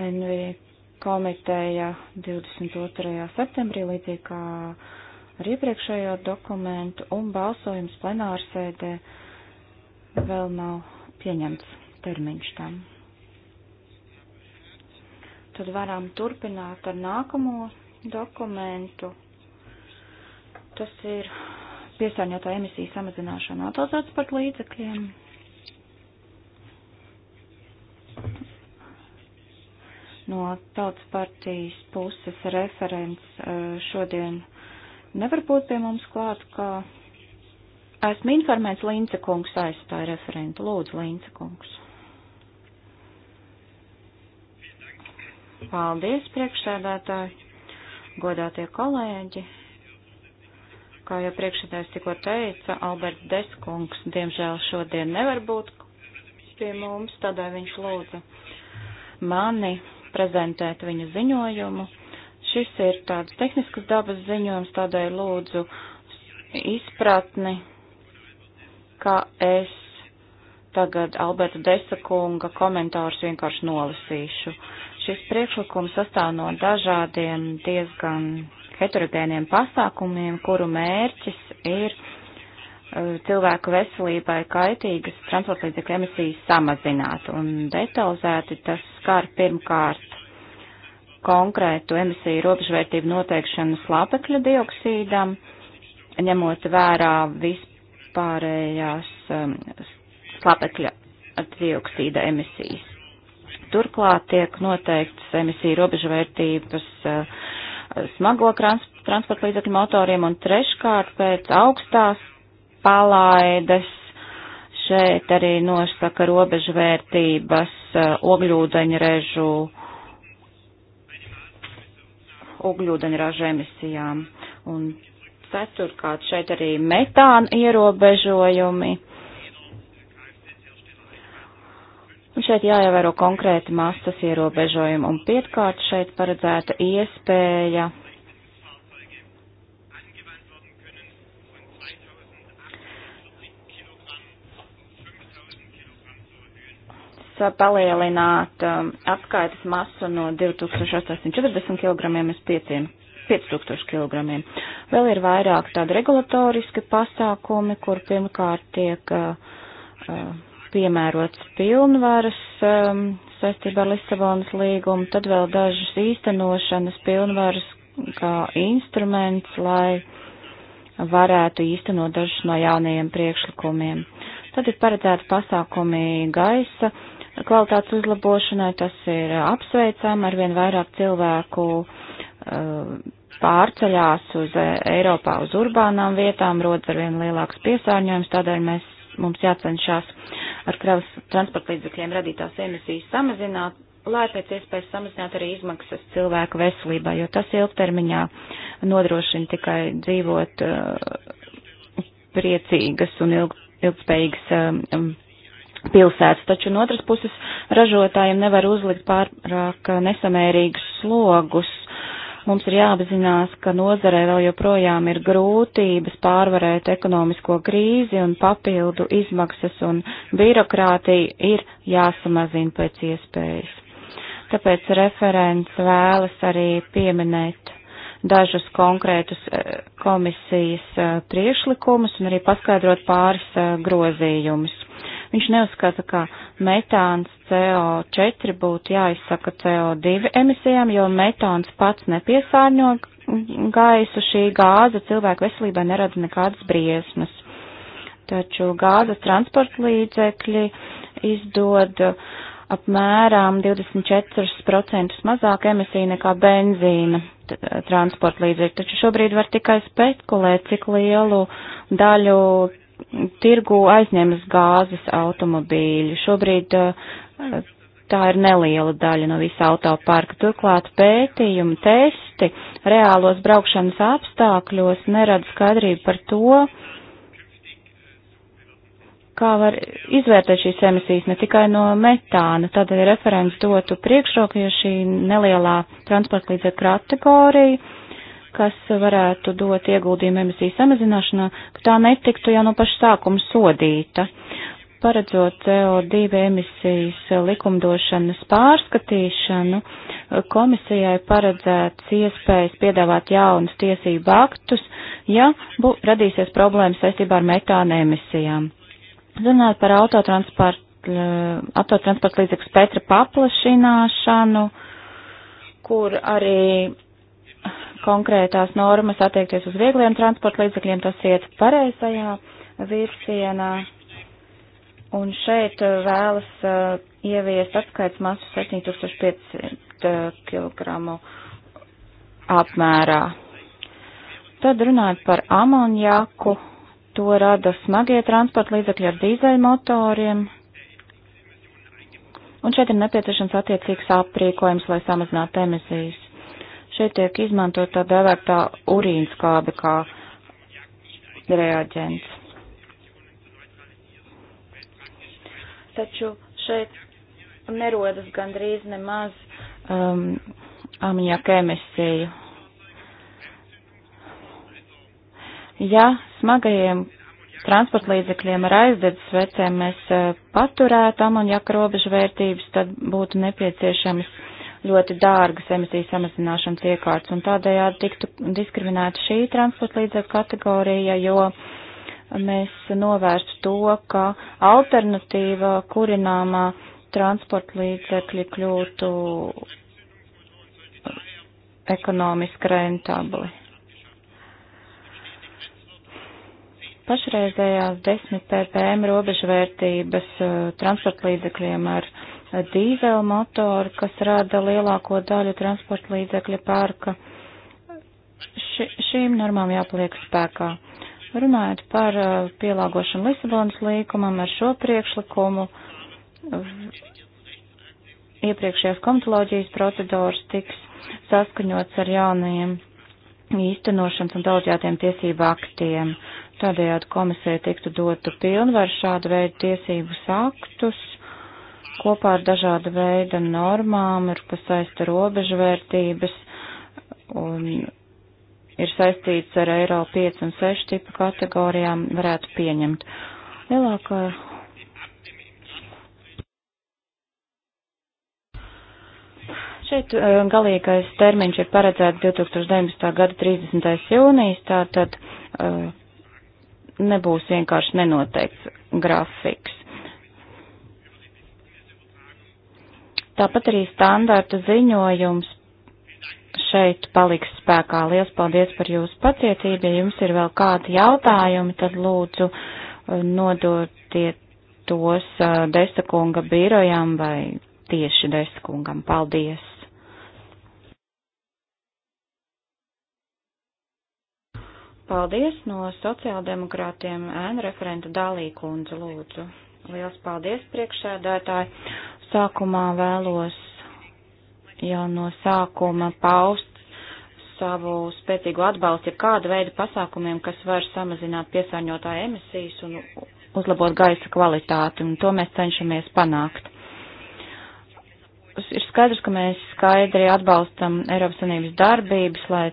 NV komiteja 22. septembrī, līdzīgi kā ar iepriekšējo dokumentu, un balsojums plenārsēdē vēl nav pieņemts termiņš tam. Tad varam turpināt ar nākamo dokumentu. Tas ir piesārņotā emisija samazināšana autotransporta līdzekļiem. no tautas partijas puses referents eh, šodien nevar būt pie mums klāt, kā esmu informēts Lince kungs aizstāja referentu. Lūdzu, Lince kungs. Paldies, priekšsēdētāji, godātie kolēģi. Kā jau priekšsēdētājs tikko teica, Alberts Deskungs, diemžēl šodien nevar būt pie mums, tādēļ viņš lūdza mani prezentēt viņa ziņojumu. Šis ir tāds tehniskas dabas ziņojums, tādēļ lūdzu izpratni, ka es tagad Alberta Desakunga komentārus vienkārši nolasīšu. Šis priekšlikums sastāv no dažādiem diezgan heterogēniem pasākumiem, kuru mērķis ir Eh, cilvēku veselībai kaitīgas transportlīdzekļu emisijas samazināt. Un detalizēti tas skar pirmkārt konkrētu emisiju robežvērtību noteikšanu slāpekļa dioksīdam, ņemot vērā vispārējās um, slāpekļa dioksīda emisijas. Turklāt tiek noteikts emisiju robežvērtības uh, smago trans transportlīdzekļu motoriem un treškārt pēc augstās palaides, šeit arī nosaka robežvērtības eh, ogļūdeņrežu, ogļūdeņražu emisijām. Un ceturkārt šeit arī metāna ierobežojumi. Un šeit jāievēro konkrēti masas ierobežojumi. Un pietkārt šeit paredzēta iespēja Eh, palielināt um, eh, apskaites masu no 2840 kg uz 5. 5000 kg. Vēl ir vairāk tādi regulatoriski pasākumi, kur pirmkārt tiek uh, piemērots pilnvaras um, saistībā ar Lisabonas līgumu, tad vēl dažas īstenošanas pilnvaras kā instruments, lai varētu īstenot dažus no jaunajiem priekšlikumiem. Tad ir paredzēti pasākumi gaisa kvalitātes uzlabošanai, tas ir apsveicam, arvien vairāk cilvēku uh, pārceļās uz uh, Eiropā uz urbānām vietām, rodas arvien lielāks piesārņojums, tādēļ mēs, mums jācenšas ar kravas transporta līdzekļiem radītās emisijas samazināt, lai pēc iespējas samazinātu arī izmaksas cilvēku veselībā, jo tas ilgtermiņā nodrošina tikai dzīvot uh, priecīgas un ilg, ilgspējīgas um, pilsētas, taču no otras puses ražotājiem nevar uzlikt pārāk nesamērīgus slogus. Mums ir jāapzinās, ka nozarē vēl joprojām ir grūtības pārvarēt ekonomisko krīzi un papildu izmaksas un birokrātija ir jāsamazina pēc iespējas. Tāpēc referents vēlas arī pieminēt dažus konkrētus eh, komisijas eh, priekšlikumus un arī paskaidrot pāris eh, grozījumus. Viņš neuzskata, ka metāns CO4 būtu jāizsaka CO2 emisijām, jo metāns pats nepiesārņo gaisu. Šī gāze cilvēku veselībai nerada nekādas briesmas. Taču gāzes transporta līdzekļi izdod apmēram 24% mazāk emisiju nekā benzīna transporta līdzekļi. Taču šobrīd var tikai spekulēt, cik lielu daļu tirgu aizņemas gāzes automobīļi. Šobrīd uh, tā ir neliela daļa no visa autoparka. Turklāt pētījumi, testi reālos braukšanas apstākļos nerada skaidrību par to, kā var izvērtēt šīs emisijas ne tikai no metāna. Tādēļ referents dotu priekšroku, jo šī nelielā transporta līdzekļu kategorija kas varētu dot ieguldījumu emisiju samazināšanā, ka tā netiktu jau no paša sākuma sodīta. Paredzot CO2 emisijas likumdošanas pārskatīšanu, komisijai paredzēts iespējas piedāvāt jaunus tiesību aktus, ja bu, radīsies problēmas saistībā ar metāna emisijām. Runājot par autotransportu, autotransporta līdzekļu spektra paplašināšanu, kur arī konkrētās normas attiekties uz viegliem transporta līdzekļiem, tas iet pareizajā virsienā. Un šeit uh, vēlas uh, ieviest atskaits masu 7500 uh, kg apmērā. Tad runājot par amonjaku, to rada smagie transporta līdzekļi ar dīzeļmotoriem. Un šeit ir nepieciešams attiecīgs aprīkojums, lai samazinātu emisijas. Šeit tiek izmantot tā dēvētā urīnskābe kā reaģents. Taču šeit nerodas gandrīz nemaz um, amijaka emisiju. Ja smagajiem transporta līdzekļiem ar aizdedzes vecēm mēs uh, paturētu amonjaka robežvērtības, tad būtu nepieciešams ļoti dārgas emisiju samazināšanas iekārtas, un tādējādi tiktu diskriminēta šī transporta līdzekļu kategorija, jo mēs novērstu to, ka alternatīva kurināmā transporta līdzekļi kļūtu ekonomiski rentabli. Pašreizējās 10 ppm robežvērtības eh, transporta līdzekļiem ar uh, dīzelmotori, kas rada lielāko daļu transporta līdzekļa pērka. Ši, šīm normām jāpaliek spēkā. Runājot par uh, pielāgošanu Lisabonas līkumam ar šo priekšlikumu, iepriekšējās komitoloģijas procedūras tiks saskaņots ar jaunajiem īstenošanas un daudzjātiem tiesību aktiem. Tādējādi komisija tiktu dotu pilnvaru šādu veidu tiesības aktus kopā ar dažāda veida normām, ir pasaista robežvērtības un ir saistīts ar Eiro 5 un 6 tipu kategorijām, varētu pieņemt. Lielākā Šeit e, galīgais termiņš ir paredzēts 2019. gada 30. jūnijas, tātad e, nebūs vienkārši nenoteikts grafiks. Tāpat arī standārta ziņojums šeit paliks spēkā. Lielas paldies par jūsu pacietību. Ja jums ir vēl kādi jautājumi, tad lūdzu eh, nodotiet tos eh, desakunga birojam vai tieši deskungam. Paldies! Paldies no sociāldemokrātiem ēnu referentu Dālī kundze lūdzu. Liels paldies priekšsēdētāji. Sākumā vēlos jau no sākuma paust savu spēcīgu atbalstu, ja kāda veida pasākumiem, kas var samazināt piesārņotāju emisijas un uzlabot gaisa kvalitāti, un to mēs cenšamies panākt. Ir skaidrs, ka mēs skaidri atbalstam Eiropas Savienības darbības, lai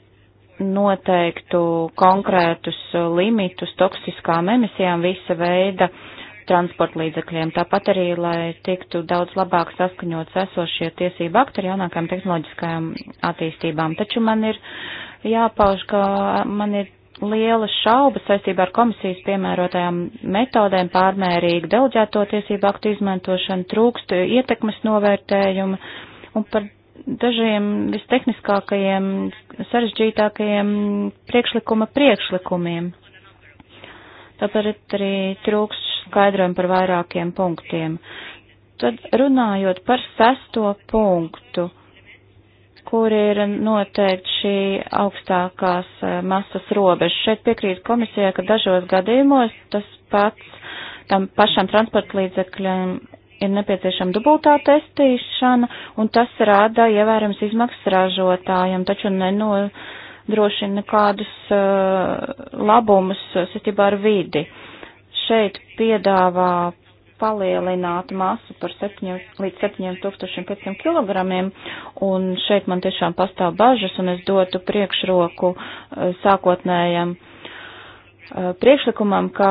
noteiktu konkrētus limitus toksiskām emisijām visa veida uh, transporta līdzekļiem. Tāpat arī, lai tiktu daudz labāk saskaņot esošie tiesību akti ar jaunākajām tehnoloģiskajām attīstībām. Taču man ir jāpauž, ka man ir lielas šaubas saistībā ar komisijas piemērotajām metodēm, pārmērīgu delģēto tiesību aktu izmantošanu, trūkst ietekmes novērtējumu un par dažiem vistehniskākajiem, sarežģītākajiem priekšlikuma priekšlikumiem tāpēc arī trūkst skaidrojumu par vairākiem punktiem. Tad runājot par sesto punktu, kur ir noteikti šī augstākās eh, masas robeža. Šeit piekrīt komisijai, ka dažos gadījumos tas pats tam pašam transporta līdzekļam ir nepieciešama dubultā testīšana, un tas rada ievērams izmaksas ražotājiem, taču neno, droši nekādus uh, labumus uh, saistībā ar vidi. Šeit piedāvā palielināt masu par 7 līdz 7500 kg, un šeit man tiešām pastāv bažas, un es dotu priekšroku uh, sākotnējam priekšlikumam, ka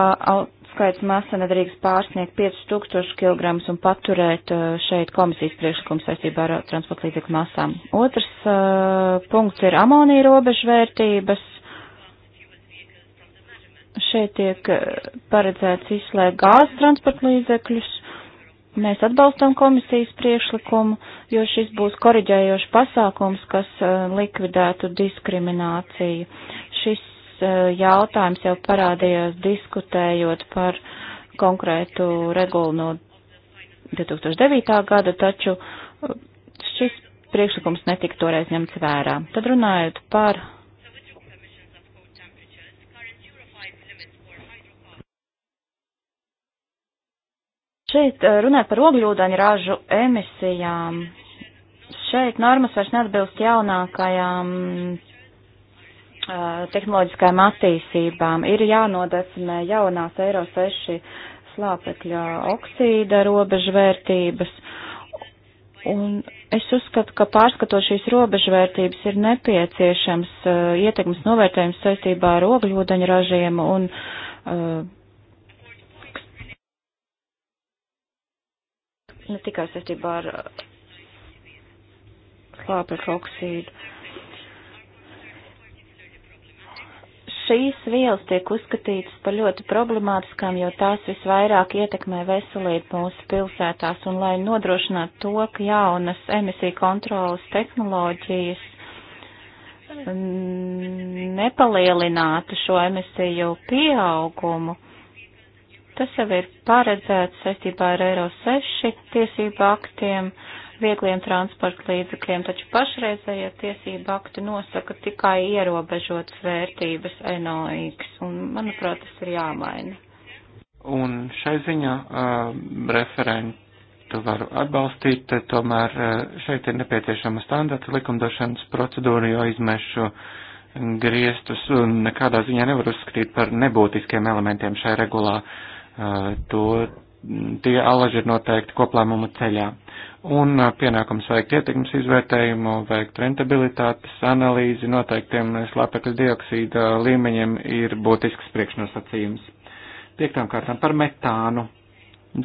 apskaits masa nedrīkst pārsniegt 5000 kg un paturēt uh, šeit komisijas priekšlikumu saistībā ar transporta līdzekļu masām. Otrs uh, punkts ir amonija robežvērtības. Šeit tiek uh, paredzēts izslēgt gāzes transporta līdzekļus. Mēs atbalstam komisijas priekšlikumu, jo šis būs koriģējošs pasākums, kas uh, likvidētu diskrimināciju. Šis E, jautājums jau parādījās diskutējot par konkrētu regulu no 2009. gada, taču e, šis priekšlikums netika toreiz ņemts vērā. Tad runājot par. Šeit e, runājot par ogļūdaņu ražu emisijām, šeit normas vairs neatbilst jaunākajām Eh, tehnoloģiskajām attīstībām. Ir jānodefinē jaunās Eiro 6 slāpekļa oksīda robežvērtības. Un es uzskatu, ka pārskatot šīs robežvērtības ir nepieciešams uh, ietekmes novērtējums saistībā ar ogļūdeņu ražiem un uh, ne tikai saistībā ar slāpekļa oksīdu. Šīs vielas tiek uzskatītas par ļoti problemātiskām, jo tās visvairāk ietekmē veselību mūsu pilsētās, un lai nodrošinātu to, ka jaunas emisiju kontrolas tehnoloģijas nepalielinātu šo emisiju pieaugumu, tas jau ir paredzēts saistībā ar Eiro 6 tiesību aktiem, uh, viegliem transporta līdzekļiem, taču pašreizējie tiesība akti nosaka tikai ierobežotas vērtības NOX, un manuprāt, tas ir jāmaina.
Un šai ziņā uh, referentu varu atbalstīt, tomēr uh, šeit ir nepieciešama standarta likumdošanas procedūra, jo izmešu uh, griestus un nekādā ziņā nevar uzskatīt par nebūtiskiem elementiem šai regulā. To, tie alaži ir noteikti koplēmumu ceļā un uh, pienākums veikt ietekmes izvērtējumu, veikt rentabilitātes analīzi noteiktiem slāpekļa dioksīda līmeņiem ir būtisks priekšnosacījums. Piektām kārtām par metānu.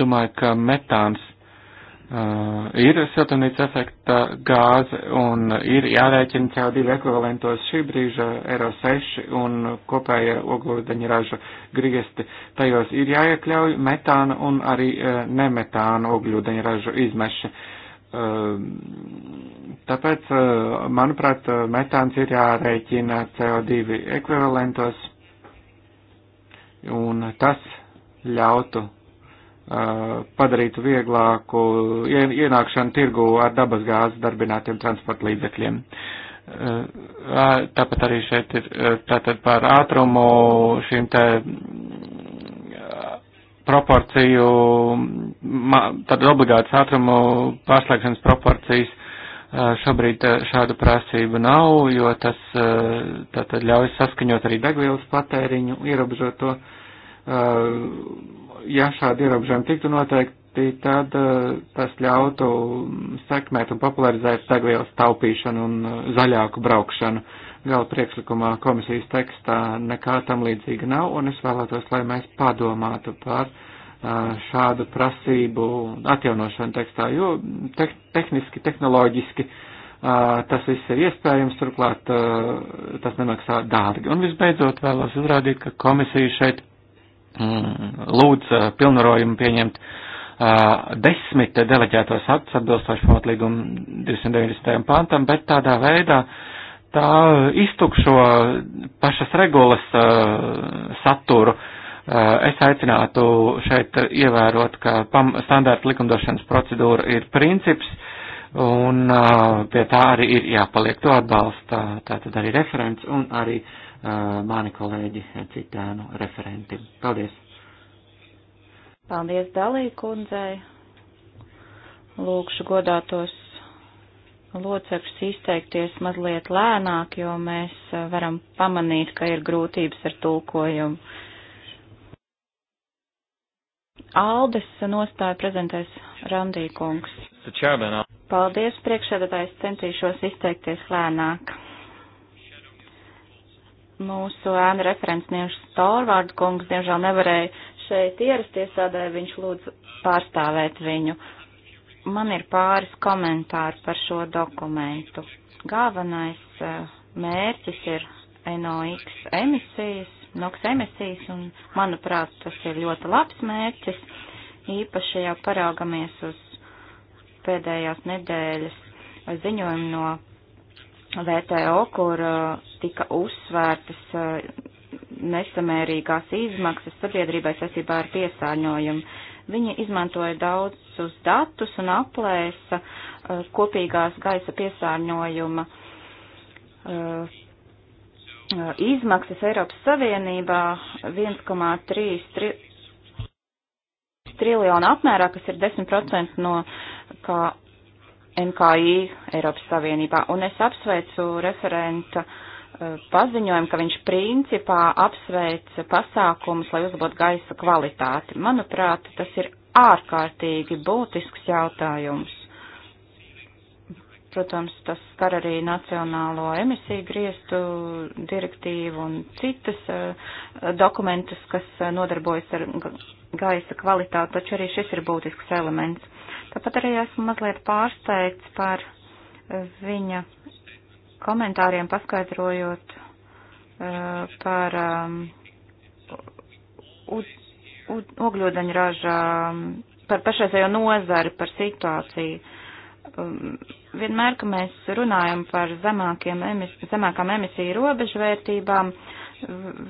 Domāju, ka metāns uh, ir siltumnīca efekta gāze un ir jārēķina CO2 ekvivalentos šī brīža Eiro 6 un kopēja oglūdeņa raža griesti. Tajos ir jāiekļauj metāna un arī uh, nemetāna oglūdeņa ražu izmeši. Uh, tāpēc, uh, manuprāt, uh, metāns ir jārēķina CO2 ekvivalentos, un tas ļautu padarītu vieglāku ienākšanu tirgu ar dabasgāzi darbinātiem transporta līdzekļiem. Tāpat arī šeit ir tātad par ātrumu šīm te proporciju, tātad obligātas ātrumu pārslēgšanas proporcijas šobrīd šādu prasību nav, jo tas tātad ļauj saskaņot arī degvielas patēriņu, ierobežot to ja šādi ierobežojumi tiktu noteikti, tad eh, tas ļautu sekmēt un popularizēt degvielas taupīšanu un eh, zaļāku braukšanu. Gala priekšlikumā komisijas tekstā nekā tam līdzīga nav, un es vēlētos, lai mēs padomātu par eh, šādu prasību atjaunošanu tekstā, jo te tehniski, tehnoloģiski uh, tas viss ir iespējams, turklāt tas nemaksā dārgi. Un visbeidzot vēlos uzrādīt, ka komisija šeit Mm. lūdz uh, pilnvarojumu pieņemt uh, desmit deleģētos aktus atbilstoši pamatlīguma 290. pantam, bet tādā veidā tā iztukšo pašas regulas uh, saturu. Es aicinātu šeit ievērot, ka standārta likumdošanas procedūra ir princips, un pie tā arī ir jāpaliek. To atbalsta tātad arī referents un arī uh, Eh, mani kolēģi citēnu referenti. Paldies!
Paldies Dalī kundzei! Lūkšu godātos locekļus izteikties mazliet lēnāk, jo mēs eh, varam pamanīt, ka ir grūtības ar tulkojumu. Aldes nostāju prezentēs Randīkungs. Paldies, priekšsēdētājs, centīšos izteikties lēnāk. Mūsu ēna referents Nievs Torvārdu kungs, diemžēl, nevarēja šeit ierasties, tādēļ viņš lūdzu pārstāvēt viņu. Man ir pāris komentāri par šo dokumentu. Galvenais eh, mērķis ir NOx emisijas, NOx emisijas, un, manuprāt, tas ir ļoti labs mērķis. Īpaši jau paraugamies uz pēdējās nedēļas ziņojumu no VTO, kur uh, tika uzsvērtas uh, nesamērīgās izmaksas sabiedrībai sasībā ar piesārņojumu. Viņi izmantoja daudzus datus un aplēsa uh, kopīgās gaisa piesārņojuma izmaksas Eiropas Savienībā 1,3 triljonu apmērā, kas ir 10% no kā NKI Eiropas Savienībā. Un es apsveicu referenta e, paziņojumu, ka viņš principā apsveic pasākumus, lai uzlabotu gaisa kvalitāti. Manuprāt, tas ir ārkārtīgi būtisks jautājums. Protams, tas skar arī Nacionālo emisiju griestu direktīvu un citas e, dokumentus, kas nodarbojas ar gaisa kvalitāti, taču arī šis ir būtisks elements. Tāpat arī esmu mazliet pārsteigts par viņa komentāriem paskaidrojot uh, par ehm, um, ogļūdeņraža, par pašreizējo nozari, par situāciju. Um, vienmēr, ka mēs runājam par zemākiem emis, zemākām emisiju robežvērtībām, uh,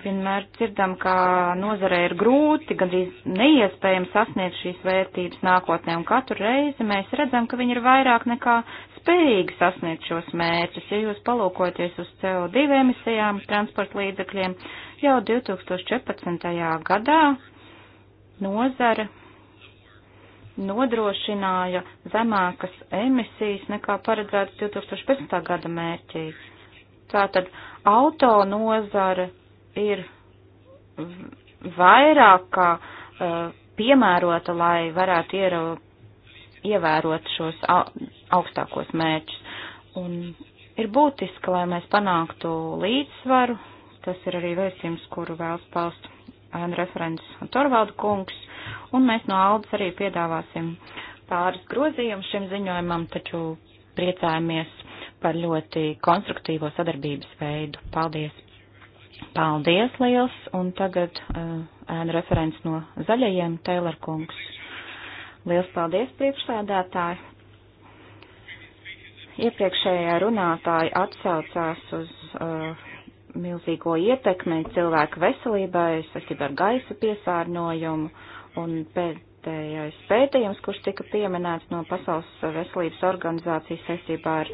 vienmēr dzirdam, ka nozarē ir grūti, gandrīz neiespējami sasniegt šīs vērtības nākotnē, un katru reizi mēs redzam, ka viņi ir vairāk nekā spējīgi sasniegt šos mērķus. Ja jūs palūkoties uz CO2 emisijām transporta līdzekļiem, jau 2014. gadā nozara nodrošināja zemākas emisijas nekā paredzētas 2015. gada mērķī. Tātad auto nozara ir vairāk kā uh, piemērota, lai varētu iero, ievērot šos au, augstākos mērķus. Un ir būtiski, lai mēs panāktu līdzsvaru. Tas ir arī vēstījums, kuru vēlas paust ēnu referents un Torvaldu kungs. Un mēs no Aldas arī piedāvāsim pāris grozījumus šim ziņojumam, taču priecājamies par ļoti konstruktīvo sadarbības veidu. Paldies! Paldies liels, un tagad uh, ēnu referents no zaļajiem, Taylor kungs. Liels paldies, priekšsēdētāji. Iepriekšējā runātāja atsaucās uz uh, milzīgo ietekmi cilvēku veselībai, saistībā ar gaisa piesārņojumu, un pēdējais pētījums, kurš tika pieminēts no Pasaules veselības organizācijas saistībā ar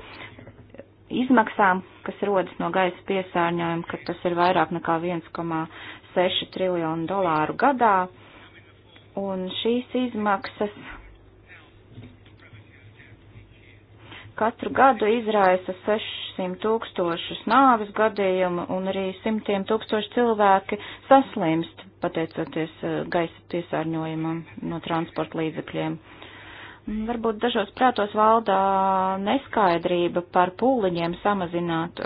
izmaksām, kas rodas no gaisa piesārņojuma, ka tas ir vairāk nekā 1,6 triljonu dolāru gadā. Un šīs izmaksas katru gadu izraisa 600 tūkstošus nāvis gadījumu un arī simtiem tūkstoši cilvēki saslimst, pateicoties eh, gaisa piesārņojumam no transporta līdzekļiem. Varbūt dažos prātos valdā neskaidrība par pūliņiem samazināt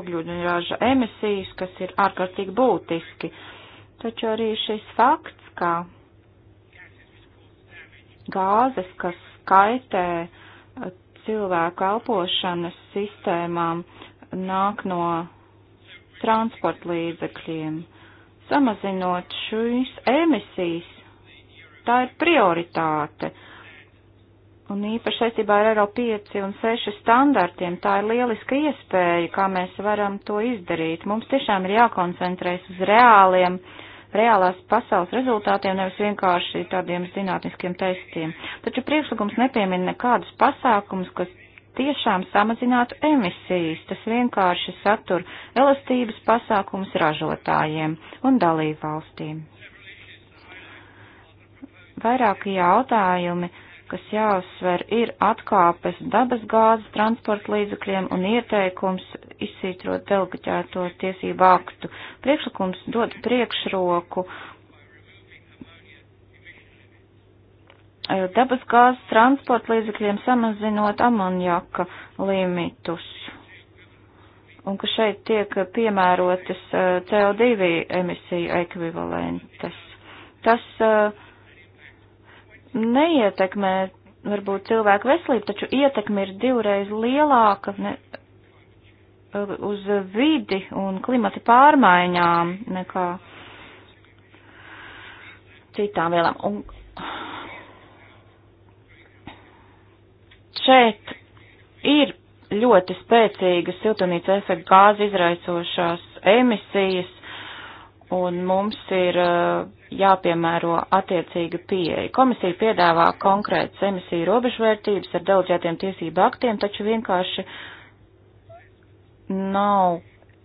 ogļūdeņraža emisijas, kas ir ārkārtīgi būtiski. Taču arī šis fakts, ka gāzes, kas kaitē cilvēku elpošanas sistēmām, nāk no transporta līdzekļiem. Samazinot šīs emisijas, tā ir prioritāte. Uh, Un īpaši saistībā ar Eiro 5 un 6 standartiem tā ir lieliska iespēja, kā mēs varam to izdarīt. Mums tiešām ir jākoncentrējas uz reāliem, reālās pasaules rezultātiem, nevis vienkārši tādiem zinātniskiem testiem. Taču priekšlikums nepiemina nekādus pasākumus, kas tiešām samazinātu emisijas. Tas vienkārši satur elastības pasākums ražotājiem un dalību valstīm. Vairāki jautājumi kas jāuzsver, ir atkāpes dabas gāzes transporta līdzakļiem un ieteikums izsītrot delgaķēto tiesību aktu. Priekšlikums dod priekšroku eh, dabas gāzes transporta līdzakļiem samazinot amonjaka limitus. Un ka šeit tiek piemērotas eh, CO2 emisiju ekvivalentes. Tas uh, neietekmē varbūt cilvēku veselību, taču ietekme ir divreiz lielāka ne, uz vidi un klimata pārmaiņām nekā citām vielām. Un šeit ir ļoti spēcīgas siltumnīca efekta gāzi izraisošās emisijas, un mums ir eh, jāpiemēro attiecīga pieeja. Komisija piedāvā konkrētas emisiju robežvērtības ar daudzētiem tiesību aktiem, taču vienkārši nav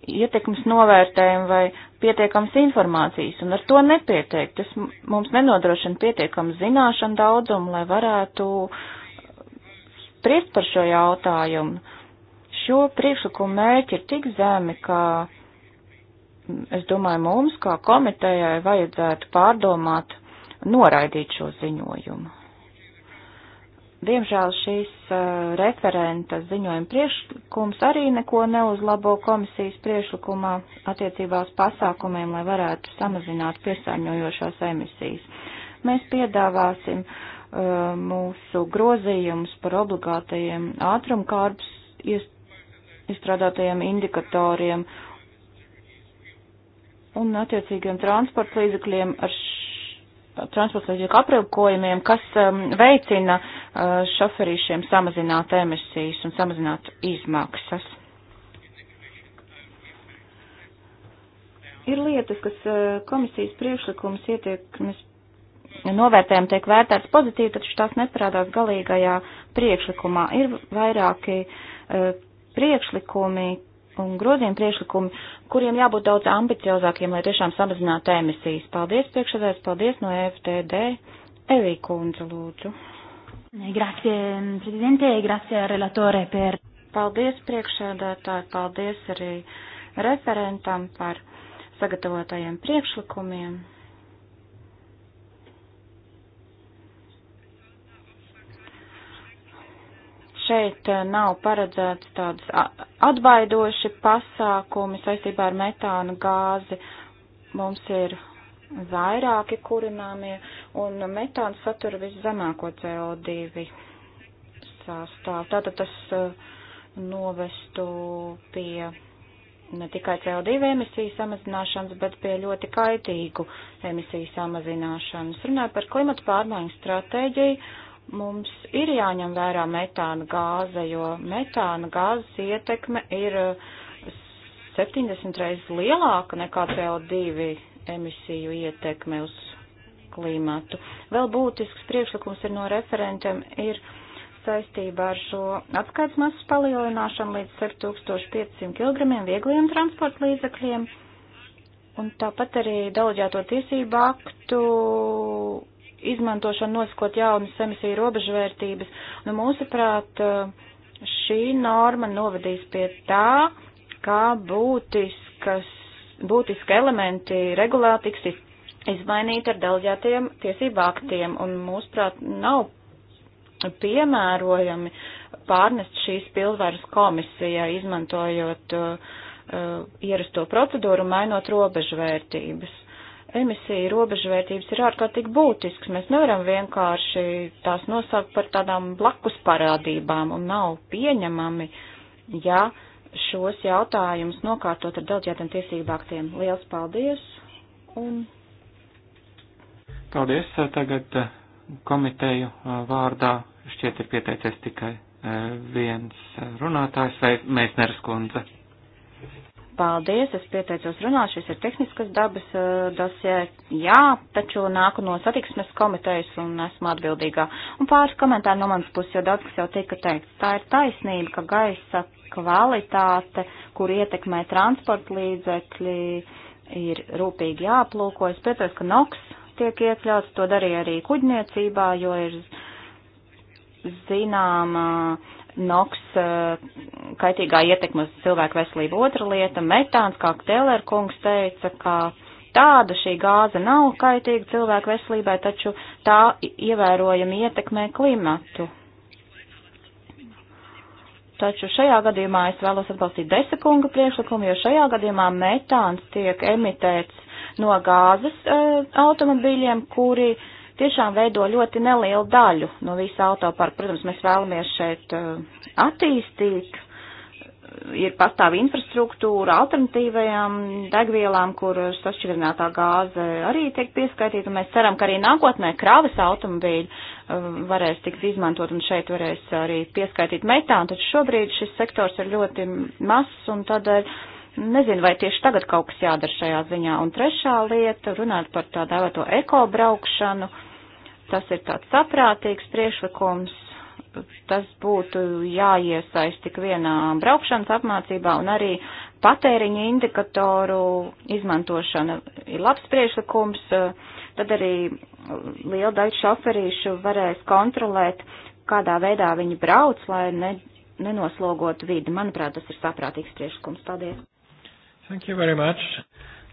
ietekmes novērtējumu vai pietiekams informācijas, un ar to nepietiek. Tas mums nenodrošina pietiekams zināšanu daudzumu, lai varētu spriest par šo jautājumu. Šo priekšlikumu mērķi ir tik zemi, ka es domāju, mums kā komitejai vajadzētu pārdomāt, noraidīt šo ziņojumu. Diemžēl šīs uh, referenta ziņojuma priekšlikums arī neko neuzlabo komisijas priekšlikumā attiecībā uz pasākumiem, lai varētu samazināt piesārņojošās emisijas. Mēs piedāvāsim uh, mūsu grozījumus par obligātajiem ātrumkārbs izstrādātajiem indikatoriem un attiecīgiem transporta līdzekļiem ar transporta līdzekļu aprīkojumiem, kas um, veicina uh, šoferīšiem samazināt emisijas un samazināt izmaksas. Ir lietas, kas uh, komisijas priekšlikums ietiekmes novērtējumi tiek vērtēts pozitīvi, taču tās neparādās galīgajā priekšlikumā. Ir vairāki uh, priekšlikumi, un grozījuma priekšlikumi, kuriem jābūt daudz ambiciozākiem, lai tiešām samazinātu emisijas. Paldies, priekšsēdājs, paldies no FTD. Evī kundze, lūdzu. Grazie, prezidente, grazie, relatore, per. Paldies, priekšsēdētāji, paldies arī referentam par sagatavotajiem priekšlikumiem. šeit eh, nav paredzēts tādas atbaidoši pasākumi saistībā ar metānu gāzi. Mums ir vairāki kurināmie un metāns satura viszemāko CO2 sastāv. Tātad tas eh, novestu pie ne tikai CO2 emisiju samazināšanas, bet pie ļoti kaitīgu emisiju samazināšanas. Runāju par klimatu pārmaiņu stratēģiju Mums ir jāņem vērā metāna gāze, jo metāna gāzes ietekme ir 70 uh, reizes lielāka nekā CO2 emisiju ietekme uz klimatu. Vēl būtisks priekšlikums ir no referentiem ir saistībā ar šo atskaits masas palielināšanu līdz 7500 kg viegliem transporta līdzekļiem. Un tāpat arī daudzēto tiesību aktu izmantošanu nosakot jaunas emisiju robežvērtības. Nu, mūsuprāt, eh, šī norma novadīs pie tā, kā būtiskas, būtiski elementi regulā tiks izmainīti ar delģētajiem tiesību aktiem, un mūsuprāt, nav piemērojami pārnest šīs pilnvaras komisijai, izmantojot uh, ierasto procedūru, mainot robežvērtības emisija robežvērtības ir ārkārtīgi būtisks. Mēs nevaram vienkārši tās nosaukt par tādām blakus parādībām un nav pieņemami, ja šos jautājumus nokārtot ar daudzjātiem tiesību aktiem. Liels paldies! Un...
Paldies! Tagad eh, komiteju eh, vārdā šķiet ir pieteicies tikai eh, viens runātājs, vai mēs neraskundze.
Paldies, es pieteicos runāt, šis ir tehniskas dabas uh, dosē, jā, taču nāku no satiksmes komitejas un esmu atbildīgā. Un pāris komentāri no manas puses, jo daudz kas jau tika teikts. Tā ir taisnība, ka gaisa kvalitāte, kur ietekmē transporta līdzekļi, ir rūpīgi jāplūko. Es pieteicos, ka NOX tiek iekļauts, to darīja arī kuģniecībā, jo ir zināma. Uh, NOX eh, kaitīgā ietekme uz cilvēku veselību. Otra lieta - metāns, kā Teller kungs teica, ka tāda šī gāze nav kaitīga cilvēku veselībai, taču tā ievērojami ietekmē klimatu. Taču šajā gadījumā es vēlos atbalstīt desekunga priekšlikumu, jo šajā gadījumā metāns tiek emitēts no gāzes e, automobīļiem, kuri uh, tiešām veido ļoti nelielu daļu no visa autoparka. Protams, mēs vēlamies šeit eh, attīstīt, ir pastāv infrastruktūra alternatīvajām degvielām, kur sašķidrinātā gāze arī tiek pieskaitīta, un mēs ceram, ka arī nākotnē krāvas automobīļi eh, varēs tikt izmantot, un šeit varēs arī pieskaitīt metānu, taču šobrīd šis sektors ir ļoti mazs, un tādēļ nezinu, vai tieši tagad kaut kas jādara šajā ziņā. Un trešā lieta, runāt par tā dēvēto ekobraukšanu. braukšanu Tas ir tāds saprātīgs priešlikums, tas būtu jāiesaist tik vienā braukšanas apmācībā un arī patēriņa indikatoru izmantošana ir labs priešlikums, tad arī liela daļa šoferīšu varēs kontrolēt, kādā veidā viņi brauc, lai ne, nenoslogotu vidi. Manuprāt, tas ir saprātīgs priešlikums. Paldies!
Thank you very much!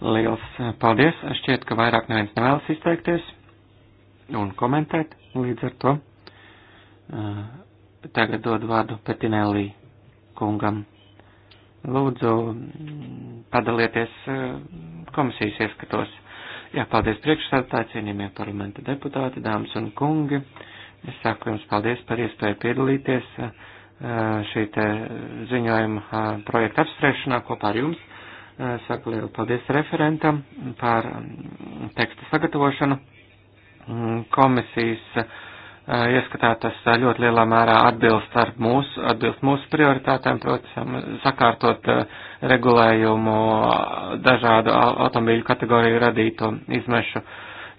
Liels paldies! Šķiet, ka vairāk neviens nevēlas izteikties un komentēt. Līdz ar to uh, tagad dod vārdu Petinēlī kungam. Lūdzu, padalieties komisijas ieskatos. Jā, paldies priekšsādātāji, cienījamie parlamenta deputāti, dāmas un kungi. Es saku jums paldies par iespēju piedalīties šī te ziņojuma projekta apspriešanā kopā ar jums. Saku lielu paldies referentam par teksta sagatavošanu Mm, komisijas eh, ieskatā tas eh, ļoti lielā mērā atbilst, ar mūsu, atbilst mūsu prioritātēm, protams, sakārtot eh, regulējumu dažādu automobīļu kategoriju radīto izmešu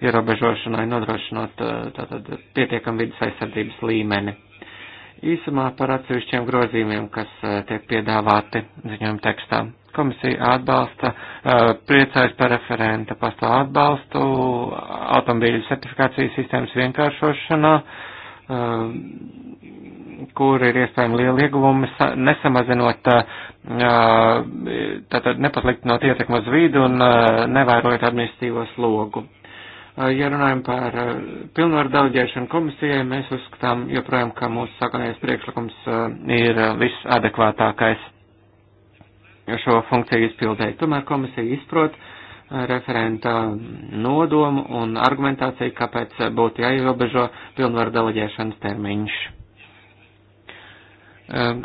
ierobežošanai, nodrošinot tātad pietiekam vidas aizsardzības līmeni. Īsumā par atsevišķiem grozījumiem, kas tiek piedāvāti ziņojuma tekstām. Komisija atbalsta, eh, priecājas par referenta pastāv atbalstu, automobīļu certifikācijas sistēmas vienkāršošanā, eh, kur ir iespējami lieli ieguvumi, nesamazinot, eh, tātad nepasliktinot ietekmu uz vidu un nevērojot administīvo slogu. Ja runājam par pilnvaru deleģēšanu komisijai, mēs uzskatām joprojām, ka mūsu sākotnējais priekšlikums ir visadekvātākais šo funkciju izpildēji. Tomēr komisija izprot eh, referenta nodomu un argumentāciju, kāpēc būtu jāierobežo pilnvaru deleģēšanas termiņš eh,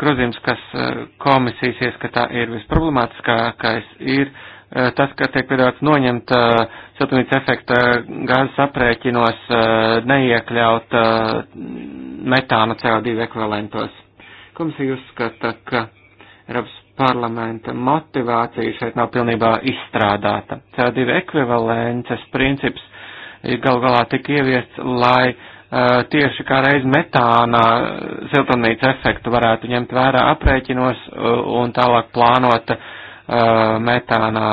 grozījums, kas eh, komisijas ieskatā ir visproblemātiskākais, ir tas, ka tiek piedāvāts noņemt siltumnīca efekta gāzes aprēķinos neiekļaut metāna CO2 ekvivalentos. Komisija uzskata, ka Eiropas parlamenta motivācija šeit nav pilnībā izstrādāta. CO2 ekvivalences princips gal galā tika ieviests, lai uh, tieši kā reiz metāna siltumnīca efektu varētu ņemt vērā aprēķinos uh, un tālāk plānot uh, metāna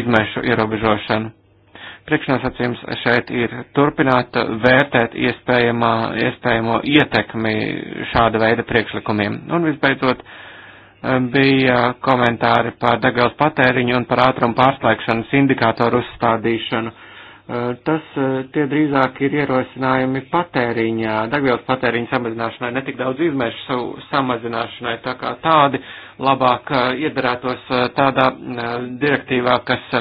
izmešu ierobežošanu. Priekšnosacījums šeit ir turpināt vērtēt iespējamo ietekmi šāda veida priekšlikumiem. Un visbeidzot, uh, bija komentāri par degvielas patēriņu un par ātrumu pārslēgšanas indikātoru uzstādīšanu. Eh, tas eh, tie drīzāk ir ierosinājumi patēriņā, degvielas patēriņa samazināšanai, netik daudz izmēršu samazināšanai, tā kā tādi labāk eh, iedarētos tādā direktīvā, kas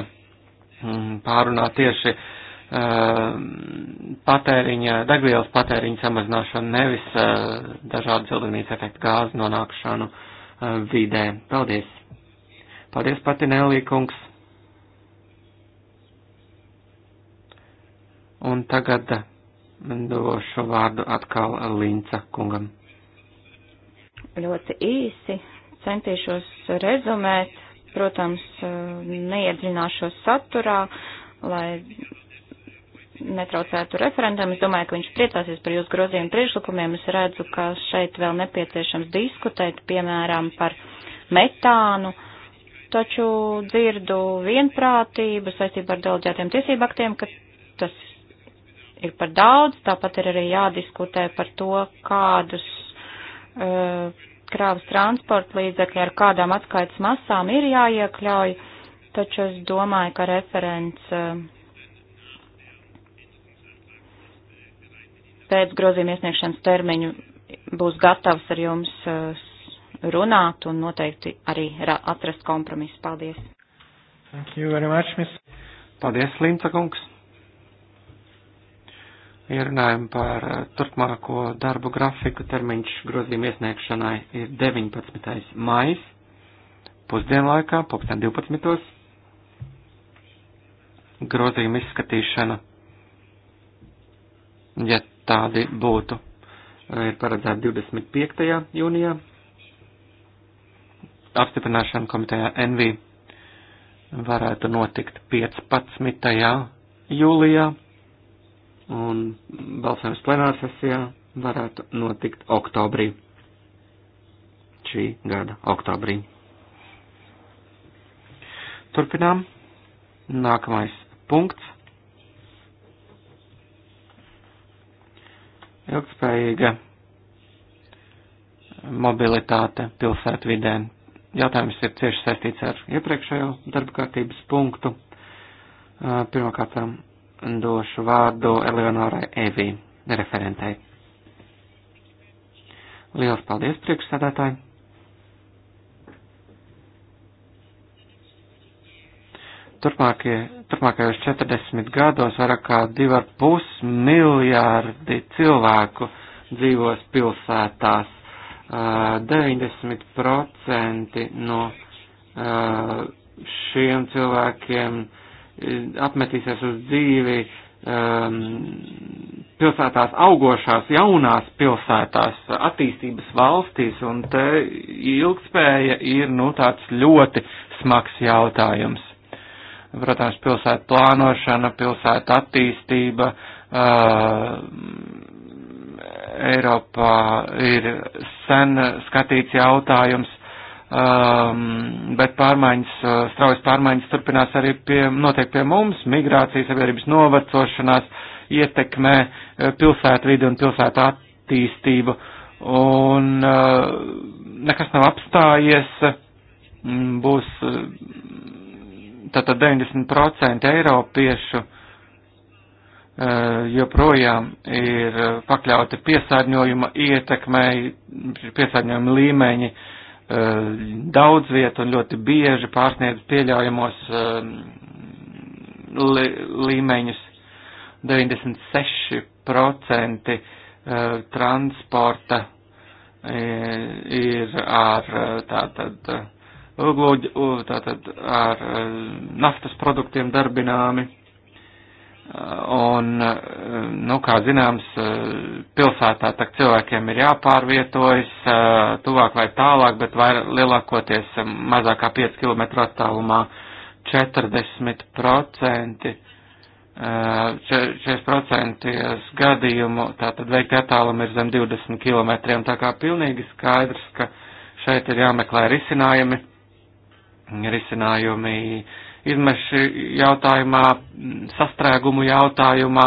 mm, pārunā tieši patēriņa, degvielas patēriņa samazināšanu, nevis dažādu siltumnīca efektu gāzu nonākšanu uh, Uh, vidē. Paldies! Paldies, Patinēlī kungs! Un tagad došu vārdu atkal Linca kungam.
Ļoti īsi centīšos rezumēt, protams, uh, neiedziļināšos saturā, lai netraucētu referendumu. Es domāju, ka viņš priecāsies par jūsu grozījumu priekšlikumiem. Es redzu, ka šeit vēl nepieciešams diskutēt, piemēram, par metānu, taču dzirdu vienprātību saistībā ar daudzētiem tiesību aktiem, ka tas ir par daudz, tāpat ir arī jādiskutē par to, kādus uh, eh, krāvas transporta līdzekļi ar kādām atskaites masām ir jāiekļauj, taču es domāju, ka referents uh, pēc grozījuma iesniegšanas termiņu būs gatavs ar jums eh, runāt un noteikti arī atrast kompromisu. Paldies! Thank you very much, Miss.
Paldies, Linta kungs. Ierunājam par eh, turpmāko darbu grafiku. Termiņš grozījuma iesniegšanai ir 19. maijs, pusdienlaikā, pulksten 12. Grozījuma izskatīšana, ja tādi būtu. Ir paredzēta 25. jūnijā apstiprināšana komitejā NV varētu notikt 15. jūlijā un balsojums plenārsesijā varētu notikt oktobrī. Šī gada oktobrī. Turpinām. Nākamais punkts. Ilgspējīga mobilitāte pilsētvidē. Jautājums ir cieši saistīts ar iepriekšējo darba kārtības punktu. Pirmkārt, došu vārdu Eleonorai Evī, referentei. Lielas paldies, priekšsēdētāji! Turpmākie turpmākajos 40 gados vairāk kā 2,5 miljārdi cilvēku dzīvos pilsētās. 90% eh, no eh, šiem cilvēkiem eh, apmetīsies uz dzīvi pilsētās augošās, jaunās pilsētās, attīstības valstīs, un te ilgspēja ir, nu, tāds ļoti smags jautājums protams, pilsētu plānošana, pilsētu attīstība. Eiropā ir sen skatīts jautājums, bet pārmaiņas, straujas pārmaiņas turpinās arī pie, notiek pie mums, migrācijas sabiedrības novecošanās ietekmē pilsētu vidi un pilsētu attīstību. Un nekas nav apstājies, būs Tātad 90% eiropiešu eh, joprojām ir eh, pakļauti piesārņojuma ietekmei, piesārņojuma līmeņi eh, daudz vietu un ļoti bieži pārsniedz pieļaujamos līmeņus 96% transporta ir ar tātad ogloģi, tātad ar eh, naftas produktiem darbināmi. Eh, un, eh, nu, kā zināms, pilsētā tak cilvēkiem ir jāpārvietojas tuvāk vai tālāk, bet vair, lielākoties mazākā 5 km attālumā 40%, 40% gadījumu, tātad veikti attālumi ir zem 20 km, tā kā pilnīgi skaidrs, ka šeit ir jāmeklē risinājumi risinājumi izmešu jautājumā, sastrēgumu jautājumā,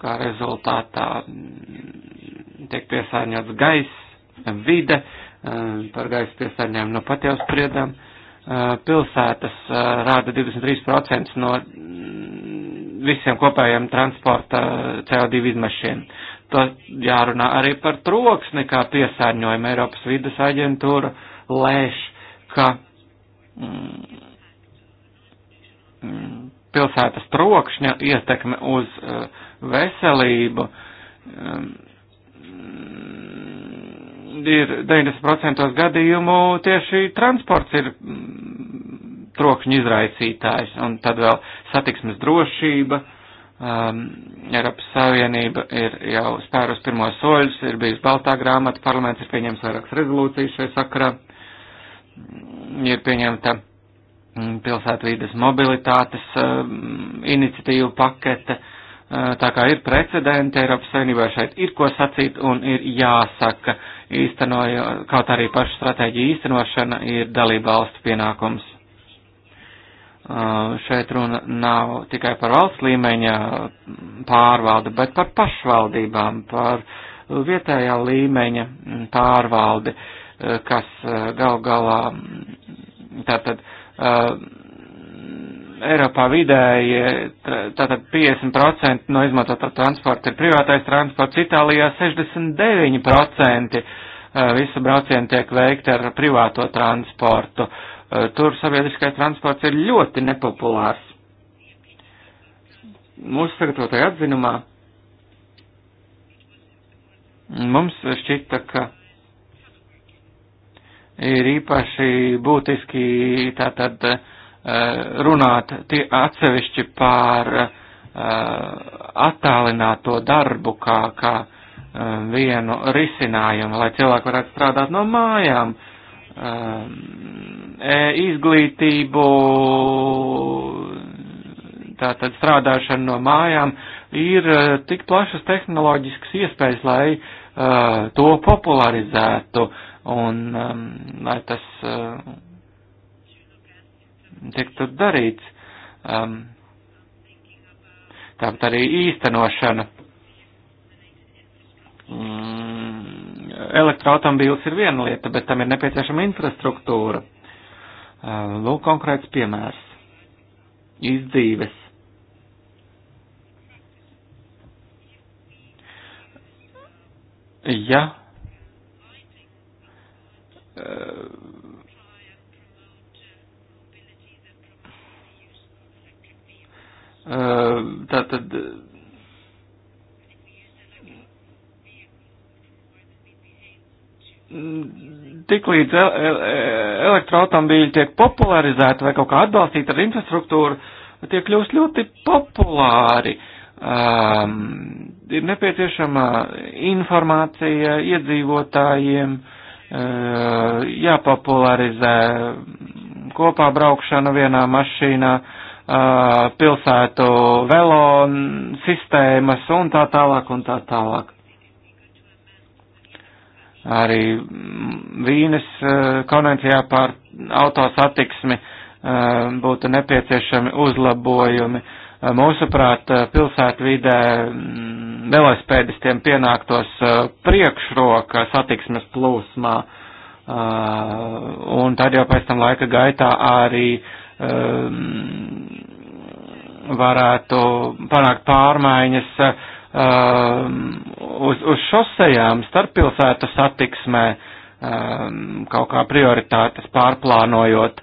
kā rezultātā tiek piesārņots gaiss, vide, par gaisa piesārņojumu no nu pat jau spriedām. Pilsētas rāda 23% no visiem kopējiem transporta CO2 izmešiem. To jārunā arī par troksni, kā piesārņojumu Eiropas vidas aģentūra lēš, ka pilsētas trokšņa ietekme uz eh, veselību eh, ir 90% gadījumu tieši transports ir mm, trokšņa izraisītājs, un tad vēl satiksmes drošība. Um, Eiropas Savienība ir jau spērus pirmos soļus, ir bijusi baltā grāmata, parlaments ir pieņēmis vairākas rezolūcijas šai sakarā ir pieņemta mm, pilsētvīdas mobilitātes eh, iniciatīvu pakete. Eh, tā kā ir precedenti Eiropas Savienībā šeit ir ko sacīt un ir jāsaka, īstenojot, kaut arī pašu stratēģiju īstenošana ir dalība valstu pienākums. Eh, šeit runa nav tikai par valsts līmeņa pārvaldi, bet par pašvaldībām, par vietējā līmeņa mm, pārvaldi. Uh, Eh, kas eh, gal galā mm, tātad eh, Eiropā vidēji tātad 50% no izmantotā transporta ir privātais transports, Itālijā 69% visu braucienu tiek veikti ar privāto transportu. Tur sabiedriskais transports ir ļoti nepopulārs. Mūsu sagatavotajā atzinumā mums šķita, ka ir īpaši būtiski tātad eh, runāt tie atsevišķi par eh, attālināto darbu kā, kā eh, vienu risinājumu, lai cilvēki varētu strādāt no mājām, e izglītību, tātad strādāšanu no mājām, ir tik plašas tehnoloģiskas iespējas, lai uh, to popularizētu. Uh, un um, lai tas uh, tiktu darīts. Um, tāpat arī īstenošana. Mm, elektroautomobīls ir viena lieta, bet tam ir nepieciešama infrastruktūra. Uh, lūk, konkrēts piemērs. Izdzīves. Ja Uh, Tātad mm, tiklīdz e, elektroautomobīļi tiek popularizēti vai kaut kā atbalstīti ar infrastruktūru, tie kļūst ļoti populāri. Um, ir nepieciešama informācija iedzīvotājiem, uh, Eh, jāpopularizē kopā braukšana vienā mašīnā, eh, pilsētu velo sistēmas un tā tālāk un tā tālāk. Arī mm, Vīnes eh, konvencijā par autosatiksmi būtu nepieciešami uzlabojumi. Uh, Eh, mūsuprāt, eh, pilsētvidē mm, velospēdistiem pienāktos eh, priekšroka satiksmes plūsmā, un tad jau pēc tam laika gaitā arī varētu panākt pārmaiņas uz, uz šosejām, starppilsētu satiksmē, kaut kā prioritātes pārplānojot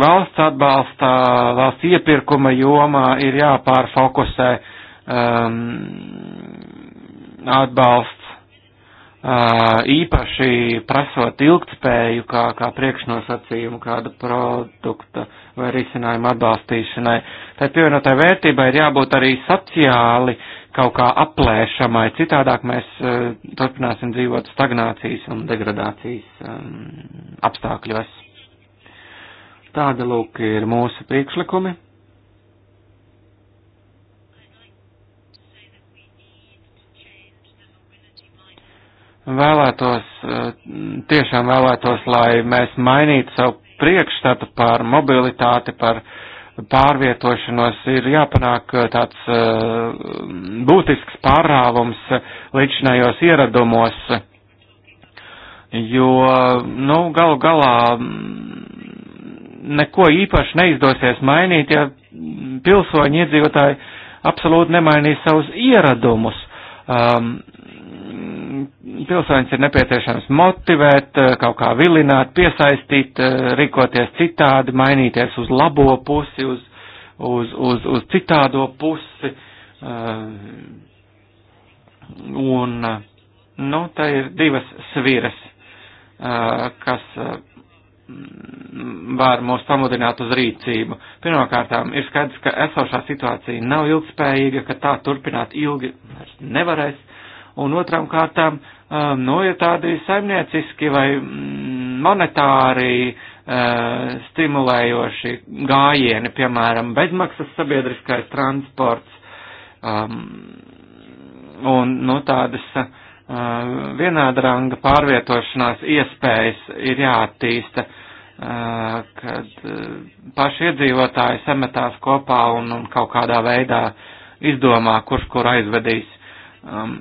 valsts atbalstā, valsts iepirkuma jomā ir jāpārfokusē um, atbalsts uh, īpaši prasot ilgtspēju kā, kā priekšnosacījumu kāda produkta vai risinājuma atbalstīšanai. Tā pievienotā vērtība ir jābūt arī sociāli kaut kā aplēšamai, citādāk mēs uh, turpināsim dzīvot stagnācijas un degradācijas um, apstākļos. Tāda lūk ir mūsu priekšlikumi. Vēlētos, eh, tiešām vēlētos, lai mēs mainītu savu priekšstatu par mobilitāti, par pārvietošanos. Ir jāpanāk eh, tāds eh, būtisks pārāvums līdzinājos ieradumos, jo, nu, galu galā neko īpaši neizdosies mainīt, ja pilsoņi iedzīvotāji absolūti nemainīs savus ieradumus. Um, pilsoņus ir nepieciešams motivēt, uh, kaut kā vilināt, piesaistīt, uh, rīkoties citādi, mainīties uz labo pusi, uz, uz, uz, uz citādo pusi. Uh, un, nu, tā ir divas sviras, kas Mm, var mūs pamudināt uz rīcību. Pirmkārtām ir skaidrs, ka esošā situācija nav ilgspējīga, ka tā turpināt ilgi nevarēs. Un otrām kārtām, um, nu, ir tādi saimnieciski vai mm, monetāri uh, stimulējoši gājieni, piemēram, bezmaksas sabiedriskais transports um, un, nu, tādas uh, vienāda ranga pārvietošanās iespējas ir jāattīsta Eh, kad eh, paši iedzīvotāji sametās kopā un, un kaut kādā veidā izdomā, kurš kur aizvedīs. Um,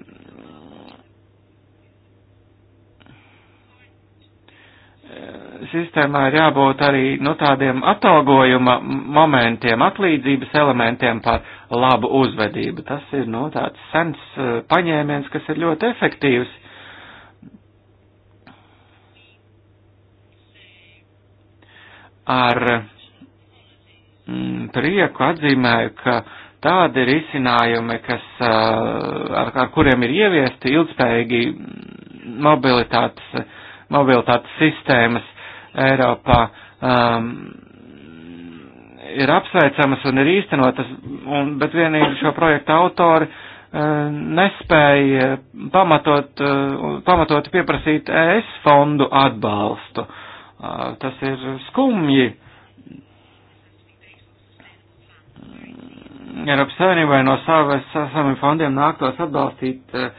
eh, sistēmā ir jābūt arī nu, tādiem atalgojuma momentiem, atlīdzības elementiem par labu uzvedību. Tas ir nu, tāds sens paņēmiens, kas ir ļoti efektīvs. ar mm, prieku atzīmēju, ka tādi risinājumi, kas, ar, ar kuriem ir ieviesti ilgspējīgi mobilitātes, mobilitātes sistēmas Eiropā, um, ir apsveicamas un ir īstenotas, un, bet vienīgi šo projektu autori um, nespēja pamatot, um, pamatot pieprasīt ES fondu atbalstu. Uh, tas ir skumji. Eiropas Savienībai no savas saviem fondiem nāktos atbalstīt uh,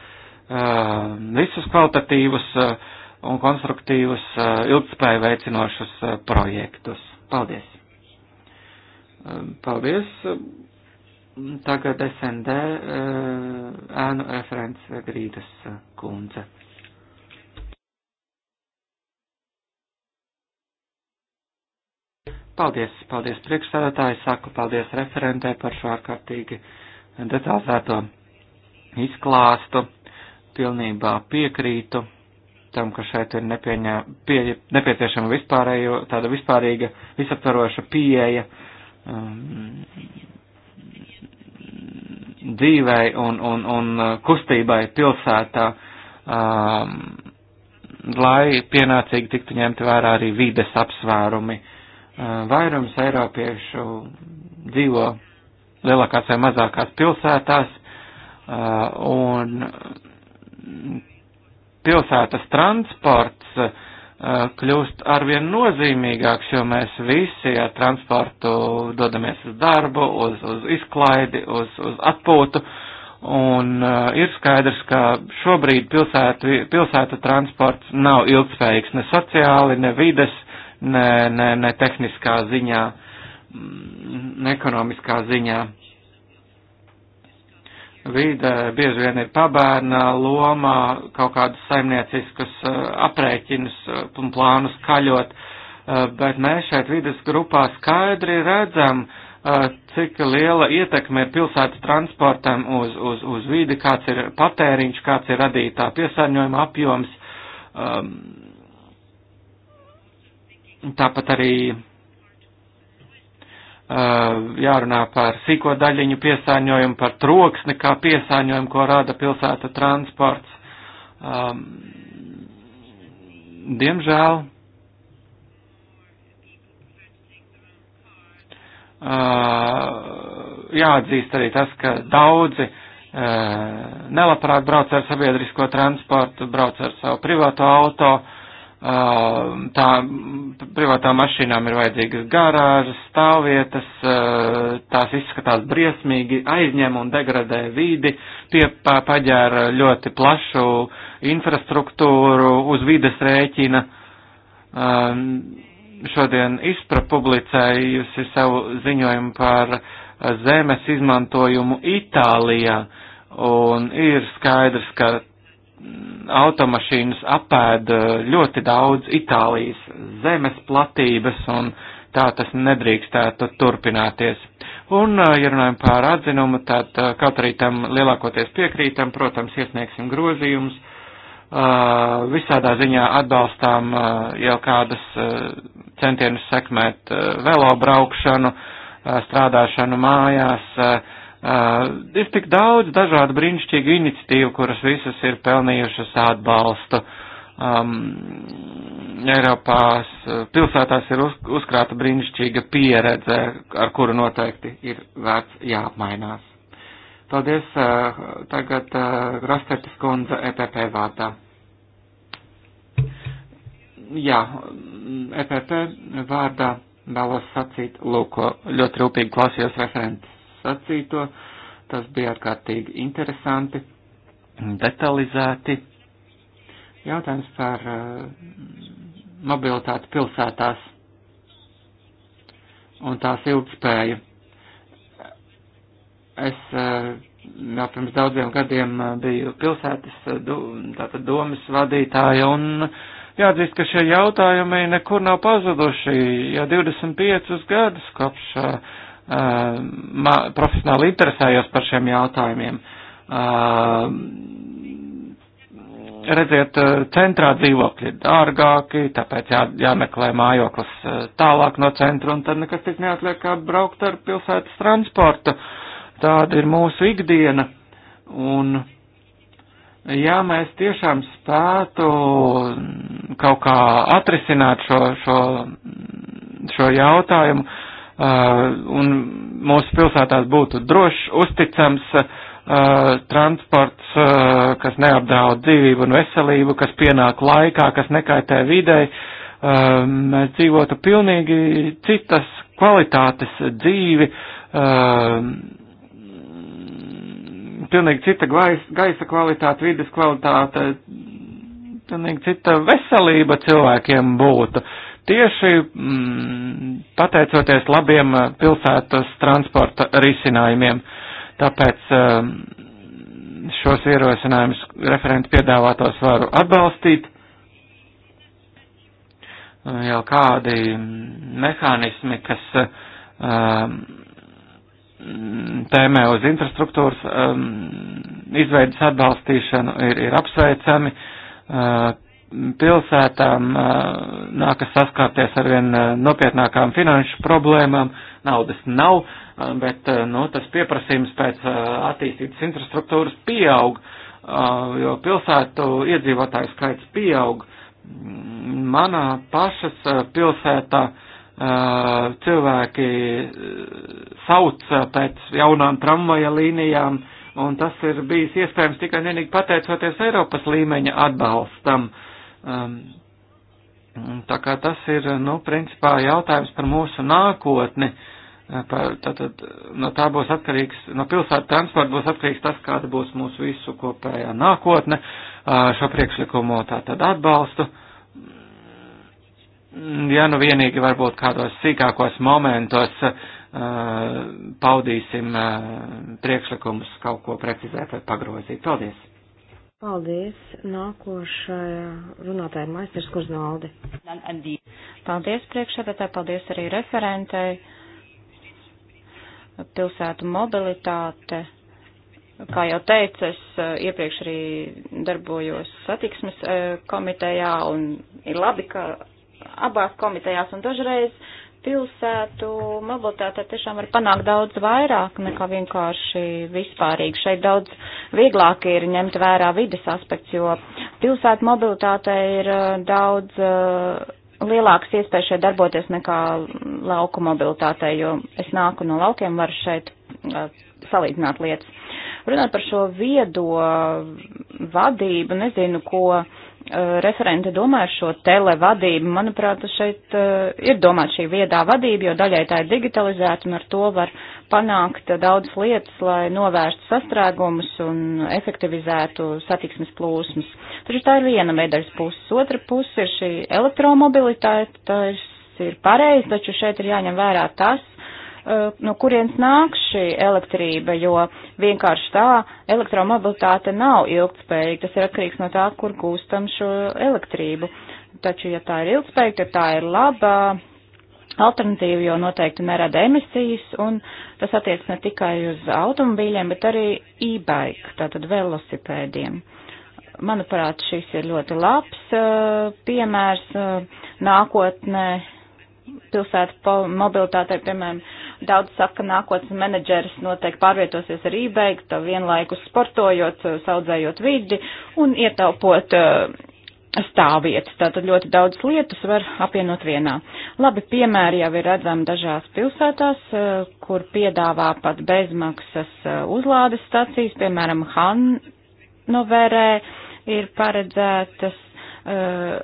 visus kvalitatīvus uh, un konstruktīvus uh, ilgspēju veicinošus uh, projektus. Paldies! Uh, paldies! Tagad SND uh, ēnu referents Grīdas kundze. Uh, Paldies, paldies priekšsēdētāji, saku paldies referentē par šo ārkārtīgi detalizēto izklāstu. Pilnībā piekrītu tam, ka šeit ir nepieņā, pie, nepieciešama vispārējo, tāda vispārīga, visaptvaroša pieeja um, dzīvei un, un, un kustībai pilsētā, um, lai pienācīgi tiktu ņemti vērā arī vides apsvērumi Eh, vairums eiropiešu dzīvo lielākās vai mazākās pilsētās, eh, un pilsētas transports eh, kļūst arvien nozīmīgāks, jo mēs visi ar transportu dodamies uz darbu, uz, uz izklaidi, uz, uz atpūtu, un ir skaidrs, ka šobrīd pilsētu, pilsētu transports nav ilgspējīgs ne sociāli, ne vides, uh, ne, ne, ne tehniskā ziņā, ne mm, ekonomiskā ziņā. Vīde bieži vien ir pabērna lomā kaut kādus saimnieciskus eh, aprēķinus eh, un plānus kaļot, eh, bet mēs šeit vides grupā skaidri redzam, cik liela ietekme ir pilsētas transportam uz, uz, uz vīdi, kāds ir patēriņš, kāds ir radītā piesārņojuma apjoms. Um, Tāpat arī jārunā par sīko daļiņu piesāņojumu, par troksni kā piesāņojumu, ko rada pilsēta transports. Um, diemžēl uh, jāatzīst arī tas, ka daudzi uh, nelabprāt brauc ar sabiedrisko transportu, brauc ar savu privāto auto, uh, tā privātām mašīnām ir vajadzīgas garāžas, stāvvietas, tās izskatās briesmīgi, aizņem un degradē vīdi, pie paģēra ļoti plašu infrastruktūru uz vides rēķina. Šodien izpra publicējusi savu ziņojumu par zemes izmantojumu Itālijā, un ir skaidrs, ka automašīnas apēda eh, ļoti daudz Itālijas zemes platības, un tā tas nedrīkstētu turpināties. Un, eh, ja runājam par atzinumu, tad eh, kaut arī tam lielākoties piekrītam, protams, iesniegsim grozījumus. Visādā ziņā atbalstām jau kādas centienus sekmēt velo braukšanu, strādāšanu mājās, Uh, ir tik daudz dažādu brīnišķīgu iniciatīvu, kuras visas ir pelnījušas atbalstu. Um, Eiropās uh, pilsētās ir uz, uzkrāta brīnišķīga pieredze, ar kuru noteikti ir vērts jāapmainās. Paldies, uh, tagad uh, Rastertis kundze EPP vārdā. Jā, EPP vārdā vēlos sacīt, lūk, ļoti rūpīgi klausījos referents sacīto. Tas bija ārkārtīgi interesanti, detalizēti. Jautājums par eh, mobilitāti pilsētās un tās ilgspēju. Es eh, jau pirms daudziem gadiem eh, biju pilsētas tātad domas vadītāja un jāatzīst, ka šie jautājumi nekur nav pazuduši. Jau 25 gadus kopš Uh, profesionāli interesējos par šiem jautājumiem. Uh, redziet, uh, centrā dzīvokļi ir dārgāki, tāpēc jā, jāmeklē mājoklis tālāk no centra, un tad nekas tik neatliek kā braukt ar pilsētas transportu. Tāda ir mūsu ikdiena, un ja mēs tiešām spētu kaut kā atrisināt šo, šo, šo jautājumu, uh, Uh, un mūsu pilsētās būtu drošs, uzticams uh, transports, uh, kas neapdraud dzīvību un veselību, kas pienāk laikā, kas nekaitē videi, um, mēs dzīvotu pilnīgi citas kvalitātes dzīvi, um, pilnīgi cita gaisa kvalitāte, vides kvalitāte, pilnīgi cita veselība cilvēkiem būtu. Uh, tieši mm, pateicoties labiem eh, pilsētas transporta risinājumiem. Tāpēc eh, šos ierosinājumus referenti piedāvātos varu atbalstīt. Eh, jau kādi mehānismi, kas um, tēmē uz infrastruktūras um, izveidas atbalstīšanu, ir, ir apsveicami. Uh, pilsētām nākas saskārties ar vien nopietnākām finanšu problēmām, naudas nav, bet nu, tas pieprasījums pēc attīstītas infrastruktūras pieaug, jo pilsētu iedzīvotāju skaits pieaug. Manā pašas pilsētā cilvēki sauc pēc jaunām tramvaja līnijām, un tas ir bijis iespējams tikai vienīgi pateicoties Eiropas līmeņa atbalstam. Uh, Um, tā kā tas ir, nu, principā jautājums par mūsu nākotni. Uh, par, tātad no tā būs atkarīgs, no pilsētu transporta būs atkarīgs tas, kāda būs mūsu visu kopējā nākotne. Uh, šo priekšlikumu tātad atbalstu. Ja nu vienīgi varbūt kādos sīkākos momentos uh, paudīsim priekšlikumus kaut ko precizēt vai pagrozīt. Paldies!
Paldies. Nākošajā runātāja ir maisters Kuznaldi. Paldies priekšsēdētāji, paldies arī referentei. Pilsētu mobilitāte. Kā jau teicu, es eh, iepriekš arī darbojos satiksmes eh, komitejā un ir labi, ka abās komitejās un dažreiz pilsētu mobilitāte tiešām var panākt daudz vairāk nekā vienkārši vispārīgi. Šeit daudz vieglāk ir ņemt vērā vides aspekts, jo pilsētu mobilitāte ir uh, daudz uh, lielākas iespējas šeit darboties nekā lauku mobilitātei, jo es nāku no laukiem, varu šeit uh, salīdzināt lietas. Runāt par šo viedo vadību, nezinu, ko Eh, referente domā ar šo televadību. Manuprāt, šeit eh, ir domāta šī viedā vadība, jo daļai tā ir digitalizēta un ar to var panākt daudzas lietas, lai novērstu sastrēgumus un efektivizētu satiksmes plūsmas. Taču tā ir viena medaļas puse. Otra puse ir šī elektromobilitāte, tas ir pareizi, taču šeit ir jāņem vērā tas, Eh, no kurienes nāk šī elektrība, jo vienkārši tā elektromobilitāte nav ilgtspējīga. Tas ir atkarīgs no tā, kur gūstam šo elektrību. Taču, ja tā ir ilgtspējīga, tad tā ir laba alternatīva, jo noteikti nerada emisijas, un tas attiec ne tikai uz automobīļiem, bet arī e-bike, tātad velosipēdiem. Manuprāt, šis ir ļoti labs uh, piemērs uh, nākotnē pilsētu mobilitātei, piemēram, daudz saka, ka nākotnes menedžeris noteikti pārvietosies ar e-beigu, tā vienlaikus sportojot, saudzējot vidi un ietaupot eh, stāvvietas. Tātad ļoti daudz lietas var apvienot vienā. Labi piemēri jau ir redzami dažās pilsētās, eh, kur piedāvā pat bezmaksas eh, uzlādes stacijas, piemēram, Hannoverē ir paredzētas. Uh,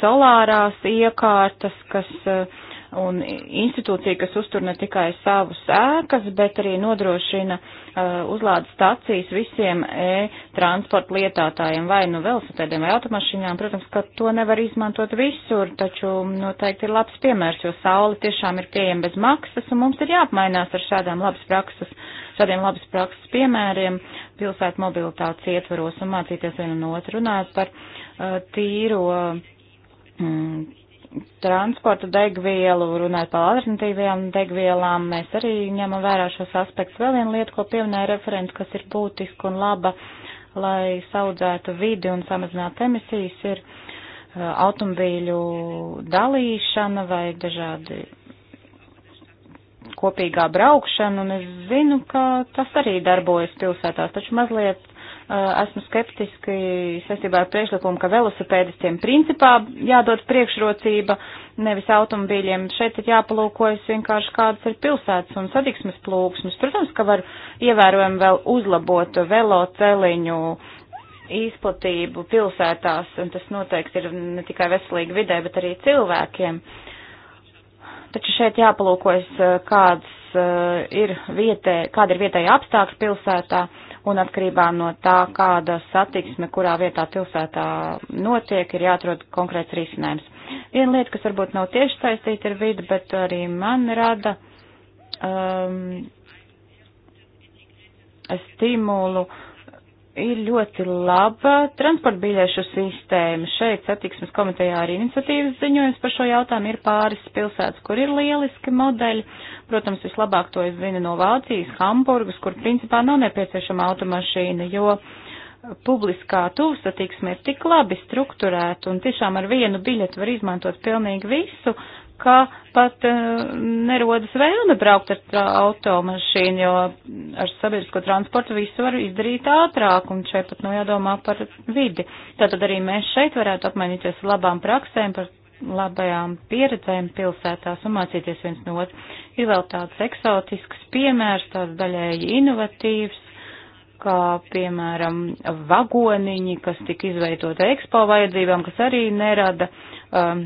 solārās iekārtas, kas eh, un institūcija, kas uztur ne tikai savus ēkas, bet arī nodrošina eh, uzlādes stacijas visiem e-transporta lietotājiem, vai nu velosipēdiem vai automašīnām. Protams, ka to nevar izmantot visur, taču noteikti ir labs piemērs, jo saule tiešām ir pieejama bez maksas, un mums ir jāapmainās ar šādām labas prakses, šādiem labas prakses piemēriem pilsētu mobilitātes ietvaros un mācīties vienam no otru runāt par uh, tīro uh, Mm, transportu degvielu, runājot par alternatīvajām degvielām, mēs arī ņemam vērā šos aspektus. Vēl viena lieta, ko pieminēja referents, kas ir būtiska un laba, lai saudzētu vidi un samazinātu emisijas, ir uh, automobīļu dalīšana vai dažādi kopīgā braukšana, un es zinu, ka tas arī darbojas pilsētās, taču mazliet Eh, esmu skeptiski saistībā ar priekšlikumu, ka velosipēdistiem principā jādod priekšrocība, nevis automobīļiem. Šeit ir jāpalūkojas vienkārši kādas ir pilsētas un satiksmes plūksmas. Protams, ka var ievērojami vēl uzlabot veloceliņu izplatību pilsētās, un tas noteikti ir ne tikai veselīgi vidē, bet arī cilvēkiem. Taču šeit jāpalūkojas, eh, kāds eh, ir vietē, kāda ir vietēja apstākļa pilsētā un atkarībā no tā, kāda satiksme, kurā vietā pilsētā notiek, ir jāatrod konkrēts risinājums. Viena lieta, kas varbūt nav tieši saistīta ar vidi, bet arī man rada um, stimulu uh, ir ļoti laba transporta biļešu sistēma. Šeit satiksmes komitejā arī iniciatīvas ziņojums par šo jautājumu ir pāris pilsētas, kur ir lieliski modeļi. Protams, vislabāk to es zinu no Vācijas, Hamburgas, kur principā nav nepieciešama automašīna, jo publiskā tūsatiksme ir tik labi strukturēta un tiešām ar vienu biļeti var izmantot pilnīgi visu, ka pat uh, nerodas vēlme braukt ar eh, automašīnu, jo ar sabiedrisko transportu visu var izdarīt ātrāk, un šeit pat nu jādomā par vidi. Tātad arī mēs šeit varētu apmainīties labām praksēm, par labajām pieredzēm pilsētās un mācīties viens no otru. Ir vēl tāds eksotisks piemērs, tāds daļēji inovatīvs, kā piemēram vagoniņi, kas tika izveidota ekspo vajadzībām, kas arī nerada um,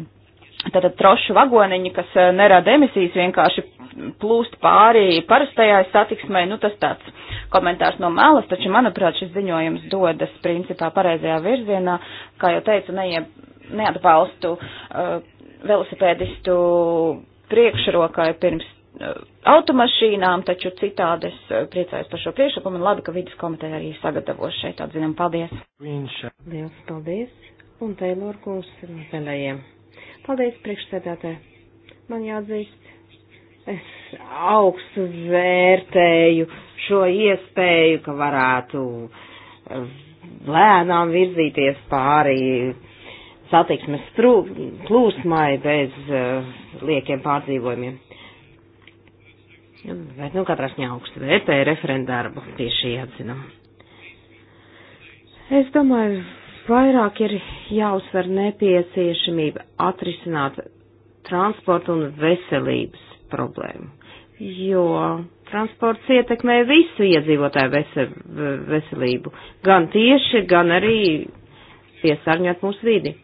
Tātad trošu vagoniņi, kas eh, nerada emisijas, vienkārši plūst pārī parastajai satiksmai. Nu, tas tāds komentārs no malas, taču, manuprāt, šis ziņojums dodas principā pareizajā virzienā. Kā jau teicu, neie, neatbalstu uh, velosipēdistu priekšrokai pirms uh, automašīnām, taču citādi es uh, priecājos par šo priekšlikumu un labi, ka vidas komiteja arī sagatavos šeit atzinam. Paldies! Viņš. Liels paldies! Un Teilor kungs ir zaļajiem. Paldies, priekšsēdētē. Man jāatzīst, es augstu vērtēju šo iespēju, ka varētu lēnām virzīties pāri satiksmes plūsmai bez uh, liekiem pārdzīvojumiem. Bet, nu, katrā ziņā augstu vērtēju referendu darbu pie šī atzinuma. Es domāju, Vairāk ir jāuzsver nepieciešamība atrisināt transporta un veselības problēmu, jo transports ietekmē visu iedzīvotāju vesel veselību, gan tieši, gan arī piesārņot mūsu vidi.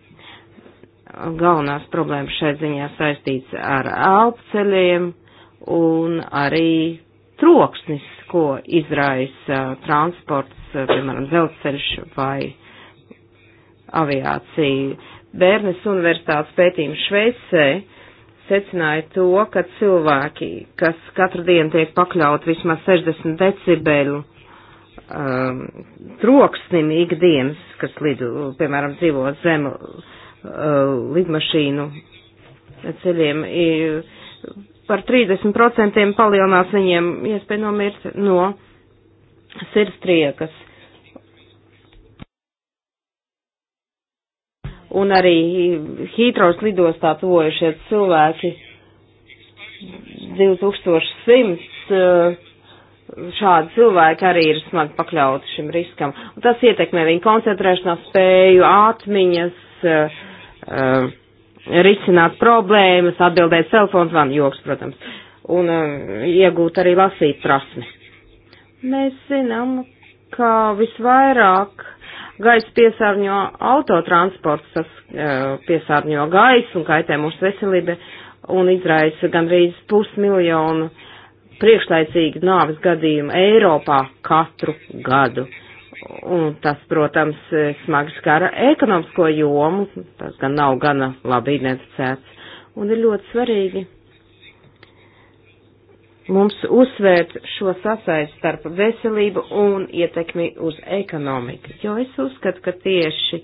Galvenās problēmas šai ziņā saistīts ar alpceļiem un arī troksnis, ko izraisa transports, piemēram, dzelzceļš vai aviāciju. Bērnes universitātes pētījums Šveicē secināja to, ka cilvēki, kas katru dienu tiek pakļaut vismaz 60 decibelu um, troksnim ikdienas, kas lidu, piemēram, dzīvo zem uh, lidmašīnu ceļiem, i, par 30% palielinās viņiem iespēju nomirt no sirds triekas. un arī Hītros lidostā tuvojušie cilvēki 2100 eh, šādi cilvēki arī ir smagi pakļauti šim riskam. Un tas ietekmē viņu koncentrēšanās spēju, atmiņas, uh, uh, risināt problēmas, atbildēt telefonu zvanu, joks, protams, un uh, iegūt arī lasīt prasmi. Mēs zinām, ka visvairāk Gaisa piesārņo autotransports, tas uh, piesārņo gaisu un kaitē mūsu veselībai un izraisa gandrīz pusmiljonu priekšlaicīgu nāves gadījumu Eiropā katru gadu. Un tas, protams, e, smagi skara ekonomisko jomu, tas gan nav gana labi identificēts. Un ir ļoti svarīgi mums uzsvērt šo sasaisti starp veselību un ietekmi uz ekonomiku, jo es uzskatu, ka tieši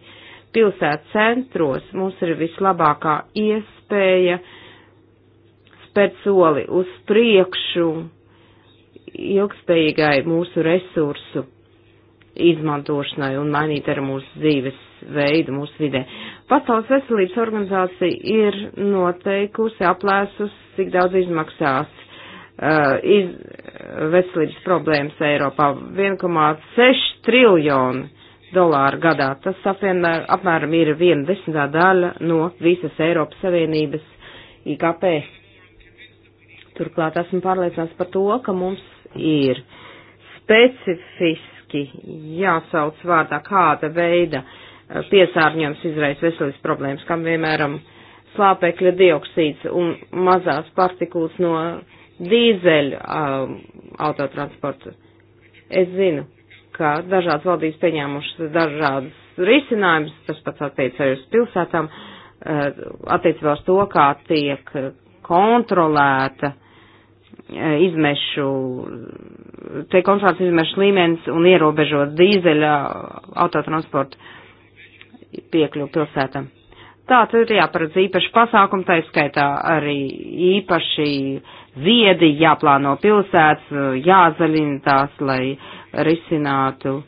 pilsētu centros mums ir vislabākā iespēja spērt soli uz priekšu ilgspējīgai mūsu resursu izmantošanai un mainīt ar mūsu dzīves veidu, mūsu vidē. Pasaules veselības organizācija ir noteikusi, aplēsus, cik daudz izmaksās Uh, iz, veselības problēmas Eiropā. 1,6 triljoni dolāru gadā. Tas apvienā, apmēram ir viena desmitā daļa no visas Eiropas Savienības IKP. Turklāt esmu pārliecināts par to, ka mums ir specifiski jāsauc vārdā kāda veida uh, piesārņojums izraisa veselības problēmas, kam piemēram slāpekļa dioksīds un mazās partikulas no uh, dīzeļu um, autotransportu. Es zinu, ka dažādas valdības pieņēmušas dažādas risinājumus, tas pats attiec arī uz pilsētām, uh, attiecībā uz to, kā tiek kontrolēta uh, izmešu, tiek kontrolēts izmešu līmenis un ierobežot dīzeļa autotransportu piekļuvu pilsētām. Tā tad ir jāparedz īpaši pasākumi, tā izskaitā arī īpaši uh, ziedi, jāplāno pilsētas, jāzaļina tās, lai risinātu uh,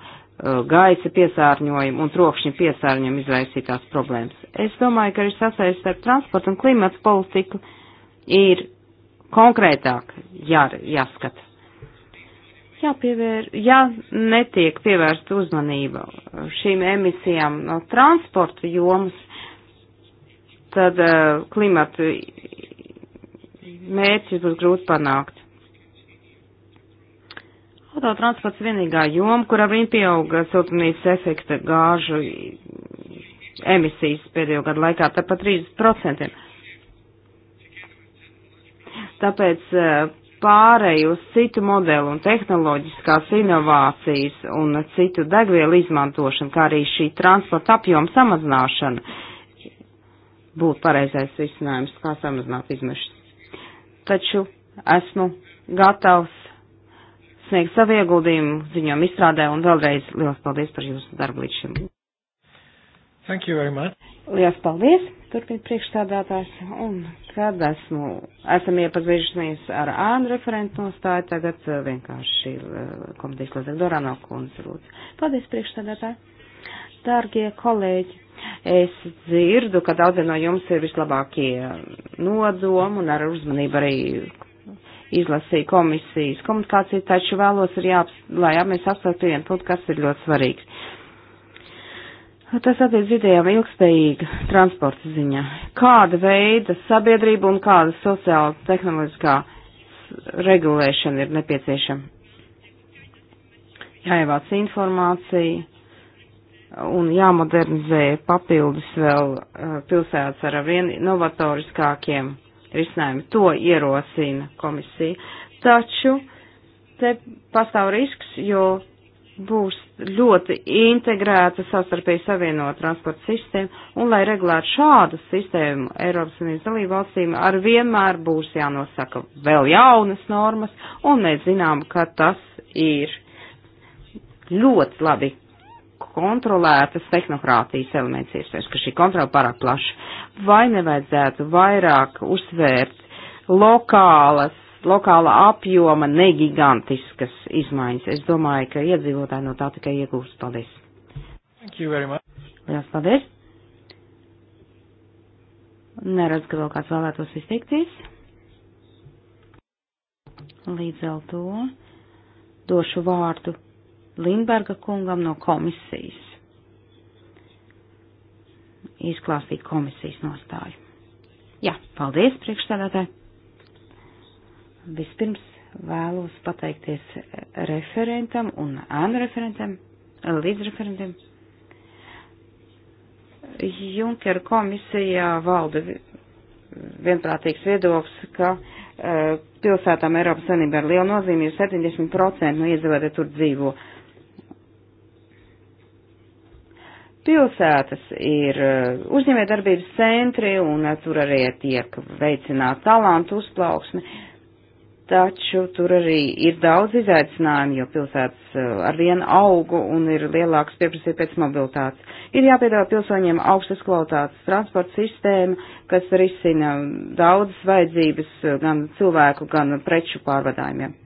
gaisa piesārņojumu un trokšņa piesārņojumu izraisītās problēmas. Es domāju, ka ir sasaist ar transportu un klimatu politiku ir konkrētāk jā, jāskata. Jāpievēr, ja netiek pievērsta uzmanība šīm emisijām no transporta jomas, tad uh, klimata mērķis būs grūti panākt. Autotransports vienīgā joma, kurā vien pieauga siltumnīcas efekta gāžu emisijas pēdējo gadu laikā, tā pa 30%. Tāpēc eh, pārēju uz citu modelu un tehnoloģiskās inovācijas un citu degvielu izmantošanu, kā arī šī transporta apjoma samazināšana būtu pareizais risinājums, kā samazināt izmešas taču esmu gatavs sniegt savu ieguldījumu ziņojumu izstrādē un vēlreiz liels paldies par jūsu darbu līdz šim. Thank you very much. Lielas paldies, turpina priekšstādātājs, un kad esmu, esam iepazīšanās ar ānu referentu nostāju, tagad uh, vienkārši uh, komitejas lūdzu Dorano kundze lūdzu. Paldies, priekšstādātāji. Dārgie kolēģi, es dzirdu, ka daudzi no jums ir vislabākie nodomi un ar uzmanību arī izlasīja komisijas komunikāciju, taču vēlos ir jāaps, lai jā, mēs apsvērtu vienu punktu, kas ir ļoti svarīgs. Tas attiec vidējām ilgspējīga transporta ziņā. Kāda veida sabiedrība un kāda sociāla tehnoloģiskā regulēšana ir nepieciešama? Jāievāc informācija, un jāmodernizē papildus vēl eh, pilsētas ar vien novatoriskākiem risinājumiem. To ierosina komisija. Taču te pastāv risks, jo būs ļoti integrēta sastarpēji savienot transporta sistēma, un lai regulētu šādu sistēmu Eiropas Unības dalību valstīm, ar vienmēr būs jānosaka vēl jaunas normas, un mēs zinām, ka tas ir ļoti labi kontrolētas tehnokrātijas elements, iespējams, ka šī kontrola pārāk plaša. Vai nevajadzētu vairāk uzsvērt lokālas, lokāla apjoma negigantiskas izmaiņas? Es domāju, ka iedzīvotāji no tā tikai iegūst. Paldies!
Thank you very much!
Lielas paldies! Neredz, ka vēl kāds vēlētos izteikties. Līdz ar to došu vārdu Lindberga kungam no komisijas izklāstīt komisijas nostāju. Jā, paldies priekšstādātāji. Vispirms vēlos pateikties referentam un ēnu referentam, līdzreferentam. Junker komisijā valda vienprātīgs viedoklis, ka uh, pilsētām Eiropas Savienībā ir liela nozīme, jo 70% no iedzīvotāji tur dzīvo. Uh, pilsētas ir eh, uzņēmējdarbības centri un eh, tur arī tiek veicināta talantu uzplauksme, taču tur arī ir daudz izaicinājumu, jo pilsētas eh, ar vienu augu un ir lielāks pieprasījums pēc mobilitātes. Ir jāpiedāvā pilsoņiem augstas kvalitātes transporta sistēma, kas risina daudzas vajadzības gan cilvēku, gan preču pārvadājumiem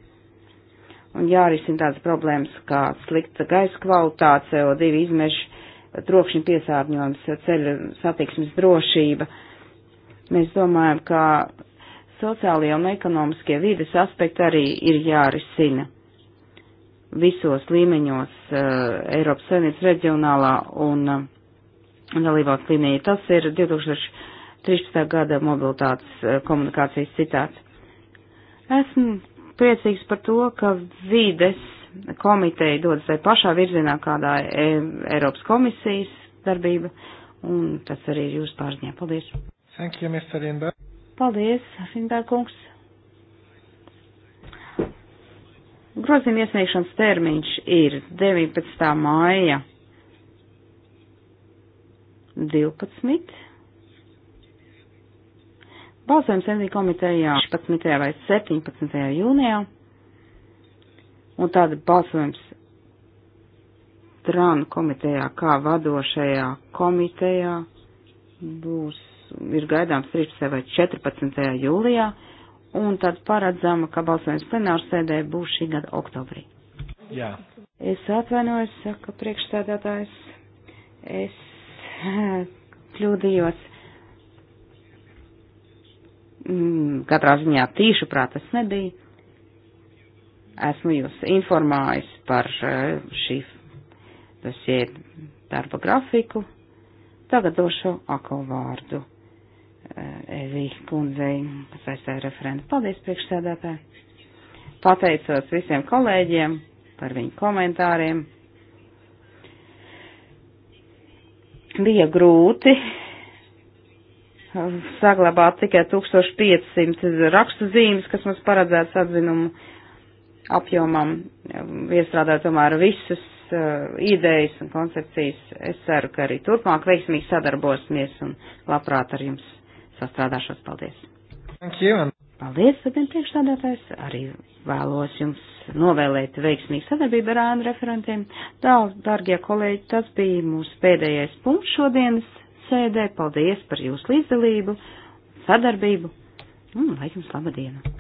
un jārisina tādas problēmas kā slikta gaisa kvalitāte, CO2 izmeša trokšņa piesārņojums, ceļa satiksmes drošība. Mēs domājam, ka sociālajie un ekonomiskie vides aspekti arī ir jārisina visos līmeņos uh, Eiropas Savienības reģionālā un uh, eh, dalībvalsts līmenī. Tas ir 2013. gada mobilitātes uh, komunikācijas citāts. Esmu priecīgs par to, ka vides komiteja dodas tai pašā virzienā, kādā e, Eiropas komisijas darbība, un tas arī ir jūsu pārziņā. Paldies! Thank you, Mr. Rindberg. Paldies, Rindberg kungs! Grozījuma iesniegšanas termiņš ir 19. māja 12. Balsojums NV komitejā 16. vai 17. jūnijā. Un tāda balsojums Trānu komitejā kā vadošajā komitejā būs, ir gaidāms 13. vai 14. jūlijā, un tad paredzama, ka balsojums plenāru sēdē būs šī gada oktobrī. Jā. Es atvainojos, saka priekšstādātājs, es kļūdījos. Mm, katrā ziņā tīšu prāt tas nebija esmu jūs informājis par eh, šī dosie darba grafiku. Tagad došu atkal vārdu eh, Evi kundzei, kas aizstāja referentu. Paldies, priekšsēdētāji! Pateicos visiem kolēģiem par viņu komentāriem. Bija grūti eh, saglabāt tikai 1500 rakstu zīmes, kas mums paredzēts atzinumu apjomam iestrādāt tomēr visas uh, idejas un koncepcijas. Es ceru, ka arī turpmāk veiksmīgi sadarbosimies un labprāt ar jums sastrādāšos. Paldies! Paldies, Sabina priekšstādātājs! Arī vēlos jums novēlēt veiksmīgu sadarbību ar ēnu referentiem. Tāl, dārgie kolēģi, tas bija mūsu pēdējais punkts šodienas sēdē. Paldies par jūsu līdzdalību, sadarbību un lai jums laba diena!